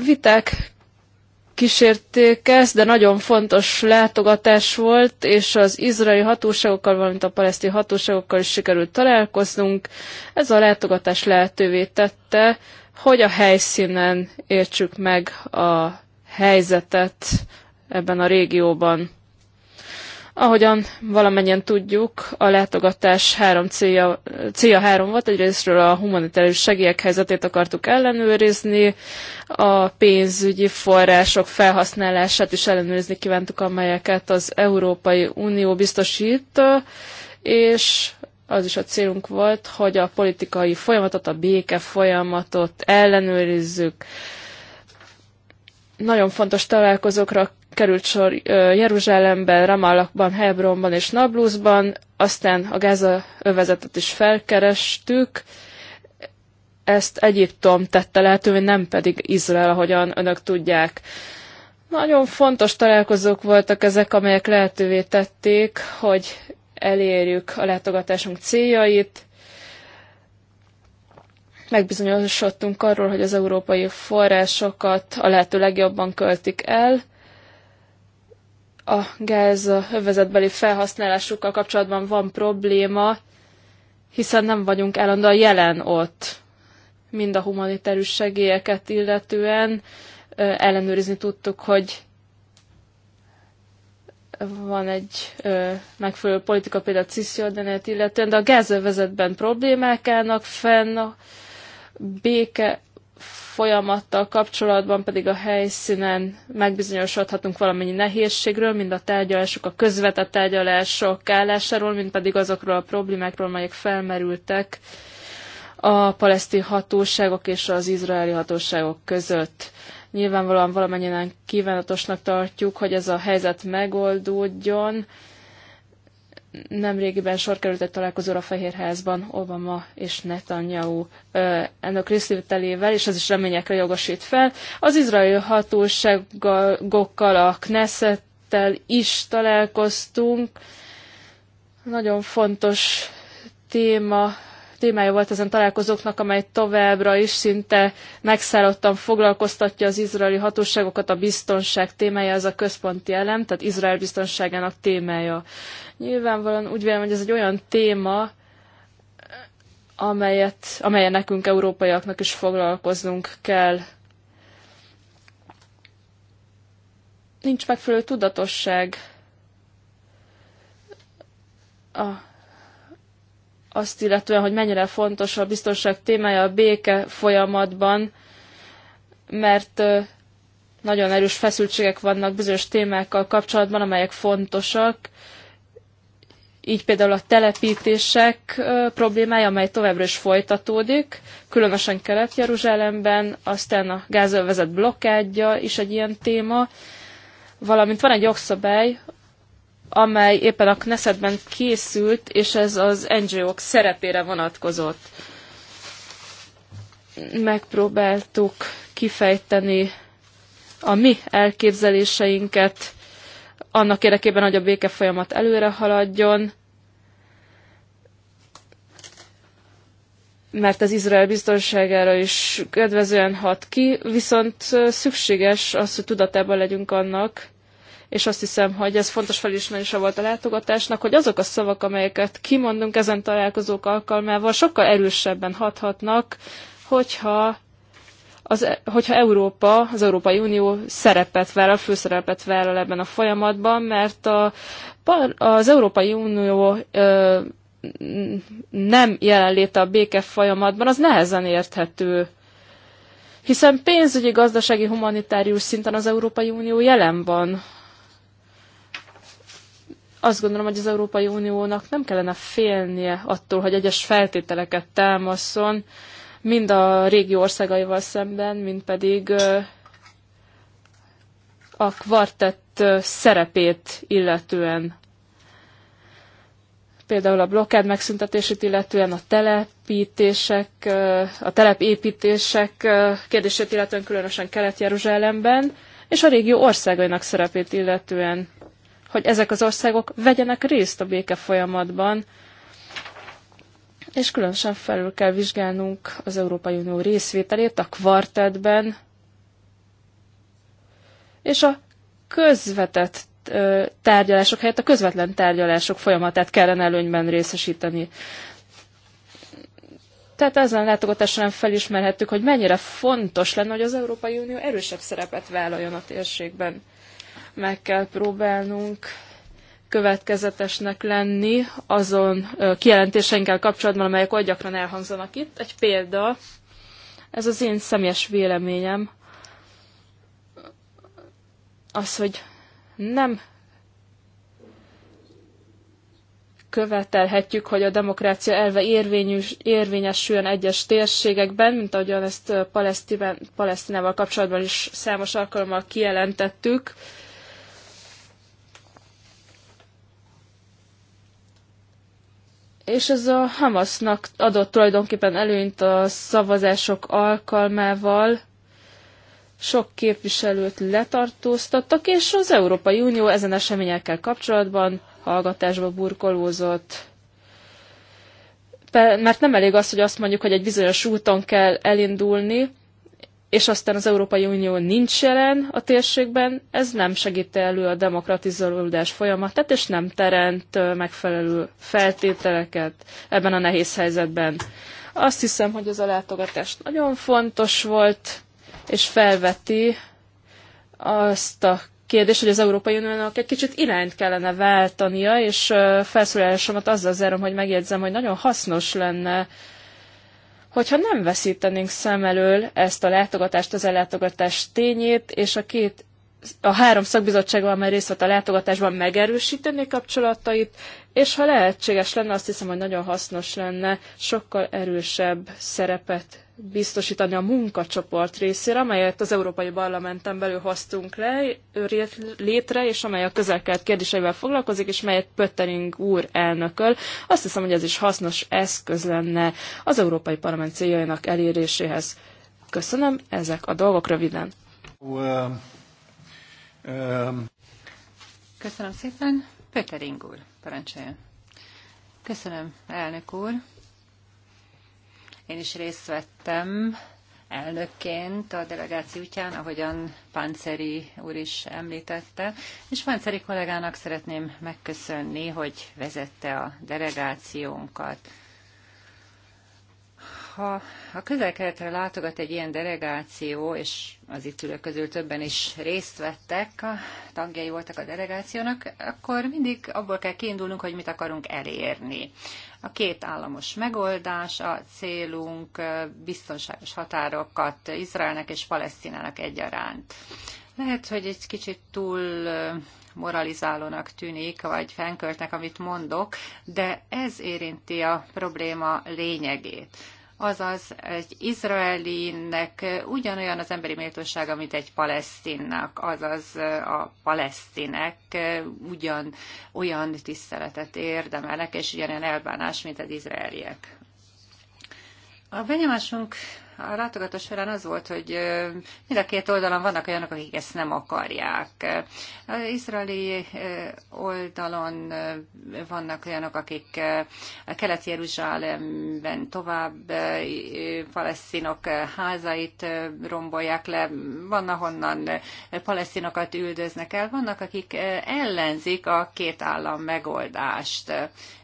S3: Viták kísérték ezt, de nagyon fontos látogatás volt, és az izraeli hatóságokkal, valamint a palesztin hatóságokkal is sikerült találkoznunk. Ez a látogatás lehetővé tette, hogy a helyszínen értsük meg a helyzetet ebben a régióban. Ahogyan valamennyien tudjuk, a látogatás három célja, célja három volt. Egyrésztről a humanitárius segélyek helyzetét akartuk ellenőrizni, a pénzügyi források felhasználását is ellenőrizni kívántuk, amelyeket az Európai Unió biztosít, és az is a célunk volt, hogy a politikai folyamatot, a béke folyamatot ellenőrizzük nagyon fontos találkozókra került sor Jeruzsálemben, Ramallahban, Hebronban és Nablusban, aztán a Gáza övezetet is felkerestük. Ezt Egyiptom tette lehetővé, nem pedig Izrael, ahogyan önök tudják. Nagyon fontos találkozók voltak ezek, amelyek lehetővé tették, hogy elérjük a látogatásunk céljait, megbizonyosodtunk arról, hogy az európai forrásokat a lehető legjobban költik el. A gáz övezetbeli felhasználásukkal kapcsolatban van probléma, hiszen nem vagyunk állandóan jelen ott, mind a humanitárius segélyeket illetően. Ellenőrizni tudtuk, hogy van egy ö, megfelelő politika például Cisjordanát illetően, de a gázövezetben problémák állnak fenn, béke folyamattal kapcsolatban pedig a helyszínen megbizonyosodhatunk valamennyi nehézségről, mind a tárgyalások, a közvetett tárgyalások állásáról, mind pedig azokról a problémákról, melyek felmerültek a palesztin hatóságok és az izraeli hatóságok között. Nyilvánvalóan valamennyien kívánatosnak tartjuk, hogy ez a helyzet megoldódjon, nemrégiben sor került egy találkozóra Fehérházban Obama és Netanyahu ennek részvételével, és ez is reményekre jogosít fel. Az izraeli hatóságokkal, a Knessettel is találkoztunk. Nagyon fontos téma témája volt ezen találkozóknak, amely továbbra is szinte megszállottan foglalkoztatja az izraeli hatóságokat. A biztonság témája ez a központi elem, tehát Izrael biztonságának témája. Nyilvánvalóan úgy vélem, hogy ez egy olyan téma, amelyet, amelyen nekünk, európaiaknak is foglalkoznunk kell. Nincs megfelelő tudatosság a azt illetően, hogy mennyire fontos a biztonság témája a béke folyamatban, mert nagyon erős feszültségek vannak bizonyos témákkal kapcsolatban, amelyek fontosak, így például a telepítések problémája, amely továbbra is folytatódik, különösen Kelet-Jeruzsálemben, aztán a gázövezet blokkádja is egy ilyen téma, valamint van egy jogszabály, amely éppen a Knessetben készült, és ez az NGO-k szerepére vonatkozott. Megpróbáltuk kifejteni a mi elképzeléseinket annak érdekében, hogy a béke folyamat előre haladjon, mert az Izrael biztonságára is kedvezően hat ki, viszont szükséges az, hogy tudatában legyünk annak, és azt hiszem, hogy ez fontos felismerése volt a látogatásnak, hogy azok a szavak, amelyeket kimondunk ezen találkozók alkalmával, sokkal erősebben hathatnak, hogyha az, e- hogyha Európa, az Európai Unió szerepet vállal, főszerepet vállal ebben a folyamatban, mert a, az Európai Unió ö, nem jelenléte a béke folyamatban, az nehezen érthető. Hiszen pénzügyi, gazdasági, humanitárius szinten az Európai Unió jelen van azt gondolom, hogy az Európai Uniónak nem kellene félnie attól, hogy egyes feltételeket támaszon, mind a régi országaival szemben, mind pedig a kvartett szerepét illetően. Például a blokkád megszüntetését illetően, a telepítések, a telepépítések kérdését illetően különösen Kelet-Jeruzsálemben, és a régió országainak szerepét illetően hogy ezek az országok vegyenek részt a béke folyamatban, és különösen felül kell vizsgálnunk az Európai Unió részvételét a kvartetben, és a közvetett tárgyalások helyett a közvetlen tárgyalások folyamatát kellene előnyben részesíteni. Tehát ezen látogatáson felismerhettük, hogy mennyire fontos lenne, hogy az Európai Unió erősebb szerepet vállaljon a térségben meg kell próbálnunk következetesnek lenni azon kijelentéseinkkel kapcsolatban, amelyek oly gyakran elhangzanak itt. Egy példa, ez az én személyes véleményem, az, hogy nem követelhetjük, hogy a demokrácia elve érvényűs, érvényesüljön egyes térségekben, mint ahogyan ezt Palesztinával kapcsolatban is számos alkalommal kijelentettük. Uh, és ez a Hamasnak adott tulajdonképpen előnyt a szavazások alkalmával. Sok képviselőt letartóztattak, és az Európai Unió ezen eseményekkel kapcsolatban hallgatásba burkolózott. Mert nem elég az, hogy azt mondjuk, hogy egy bizonyos úton kell elindulni, és aztán az Európai Unió nincs jelen a térségben, ez nem segít elő a demokratizálódás folyamatát, és nem teremt megfelelő feltételeket ebben a nehéz helyzetben. Azt hiszem, hogy ez a látogatás nagyon fontos volt, és felveti azt a kérdést, hogy az Európai Uniónak egy kicsit irányt kellene váltania, és felszólalásomat azzal zárom, hogy megjegyzem, hogy nagyon hasznos lenne Hogyha nem veszítenénk szem elől ezt a látogatást, az ellátogatás tényét, és a két a három szakbizottsággal amely részt vett a látogatásban megerősíteni kapcsolatait, és ha lehetséges lenne, azt hiszem, hogy nagyon hasznos lenne sokkal erősebb szerepet biztosítani a munkacsoport részére, amelyet az Európai Parlamenten belül hoztunk le, létre, és amely a közelkelt kérdéseivel foglalkozik, és melyet Pöttering úr elnököl. Azt hiszem, hogy ez is hasznos eszköz lenne az Európai Parlament céljainak eléréséhez. Köszönöm, ezek a dolgok röviden.
S1: Köszönöm szépen. Pöttering úr, parancsoljon. Köszönöm, elnök úr. Én is részt vettem elnökként a delegáció útján, ahogyan Panceri úr is említette, és Panceri kollégának szeretném megköszönni, hogy vezette a delegációnkat ha a közel-keletre látogat egy ilyen delegáció, és az itt ülők közül többen is részt vettek, a tagjai voltak a delegációnak, akkor mindig abból kell kiindulnunk, hogy mit akarunk elérni. A két államos megoldás, a célunk biztonságos határokat Izraelnek és Palesztinának egyaránt. Lehet, hogy egy kicsit túl moralizálónak tűnik, vagy fenköltnek, amit mondok, de ez érinti a probléma lényegét. Azaz egy izraelinek ugyanolyan az emberi méltósága, mint egy palesztinnak, azaz a palesztinek ugyan olyan tiszteletet érdemelnek, és ugyanolyan elbánás, mint az izraeliek. A benyomásunk a látogatás során az volt, hogy mind a két oldalon vannak olyanok, akik ezt nem akarják. Az izraeli oldalon vannak olyanok, akik a Kelet-Jeruzsálemben tovább palesztinok házait rombolják le, van ahonnan palesztinokat üldöznek el, vannak, akik ellenzik a két állam megoldást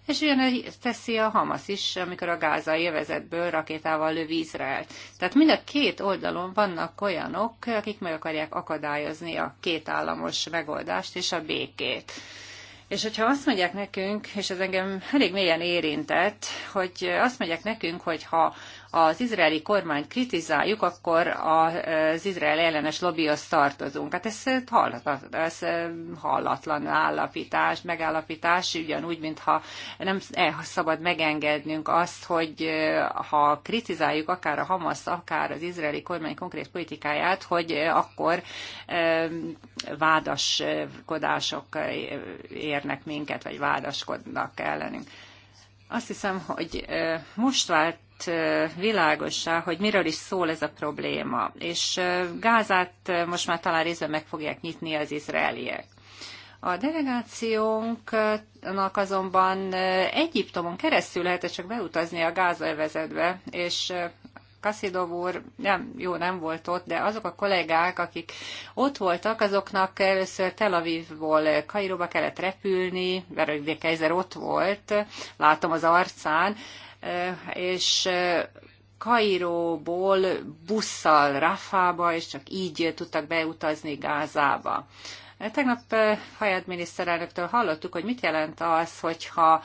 S1: és ugyanezt teszi a Hamas is, amikor a gázai övezetből rakétával lő Izraelt. Tehát mind a két oldalon vannak olyanok, akik meg akarják akadályozni a kétállamos megoldást és a békét. És hogyha azt mondják nekünk, és ez engem elég mélyen érintett, hogy azt mondják nekünk, hogy ha az izraeli kormányt kritizáljuk, akkor az izrael ellenes lobbyhoz tartozunk. Hát ez, hallatlan, ez hallatlan állapítás, megállapítás, ugyanúgy, mintha nem e, szabad megengednünk azt, hogy e, ha kritizáljuk akár a Hamas, akár az izraeli kormány konkrét politikáját, hogy akkor e, vádaskodások érnek minket, vagy vádaskodnak ellenünk. Azt hiszem, hogy most vált tett világosá, hogy miről is szól ez a probléma. És Gázát most már talán részben meg fogják nyitni az izraeliek. A delegációnknak azonban Egyiptomon keresztül lehetett csak beutazni a gázaövezetbe, és Kaszidov úr, nem, jó, nem volt ott, de azok a kollégák, akik ott voltak, azoknak először Tel Avivból Kairóba kellett repülni, mert ugye ott volt, látom az arcán, Eh, és eh, Kairóból busszal Rafába, és csak így tudtak beutazni Gázába. Eh, tegnap Hayat miniszterelnöktől hallottuk, hogy mit jelent az, hogyha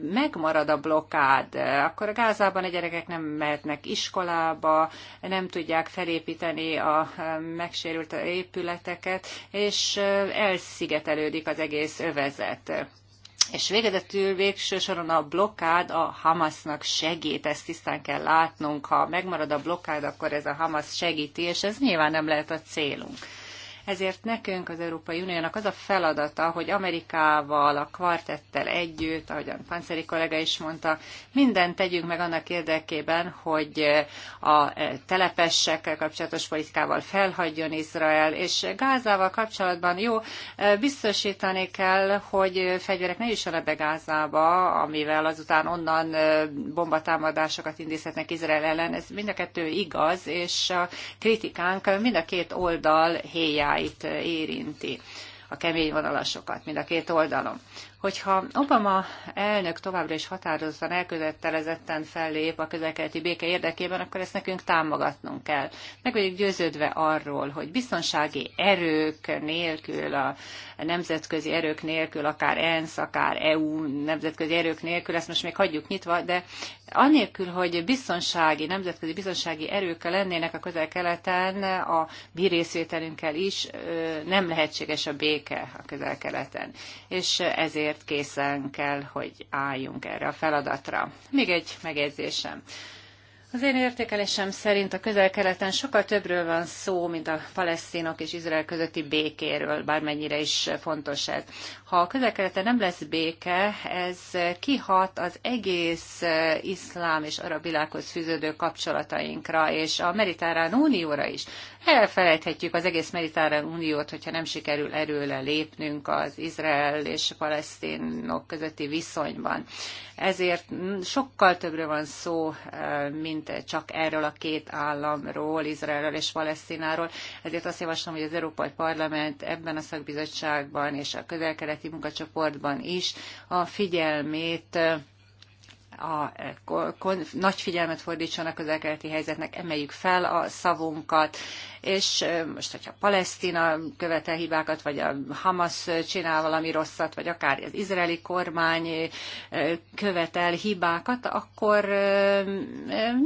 S1: megmarad a blokád, akkor a Gázában a gyerekek nem mehetnek iskolába, nem tudják felépíteni a megsérült épületeket, és elszigetelődik az egész övezet. És végedetül végső soron a blokkád a Hamasnak segít, ezt tisztán kell látnunk. Ha megmarad a blokkád, akkor ez a Hamas segíti, és ez nyilván nem lehet a célunk. Ezért nekünk, az Európai Uniónak az a feladata, hogy Amerikával, a kvartettel együtt, ahogy a Panceri kollega is mondta, mindent tegyünk meg annak érdekében, hogy a telepessekkel kapcsolatos politikával felhagyjon Izrael, és Gázával kapcsolatban jó, biztosítani kell, hogy fegyverek ne jussanak be Gázába, amivel azután onnan bombatámadásokat indíthatnak Izrael ellen. Ez mind a kettő igaz, és a kritikánk mind a két oldal héjá kollégáit eh, érinti, a kemény vonalasokat mind a két oldalon. Hogyha Obama elnök továbbra is határozottan, elkötelezetten fellép a közelkeleti béke érdekében, akkor ezt nekünk támogatnunk kell. Meg vagyok győződve arról, hogy biztonsági erők nélkül, a nemzetközi erők nélkül, akár ENSZ, akár EU nemzetközi erők nélkül, ezt most még hagyjuk nyitva, de anélkül, hogy biztonsági, nemzetközi biztonsági erőkkel lennének a közel-keleten, a mi részvételünkkel is nem lehetséges a béke a közel-keleten. És ezért ezért készen kell, hogy álljunk erre a feladatra. Még egy megjegyzésem. Az én értékelésem szerint a közel-keleten sokkal többről van szó, mint a palesztinok és Izrael közötti békéről, bármennyire is fontos ez. Ha a közel-keleten nem lesz béke, ez kihat az egész eh, iszlám és arab világhoz fűződő kapcsolatainkra, és a Mediterrán Unióra is. Elfelejthetjük az egész Mediterrán Uniót, hogyha nem sikerül erőle lépnünk az Izrael és a palesztinok közötti viszonyban. Ezért mm, sokkal többről van szó, eh, mint megint csak erről a két államról, Izraelről és Palesztináról. Ezért azt javaslom, hogy az Európai Parlament ebben a szakbizottságban és a közelkeleti munkacsoportban is a figyelmét a kon, nagy figyelmet fordítson a közelkeleti helyzetnek, emeljük fel a szavunkat, és most, hogyha Palesztina követel hibákat, vagy a Hamas csinál valami rosszat, vagy akár az izraeli kormány követel hibákat, akkor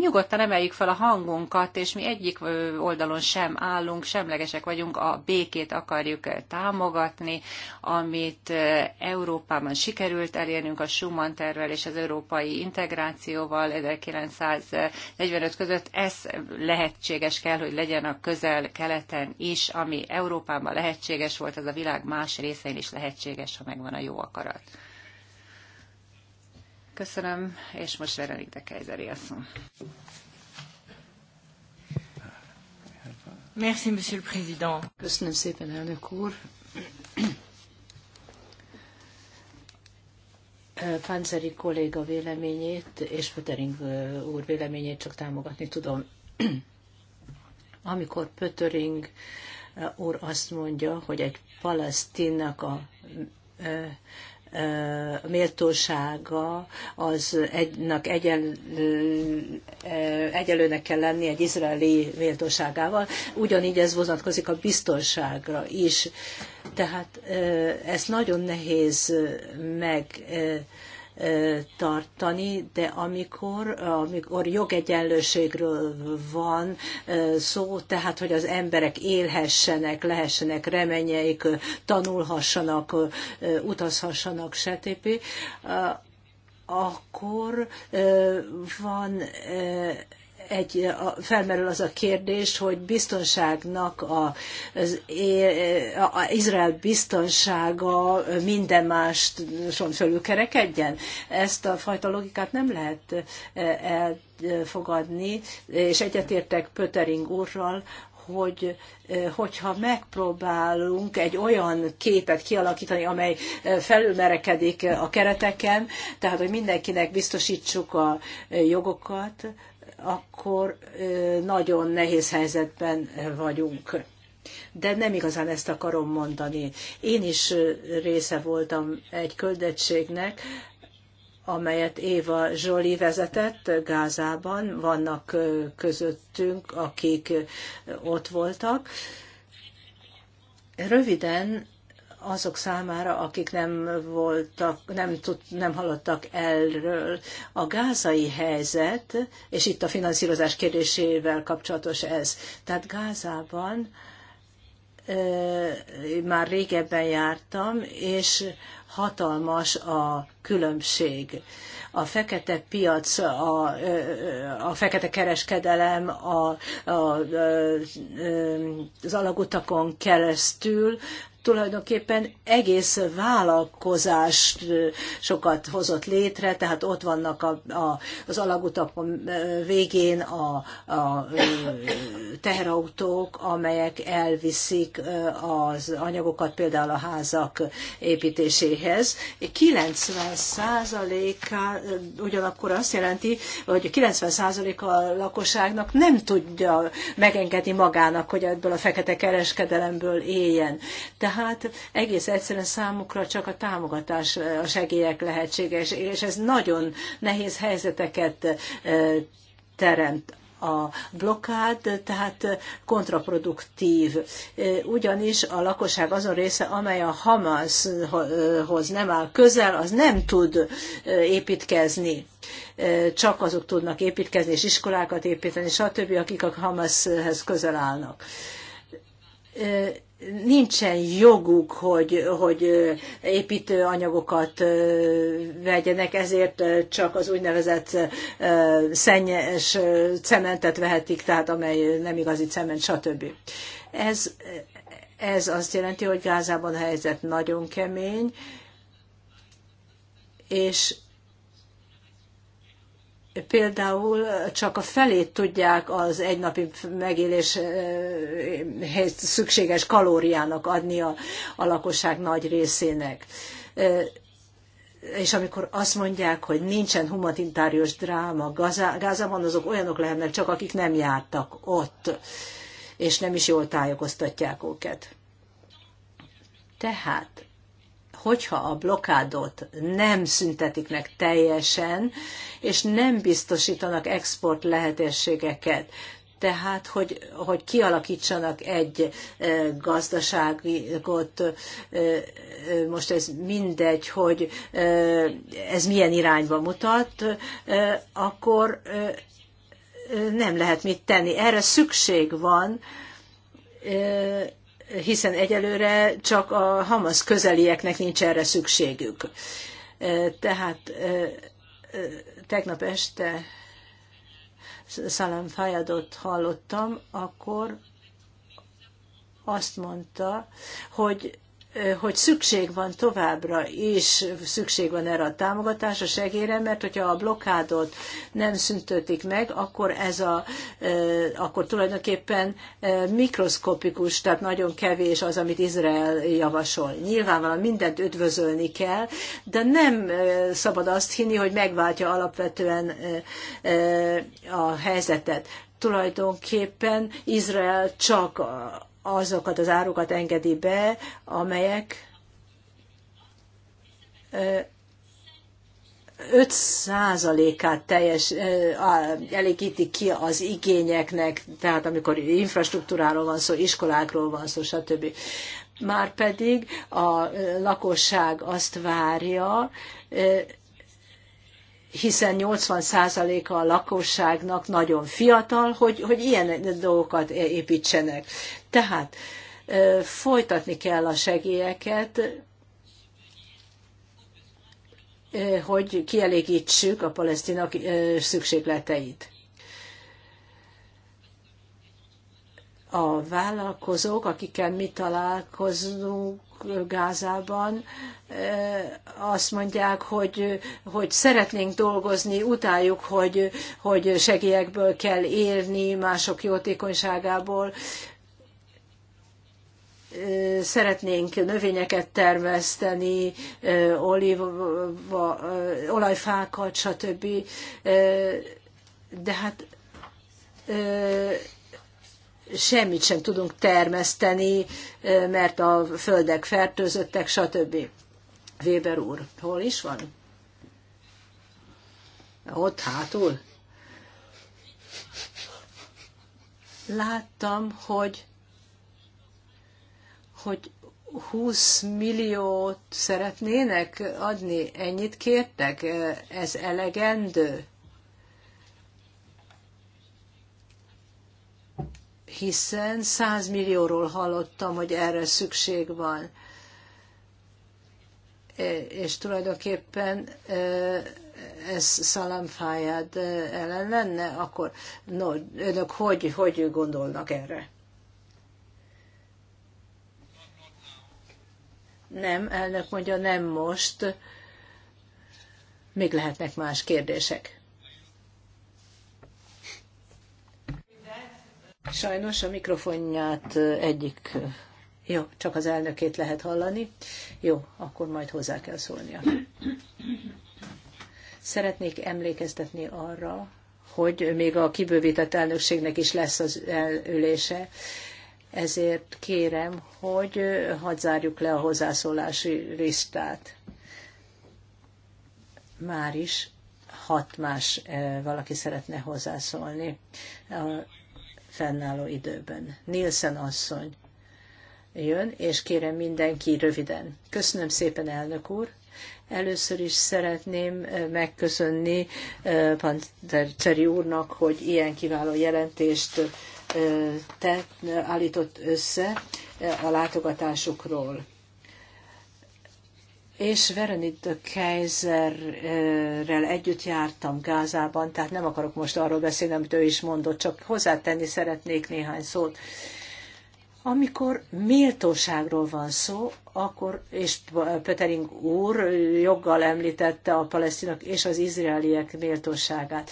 S1: nyugodtan emeljük fel a hangunkat, és mi egyik oldalon sem állunk, semlegesek vagyunk, a békét akarjuk támogatni, amit Európában sikerült elérnünk a Schumann tervel és az európai integrációval 1945 között. Ez lehetséges kell, hogy legyen a közel közel-keleten is, ami Európában lehetséges volt, az a világ más részein is lehetséges, ha megvan a jó akarat. Köszönöm, és most Veronik de Kejzeri a szó.
S2: Merci, Monsieur le Président. Köszönöm szépen, elnök úr. Panzeri kolléga véleményét és Petering úr véleményét csak támogatni tudom amikor Pötöring úr azt mondja, hogy egy palesztinnak a méltósága az egynak egyen, egyelőnek kell lenni egy izraeli méltóságával. Ugyanígy ez vonatkozik a biztonságra is. Tehát ezt nagyon nehéz meg tartani, de amikor, amikor jogegyenlőségről van szó, tehát hogy az emberek élhessenek, lehessenek reményeik, tanulhassanak, utazhassanak, stb., akkor van egy, felmerül az a kérdés, hogy biztonságnak a, az, a Izrael biztonsága minden máson fölül kerekedjen. Ezt a fajta logikát nem lehet e, elfogadni, és egyetértek Pötering úrral, hogy e, hogyha megpróbálunk egy olyan képet kialakítani, amely e, felülmerekedik a kereteken, tehát hogy mindenkinek biztosítsuk a jogokat, akkor nagyon nehéz helyzetben vagyunk. De nem igazán ezt akarom mondani. Én is része voltam egy köldettségnek, amelyet Éva Zsoli vezetett Gázában. Vannak közöttünk, akik ott voltak. Röviden azok számára, akik nem voltak, nem, tud, nem hallottak elről. A gázai helyzet, és itt a finanszírozás kérdésével kapcsolatos ez. Tehát Gázában már régebben jártam, és hatalmas a különbség. A fekete piac, a, a fekete kereskedelem, a, a, az alagutakon keresztül tulajdonképpen egész vállalkozást sokat hozott létre, tehát ott vannak a, a, az alagutakon végén a, a teherautók, amelyek elviszik az anyagokat például a házak építéséhez. 90 százaléka ugyanakkor azt jelenti, hogy 90 százaléka a lakosságnak nem tudja megengedni magának, hogy ebből a fekete kereskedelemből éljen. Tehát tehát egész egyszerűen számukra csak a támogatás, a segélyek lehetséges, és ez nagyon nehéz helyzeteket teremt a blokkád, tehát kontraproduktív. Ugyanis a lakosság azon része, amely a Hamashoz nem áll közel, az nem tud építkezni. Csak azok tudnak építkezni, és iskolákat építeni, stb., akik a Hamashez közel állnak nincsen joguk, hogy, hogy építőanyagokat vegyenek, ezért csak az úgynevezett szennyes cementet vehetik, tehát amely nem igazi cement, stb. Ez, ez azt jelenti, hogy Gázában a helyzet nagyon kemény, és például csak a felét tudják az egynapi megéléshez szükséges kalóriának adni a, a lakosság nagy részének. És amikor azt mondják, hogy nincsen humanitárius dráma Gázában, azok olyanok lehetnek csak, akik nem jártak ott, és nem is jól tájékoztatják őket. Tehát hogyha a blokádot nem szüntetik meg teljesen, és nem biztosítanak export lehetőségeket, tehát hogy, hogy kialakítsanak egy e, gazdaságot, e, e, most ez mindegy, hogy ez milyen irányba mutat, akkor nem lehet mit tenni. Erre szükség van, hiszen egyelőre csak a Hamas közelieknek nincs erre szükségük. Tehát tegnap este Szalám Fajadot hallottam, akkor azt mondta, hogy hogy szükség van továbbra is, szükség van erre a támogatásra, segélyre, mert hogyha a blokkádot nem szüntetik meg, akkor ez a, akkor tulajdonképpen mikroszkopikus, tehát nagyon kevés az, amit Izrael javasol. Nyilvánvalóan mindent üdvözölni kell, de nem szabad azt hinni, hogy megváltja alapvetően a helyzetet tulajdonképpen Izrael csak azokat az árukat engedi be, amelyek 5%-át teljes, elégítik ki az igényeknek, tehát amikor infrastruktúráról van szó, iskolákról van szó, stb. Márpedig a lakosság azt várja, hiszen 80%-a a lakosságnak nagyon fiatal, hogy, hogy ilyen dolgokat e- építsenek. Tehát folytatni kell a segélyeket, hogy kielégítsük a palesztinak szükségleteit. a vállalkozók, akikkel mi találkozunk Gázában, eh, azt mondják, hogy, hogy szeretnénk dolgozni, utáljuk, hogy, hogy segélyekből kell élni, mások jótékonyságából, eh, szeretnénk növényeket termeszteni, eh, olíva, olajfákat, stb. De hát semmit sem tudunk termeszteni, mert a földek fertőzöttek, stb. Weber úr, hol is van? Ott hátul? Láttam, hogy, hogy 20 milliót szeretnének adni, ennyit kértek, ez elegendő. hiszen 100 millióról hallottam, hogy erre szükség van. E, és tulajdonképpen e, ez szalamfájád e, ellen lenne, akkor no, önök hogy, hogy gondolnak erre? Nem, elnök mondja, nem most. Még lehetnek más kérdések. Sajnos a mikrofonját egyik, jó, csak az elnökét lehet hallani. Jó, akkor majd hozzá kell szólnia. Szeretnék emlékeztetni arra, hogy még a kibővített elnökségnek is lesz az elülése, ezért kérem, hogy hadd zárjuk le a hozzászólási listát. Már is hat más valaki szeretne hozzászólni fennálló időben. Nielsen asszony jön, és kérem mindenki röviden. Köszönöm szépen, elnök úr! Először is szeretném eh, megköszönni eh, Panceri úrnak, hogy ilyen kiváló jelentést eh, tett, állított össze a látogatásukról és Veronik de Kaiserrel együtt jártam Gázában, tehát nem akarok most arról beszélni, amit ő is mondott, csak hozzátenni szeretnék néhány szót. Amikor méltóságról van szó, akkor, és Petering úr joggal említette a palesztinok és az izraeliek méltóságát.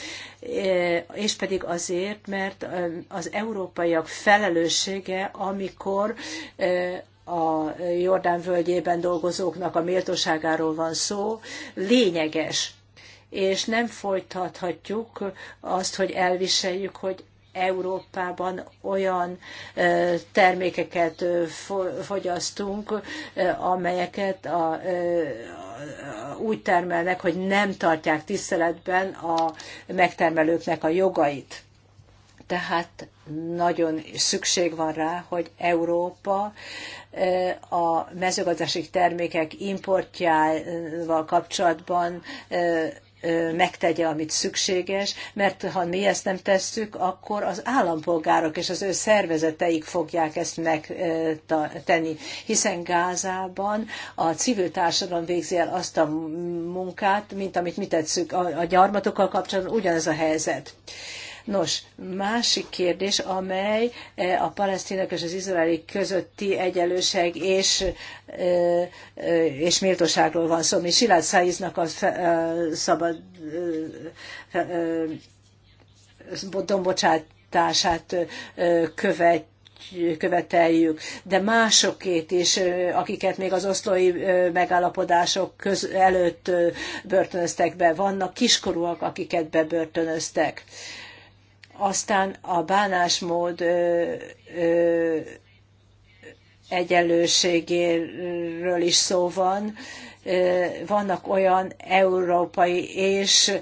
S2: E, és pedig azért, mert az európaiak felelőssége, amikor e, a Jordán völgyében dolgozóknak a méltóságáról van szó, lényeges. És nem folytathatjuk azt, hogy elviseljük, hogy Európában olyan termékeket fogyasztunk, amelyeket a, úgy termelnek, hogy nem tartják tiszteletben a megtermelőknek a jogait. Tehát nagyon szükség van rá, hogy Európa a mezőgazdasági termékek importjával kapcsolatban megtegye, amit szükséges, mert ha mi ezt nem tesszük, akkor az állampolgárok és az ő szervezeteik fogják ezt megtenni. Hiszen Gázában a civil társadalom végzi el azt a munkát, mint amit mi tetszük a gyarmatokkal kapcsolatban, ugyanez a helyzet. Nos, másik kérdés, amely e, a palesztinak és az izraeli közötti egyenlőség és, e, e, és méltóságról van szó. Mi Silát Száiznak a szabad dombocsátását követ követeljük, de másokét is, akiket még az oszlói megállapodások köz, előtt börtönöztek be, vannak kiskorúak, akiket bebörtönöztek. Aztán a bánásmód ö, ö, egyenlőségéről is szó van. Vannak olyan európai és,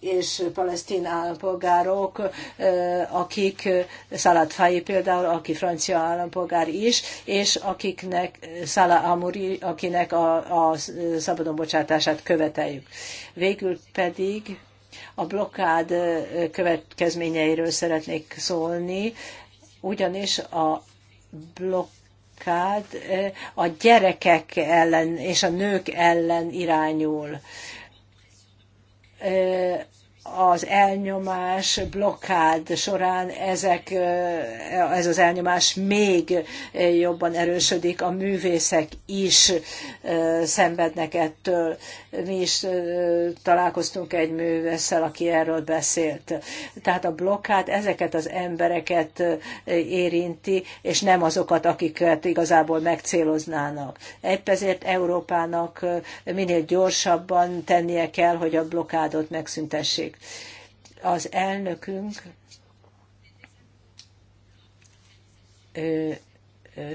S2: és palesztin állampolgárok, akik, Szalad Fai például, aki francia állampolgár is, és akiknek, Szala Amuri, akinek a, a szabadonbocsátását követeljük. Végül pedig a blokkád következményeiről szeretnék szólni, ugyanis a blokkád a gyerekek ellen és a nők ellen irányul az elnyomás blokkád során ezek, ez az elnyomás még jobban erősödik, a művészek is szenvednek ettől. Mi is találkoztunk egy művésszel, aki erről beszélt. Tehát a blokkád ezeket az embereket érinti, és nem azokat, akiket igazából megcéloznának. Épp ezért Európának minél gyorsabban tennie kell, hogy a blokádot megszüntessék az elnökünk ő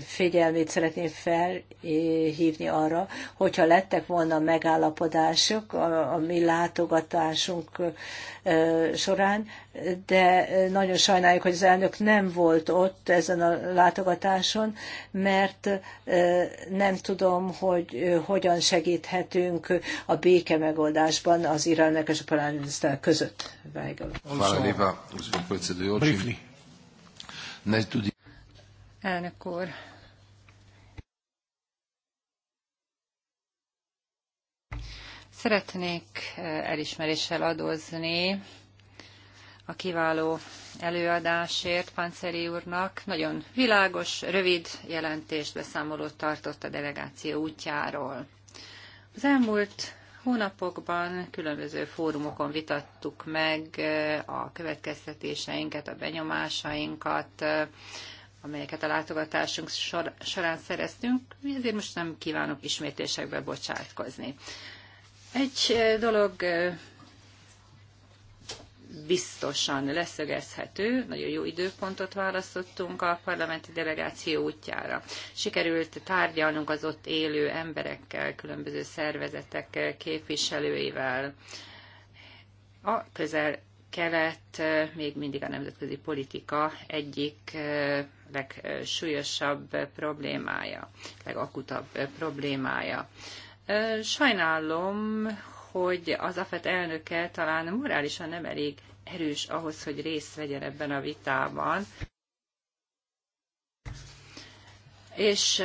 S2: figyelmét szeretném felhívni arra, hogyha lettek volna megállapodások a, a mi látogatásunk során, de nagyon sajnáljuk, hogy az elnök nem volt ott ezen a látogatáson, mert nem tudom, hogy hogyan segíthetünk a béke megoldásban az iránnek és a palánizták között. Weigel. Hvala
S3: lepa, gospod predsedujoči. Ne tudi
S1: elnök úr. Szeretnék eh, elismeréssel adózni a kiváló előadásért Panceri úrnak. Nagyon világos, rövid jelentést, beszámolót tartott a delegáció útjáról. Az elmúlt hónapokban különböző fórumokon vitattuk meg eh, a következtetéseinket, a benyomásainkat, eh, amelyeket a látogatásunk során szereztünk, ezért most nem kívánok ismétésekbe bocsátkozni. Egy dolog biztosan leszögezhető, nagyon jó időpontot választottunk a parlamenti delegáció útjára. Sikerült tárgyalnunk az ott élő emberekkel, különböző szervezetek képviselőivel. A közel kelet még mindig a nemzetközi politika egyik legsúlyosabb problémája, legakutabb problémája. Sajnálom, hogy az AFET elnöke talán morálisan nem elég erős ahhoz, hogy részt vegyen ebben a vitában. És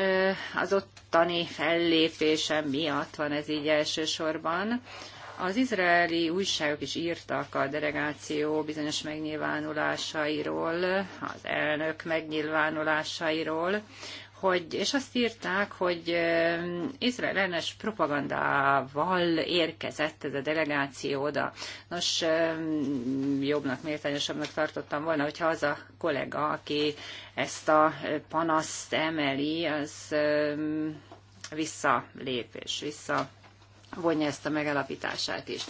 S1: az ottani fellépése miatt van ez így elsősorban. Az izraeli újságok is írtak a delegáció bizonyos megnyilvánulásairól, az elnök megnyilvánulásairól, hogy, és azt írták, hogy eh, Izrael ellenes propagandával érkezett ez a delegáció oda. Nos, eh, jobbnak, méltányosabbnak tartottam volna, hogyha az a kollega, aki ezt a panaszt emeli, az eh, visszalépés, vissza vonja ezt a megalapítását is.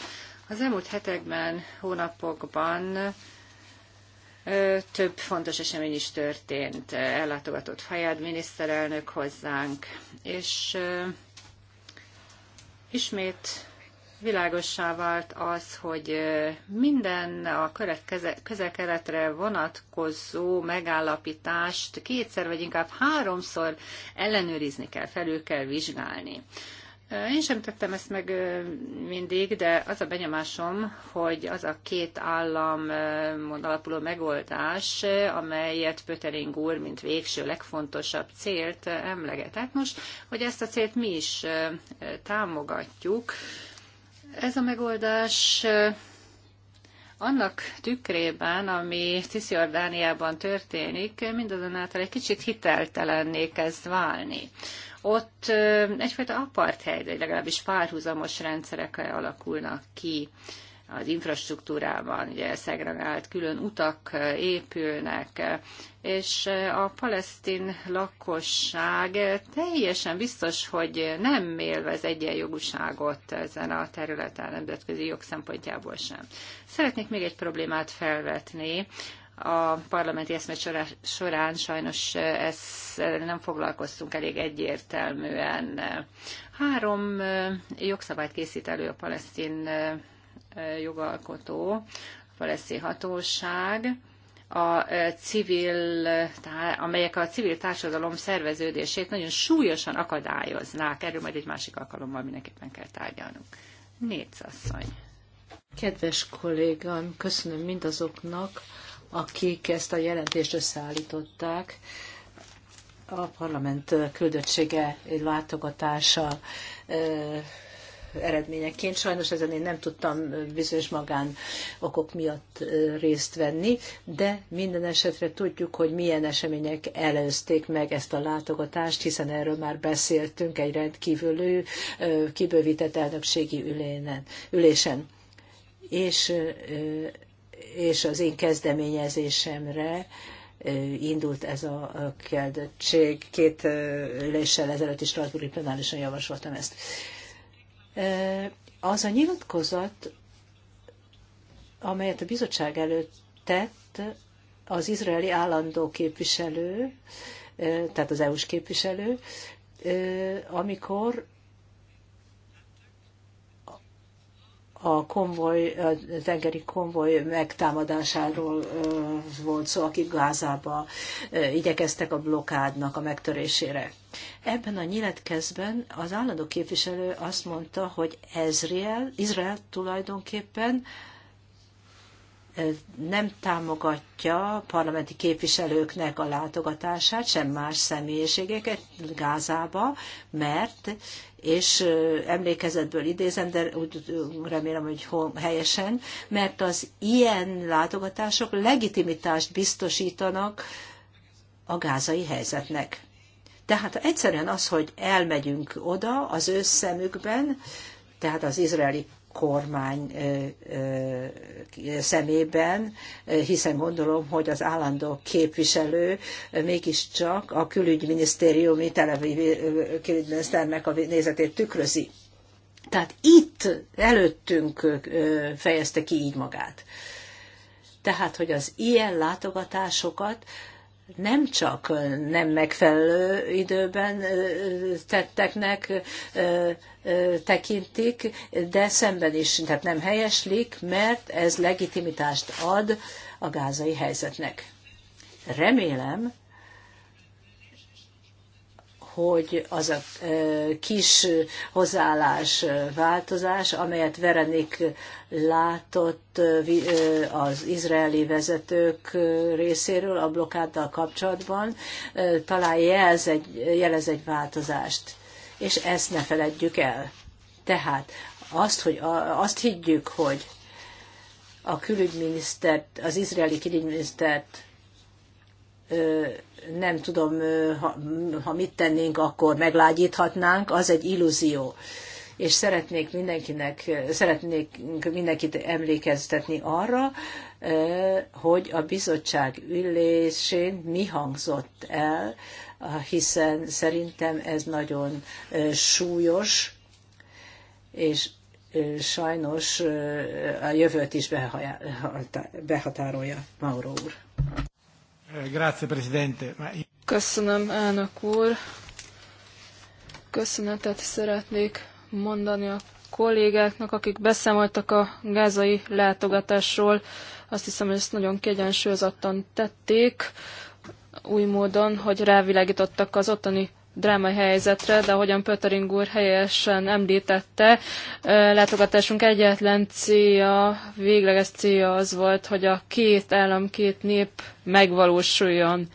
S1: Az elmúlt hetekben, hónapokban több fontos esemény is történt. Ellátogatott Fajad miniszterelnök hozzánk, és ismét világossá vált az, hogy minden a közel-keletre vonatkozó megállapítást kétszer vagy inkább háromszor ellenőrizni kell, felül kell vizsgálni. Én sem tettem ezt meg mindig, de az a benyomásom, hogy az a két állam alapuló megoldás, amelyet Pötering úr, mint végső legfontosabb célt emlegetett hát most, hogy ezt a célt mi is támogatjuk. Ez a megoldás annak tükrében, ami Cisziordániában történik, mindazonáltal egy kicsit hiteltelenné kezd válni ott egyfajta apartheid, vagy legalábbis párhuzamos rendszerek alakulnak ki az infrastruktúrában, ugye szegregált külön utak épülnek, és a palesztin lakosság teljesen biztos, hogy nem élvez egyenjogúságot ezen a területen, nemzetközi jog szempontjából sem. Szeretnék még egy problémát felvetni, a parlamenti eszme során sajnos eh, ezt eh, nem foglalkoztunk elég egyértelműen. Három eh, jogszabályt készít elő a palesztin jogalkotó, a palesztin hatóság, a civil, amelyek a civil társadalom szerveződését nagyon súlyosan akadályoznák. Erről majd egy másik alkalommal mindenképpen kell tárgyalnunk. Négy asszony.
S2: Kedves kollégám, köszönöm mindazoknak, akik ezt a jelentést összeállították a parlament küldöttsége látogatása eredményeként. Sajnos ezen én nem tudtam bizonyos magán okok miatt részt venni, de minden esetre tudjuk, hogy milyen események előzték meg ezt a látogatást, hiszen erről már beszéltünk egy rendkívül kibővített elnökségi ülénen, ülésen. És és az én kezdeményezésemre indult ez a kérdettség. Két léssel ezelőtt is Strasbourg-i plenárisan javasoltam ezt. Az a nyilatkozat, amelyet a bizottság előtt tett az izraeli állandó képviselő, tehát az EU-s képviselő, amikor a konvoj, a tengeri konvoj megtámadásáról volt szó, akik Gázába igyekeztek a blokádnak a megtörésére. Ebben a nyiletkezben az állandó képviselő azt mondta, hogy Ezriel, Izrael tulajdonképpen nem támogatja parlamenti képviselőknek a látogatását, sem más személyiségeket Gázába, mert, és emlékezetből idézem, de úgy remélem, hogy helyesen, mert az ilyen látogatások legitimitást biztosítanak a gázai helyzetnek. Tehát egyszerűen az, hogy elmegyünk oda az ő szemükben, tehát az izraeli kormány szemében, hiszen gondolom, hogy az állandó képviselő mégiscsak a külügyminisztériumi külügyminiszternek a nézetét tükrözi. Tehát itt előttünk fejezte ki így magát. Tehát, hogy az ilyen látogatásokat nem csak nem megfelelő időben tetteknek tekintik, de szemben is, tehát nem helyeslik, mert ez legitimitást ad a gázai helyzetnek. Remélem, hogy az a kis hozzáállás változás, amelyet Verenik látott az izraeli vezetők részéről a blokkáddal kapcsolatban, talán jelez egy, jelez egy változást. És ezt ne feledjük el. Tehát azt, hogy azt higgyük, hogy a külügyminisztert, az izraeli külügyminisztert nem tudom, ha, ha mit tennénk, akkor meglágyíthatnánk, az egy illúzió. És szeretnék mindenkinek, szeretnék mindenkit emlékeztetni arra, hogy a bizottság ülésén mi hangzott el, hiszen szerintem ez nagyon súlyos, és sajnos a jövőt is behatárolja Mauro úr.
S3: Eh, Köszönöm, elnök úr. Köszönetet szeretnék mondani a kollégáknak, akik beszámoltak a gázai látogatásról. Azt hiszem, hogy ezt nagyon kiegyensúlyozottan tették, új módon, hogy rávilágítottak az ottani drámai helyzetre, de ahogyan Pöttering úr helyesen említette, látogatásunk egyetlen célja, végleges célja az volt, hogy a két állam, két nép megvalósuljon.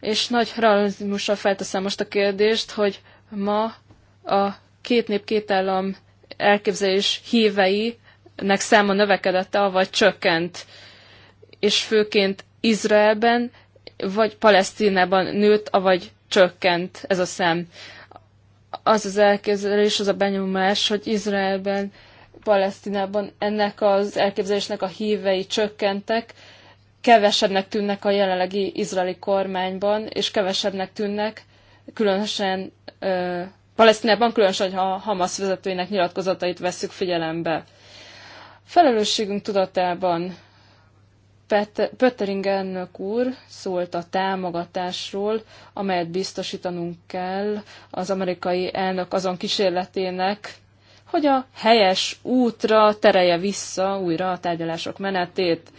S3: És nagy realizmussal felteszem most a kérdést, hogy ma a két nép, két állam elképzelés híveinek száma növekedett a vagy csökkent. És főként Izraelben vagy Palesztinában nőtt, avagy csökkent ez a szem. Az az elképzelés, az a benyomás, hogy Izraelben, Palesztinában ennek az elképzelésnek a hívei csökkentek, kevesebbnek tűnnek a jelenlegi izraeli kormányban, és kevesebbnek tűnnek, különösen uh, Palesztinában, különösen, ha a Hamas vezetőinek nyilatkozatait vesszük figyelembe. Felelősségünk tudatában Pöttering elnök úr szólt a támogatásról, amelyet biztosítanunk kell az amerikai elnök azon kísérletének, hogy a helyes útra terelje vissza újra a tárgyalások menetét.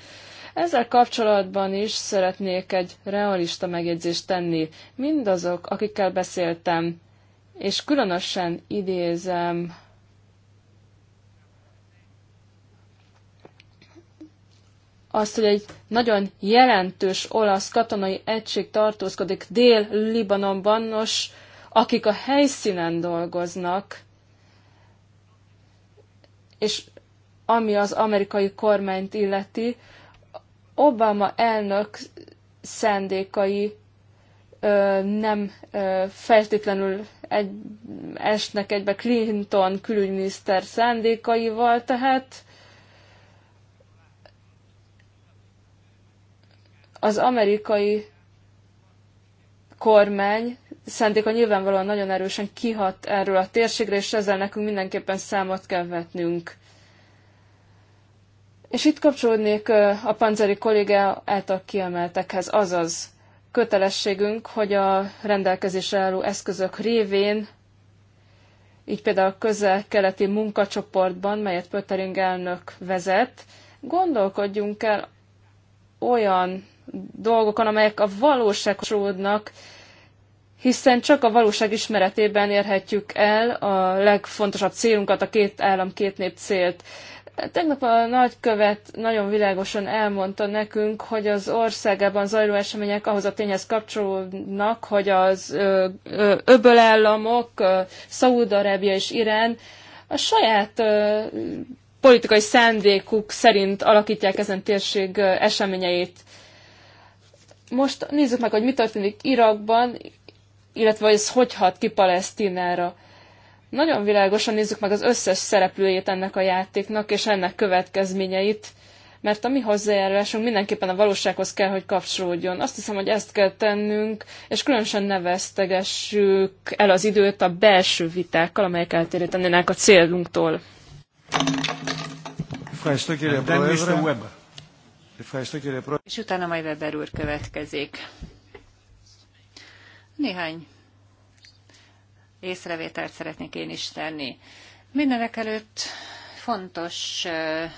S3: Ezzel kapcsolatban is szeretnék egy realista megjegyzést tenni. Mindazok, akikkel beszéltem, és különösen idézem azt, hogy egy nagyon jelentős olasz katonai egység tartózkodik Dél-Libanonban, nos, akik a helyszínen dolgoznak, és ami az amerikai kormányt illeti, Obama elnök szándékai ö, nem ö, feltétlenül egy, esnek egybe Clinton külügyminiszter szándékaival, tehát Az amerikai kormány szándéka nyilvánvalóan nagyon erősen kihat erről a térségre, és ezzel nekünk mindenképpen számot kell vetnünk. És itt kapcsolódnék a panzeri kollégá által kiemeltekhez, azaz kötelességünk, hogy a rendelkezésre álló eszközök révén, így például a közel-keleti munkacsoportban, melyet Pöttering elnök vezet, gondolkodjunk el olyan dolgokon, amelyek a valóság ródnak, hiszen csak a valóság ismeretében érhetjük el a legfontosabb célunkat, a két állam, két nép célt. Tegnap a nagykövet nagyon világosan elmondta nekünk, hogy az országában zajló események ahhoz a tényhez kapcsolódnak, hogy az öbölállamok, Szaúd-Arábia és Irán a saját ö, politikai szándékuk szerint alakítják ezen térség eseményeit. Most nézzük meg, hogy mi történik Irakban, illetve hogy ez hogy hat ki Palesztinára. Nagyon világosan nézzük meg az összes szereplőjét ennek a játéknak, és ennek következményeit, mert a mi hozzájárulásunk mindenképpen a valósághoz kell, hogy kapcsolódjon. Azt hiszem, hogy ezt kell tennünk, és különösen ne vesztegessük el az időt a belső vitákkal, amelyek eltérítenének a célunktól. Köszönöm, Weber. És utána majd Weber úr következik.
S1: Néhány észrevételt szeretnék én is tenni. Mindenek előtt fontos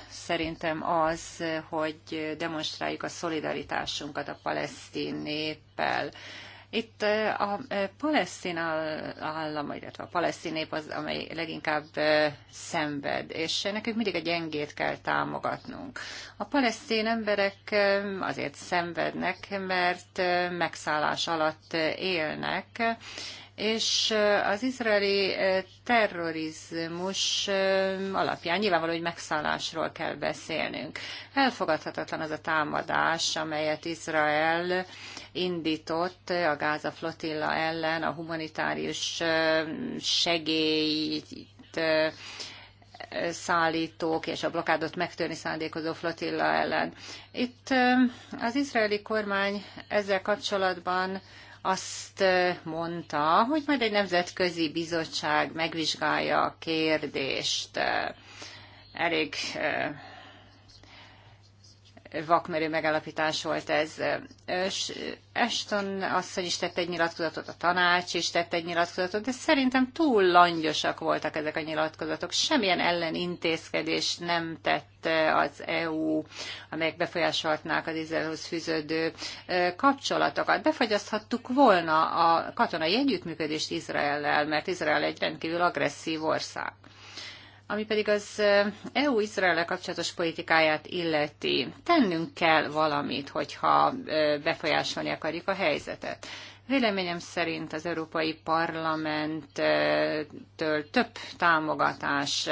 S1: szerintem az, hogy demonstráljuk a szolidaritásunkat a palesztin néppel. Itt a palesztin állam, illetve a palesztin nép az, amely leginkább szenved, és nekünk mindig a gyengét kell támogatnunk. A palesztin emberek azért szenvednek, mert megszállás alatt élnek, és az izraeli terrorizmus alapján nyilvánvaló, hogy megszállásról kell beszélnünk. Elfogadhatatlan az a támadás, amelyet Izrael indított a Gáza flotilla ellen a humanitárius segélyt szállítók és a blokádot megtörni szándékozó flotilla ellen. Itt az izraeli kormány ezzel kapcsolatban azt mondta, hogy majd egy nemzetközi bizottság megvizsgálja a kérdést. Elég vakmerő megállapítás volt ez. és Eston asszony is tett egy nyilatkozatot, a tanács is tett egy nyilatkozatot, de szerintem túl langyosak voltak ezek a nyilatkozatok. Semmilyen ellenintézkedés nem tett az EU, amelyek befolyásolhatnák az Izraelhoz fűződő kapcsolatokat. Befagyaszthattuk volna a katonai együttműködést Izraellel, mert Izrael egy rendkívül agresszív ország. Ami pedig az eu izrael kapcsolatos politikáját illeti, tennünk kell valamit, hogyha befolyásolni akarjuk a helyzetet. Véleményem szerint az Európai Parlamenttől több támogatás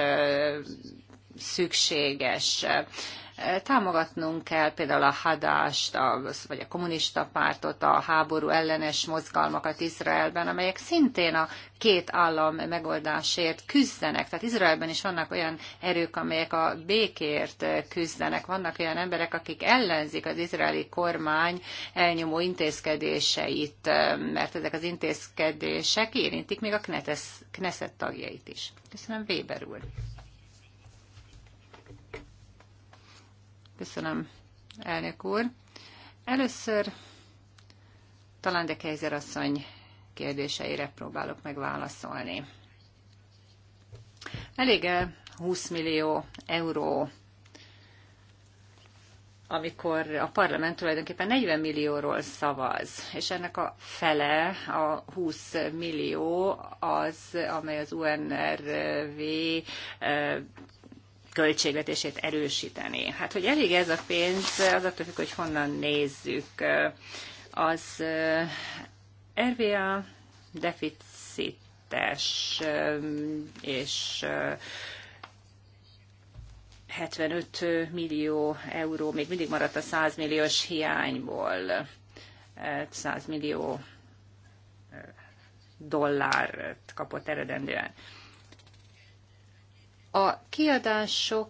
S1: szükséges Támogatnunk kell például a Hadást, a, vagy a kommunista pártot, a háború ellenes mozgalmakat Izraelben, amelyek szintén a két állam megoldásért küzdenek. Tehát Izraelben is vannak olyan erők, amelyek a békért küzdenek. Vannak olyan emberek, akik ellenzik az izraeli kormány elnyomó intézkedéseit, mert ezek az intézkedések érintik még a Knesset tagjait is. Köszönöm, Weber úr. Köszönöm, elnök úr. Először talán de Kejzer asszony kérdéseire próbálok megválaszolni. Elég 20 millió euró, amikor a parlament tulajdonképpen 40 millióról szavaz, és ennek a fele, a 20 millió az, amely az UNRV eh, költségvetését erősíteni. Hát, hogy elég ez a pénz, az attól függ, hogy honnan nézzük. Az eh, RVA deficites eh, és 75 eh, millió euró, még mindig maradt a 100 milliós hiányból, 100 millió dollárt kapott eredendően. A kiadások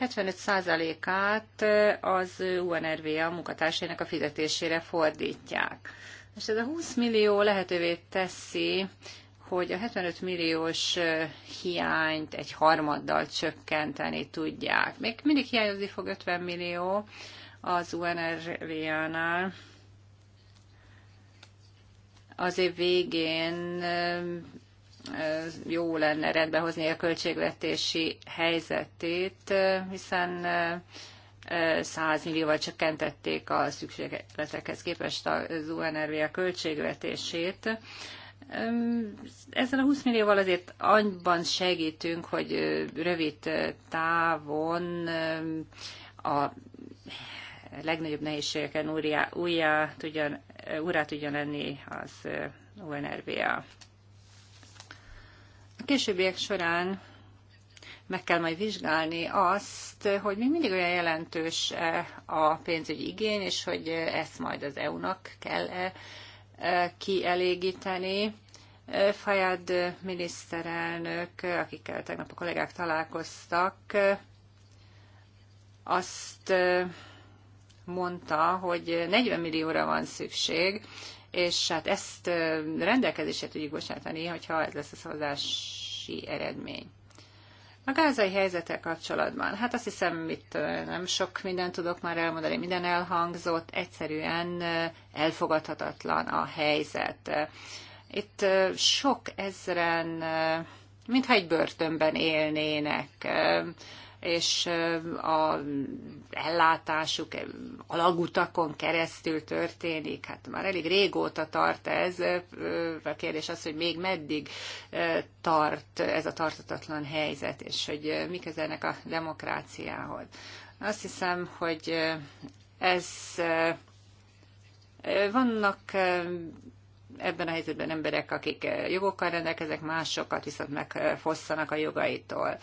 S1: 75%-át az UNRVA munkatársainak a fizetésére fordítják. És ez a 20 millió lehetővé teszi, hogy a 75 milliós hiányt egy harmaddal csökkenteni tudják. Még mindig hiányozni fog 50 millió az UNRVA-nál. Az év végén jó lenne rendbehozni a költségvetési helyzetét, hiszen 100 millióval csökkentették a szükségletekhez képest az UNRV a költségvetését. Ezzel a 20 millióval azért annyiban segítünk, hogy rövid távon a legnagyobb nehézségeken újra tudjon, tudjon lenni az UNRVA. A későbbiek során meg kell majd vizsgálni azt, hogy még mindig olyan jelentős a pénzügyi igény, és hogy ezt majd az EU-nak kell -e kielégíteni. E, Fajad miniszterelnök, akikkel tegnap a kollégák találkoztak, azt e, mondta, hogy 40 millióra van szükség, és hát ezt rendelkezésre tudjuk bocsátani, hogyha ez lesz a szavazási eredmény. A gázai helyzetek kapcsolatban, hát azt hiszem, itt nem sok mindent tudok már elmondani, minden elhangzott, egyszerűen elfogadhatatlan a helyzet. Itt sok ezren, mintha egy börtönben élnének, és a ellátásuk alagutakon keresztül történik. Hát már elég régóta tart ez. A kérdés az, hogy még meddig tart ez a tartatatlan helyzet, és hogy mik ez ennek a demokráciához. Azt hiszem, hogy ez vannak ebben a helyzetben emberek, akik jogokkal rendelkeznek, másokat viszont megfosszanak a jogaitól.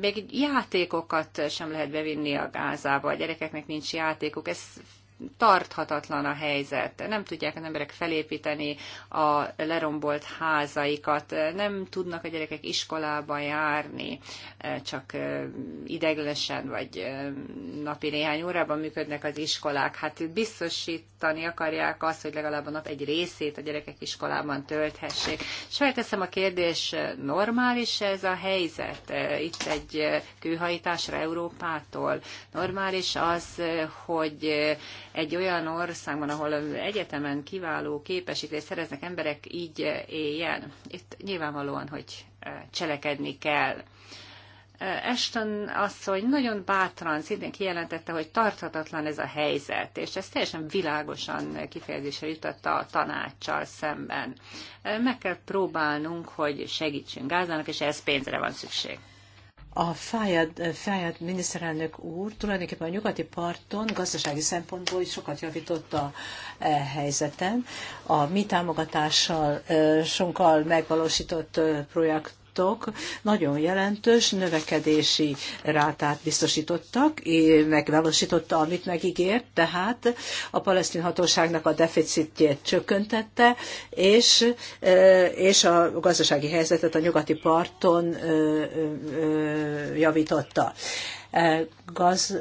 S1: Még játékokat sem lehet bevinni a Gázába, a gyerekeknek nincs játékok, ez tarthatatlan a helyzet. Nem tudják az emberek felépíteni a lerombolt házaikat, nem tudnak a gyerekek iskolába járni, csak ideiglenesen vagy napi néhány órában működnek az iskolák. Hát biztosítani akarják azt, hogy legalább a nap egy részét a gyerekek iskolában tölthessék. És felteszem a kérdés, normális ez a helyzet? Itt egy kőhajtásra Európától normális az, hogy egy olyan országban, ahol egyetemen kiváló képesítést szereznek emberek, így éljen. Itt nyilvánvalóan, hogy eh, cselekedni kell. Eh, Ashton asszony nagyon bátran szintén kijelentette, hogy tarthatatlan ez a helyzet, és ezt teljesen világosan kifejezésre jutatta a tanácssal szemben. Eh, Meg kell próbálnunk, hogy segítsünk Gázának, és ehhez pénzre van szükség
S2: a Fájad, Fájad miniszterelnök úr tulajdonképpen a nyugati parton gazdasági szempontból is sokat javította a e helyzeten. A mi támogatással, e, sokkal megvalósított e, projekt vállalatok nagyon jelentős növekedési rátát biztosítottak, megvalósította, amit megígért, tehát a palesztin hatóságnak a deficitjét csökkentette, és, és a gazdasági helyzetet a nyugati parton javította. Gaz,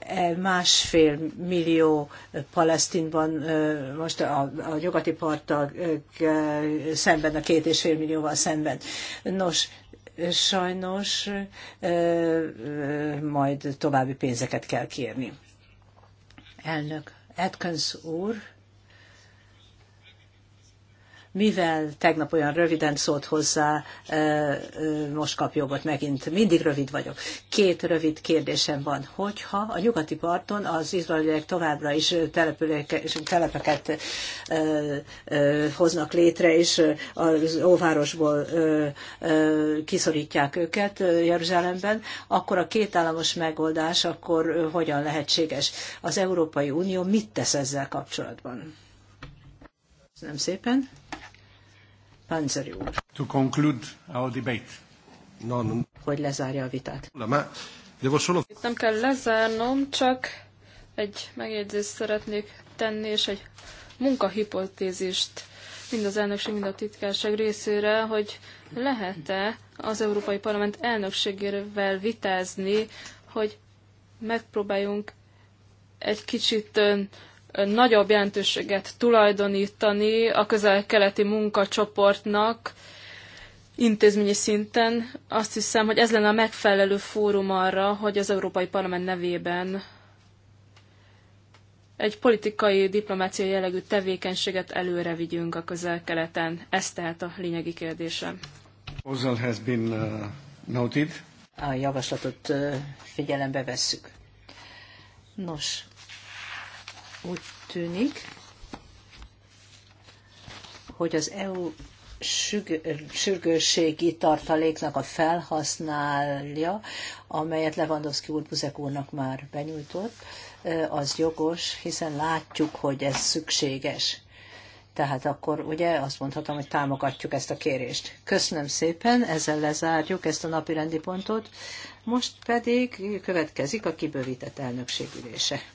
S2: E, másfél millió palesztinban, e, most a, a nyugati parttal szemben, a két és fél millióval szemben. Nos, sajnos e, majd további pénzeket kell kérni. Elnök Atkins úr mivel tegnap olyan röviden szólt hozzá, most kap jogot megint. Mindig rövid vagyok. Két rövid kérdésem van. Hogyha a nyugati parton az izraeliek továbbra is telepeket hoznak létre, és az óvárosból kiszorítják őket Jeruzsálemben, akkor a kétállamos megoldás akkor hogyan lehetséges? Az Európai Unió mit tesz ezzel kapcsolatban? Köszönöm szépen. Panzeri úr.
S1: To conclude our debate. No, no.
S2: Hogy lezárja a
S3: vitát. Hát Itt nem kell lezárnom, csak egy megjegyzést szeretnék tenni, és egy munkahipotézist mind az elnökség, mind a titkárság részére, hogy lehet-e az Európai Parlament elnökségével vitázni, hogy megpróbáljunk egy kicsit nagyobb jelentőséget tulajdonítani a közel-keleti munkacsoportnak intézményi szinten. Azt hiszem, hogy ez lenne a megfelelő fórum arra, hogy az Európai Parlament nevében egy politikai, diplomáciai jellegű tevékenységet előre vigyünk a közel-keleten. Ez tehát a lényegi kérdésem.
S2: Ozzal has been uh, noted. A javaslatot uh, figyelembe vesszük. Nos, úgy tűnik, hogy az EU sürgősségi tartaléknak a felhasználja, amelyet Lewandowski úr Buzek úrnak már benyújtott, az jogos, hiszen látjuk, hogy ez szükséges. Tehát akkor ugye azt mondhatom, hogy támogatjuk ezt a kérést. Köszönöm szépen, ezzel lezárjuk ezt a napi rendi pontot. Most pedig következik a kibővített elnökségülése.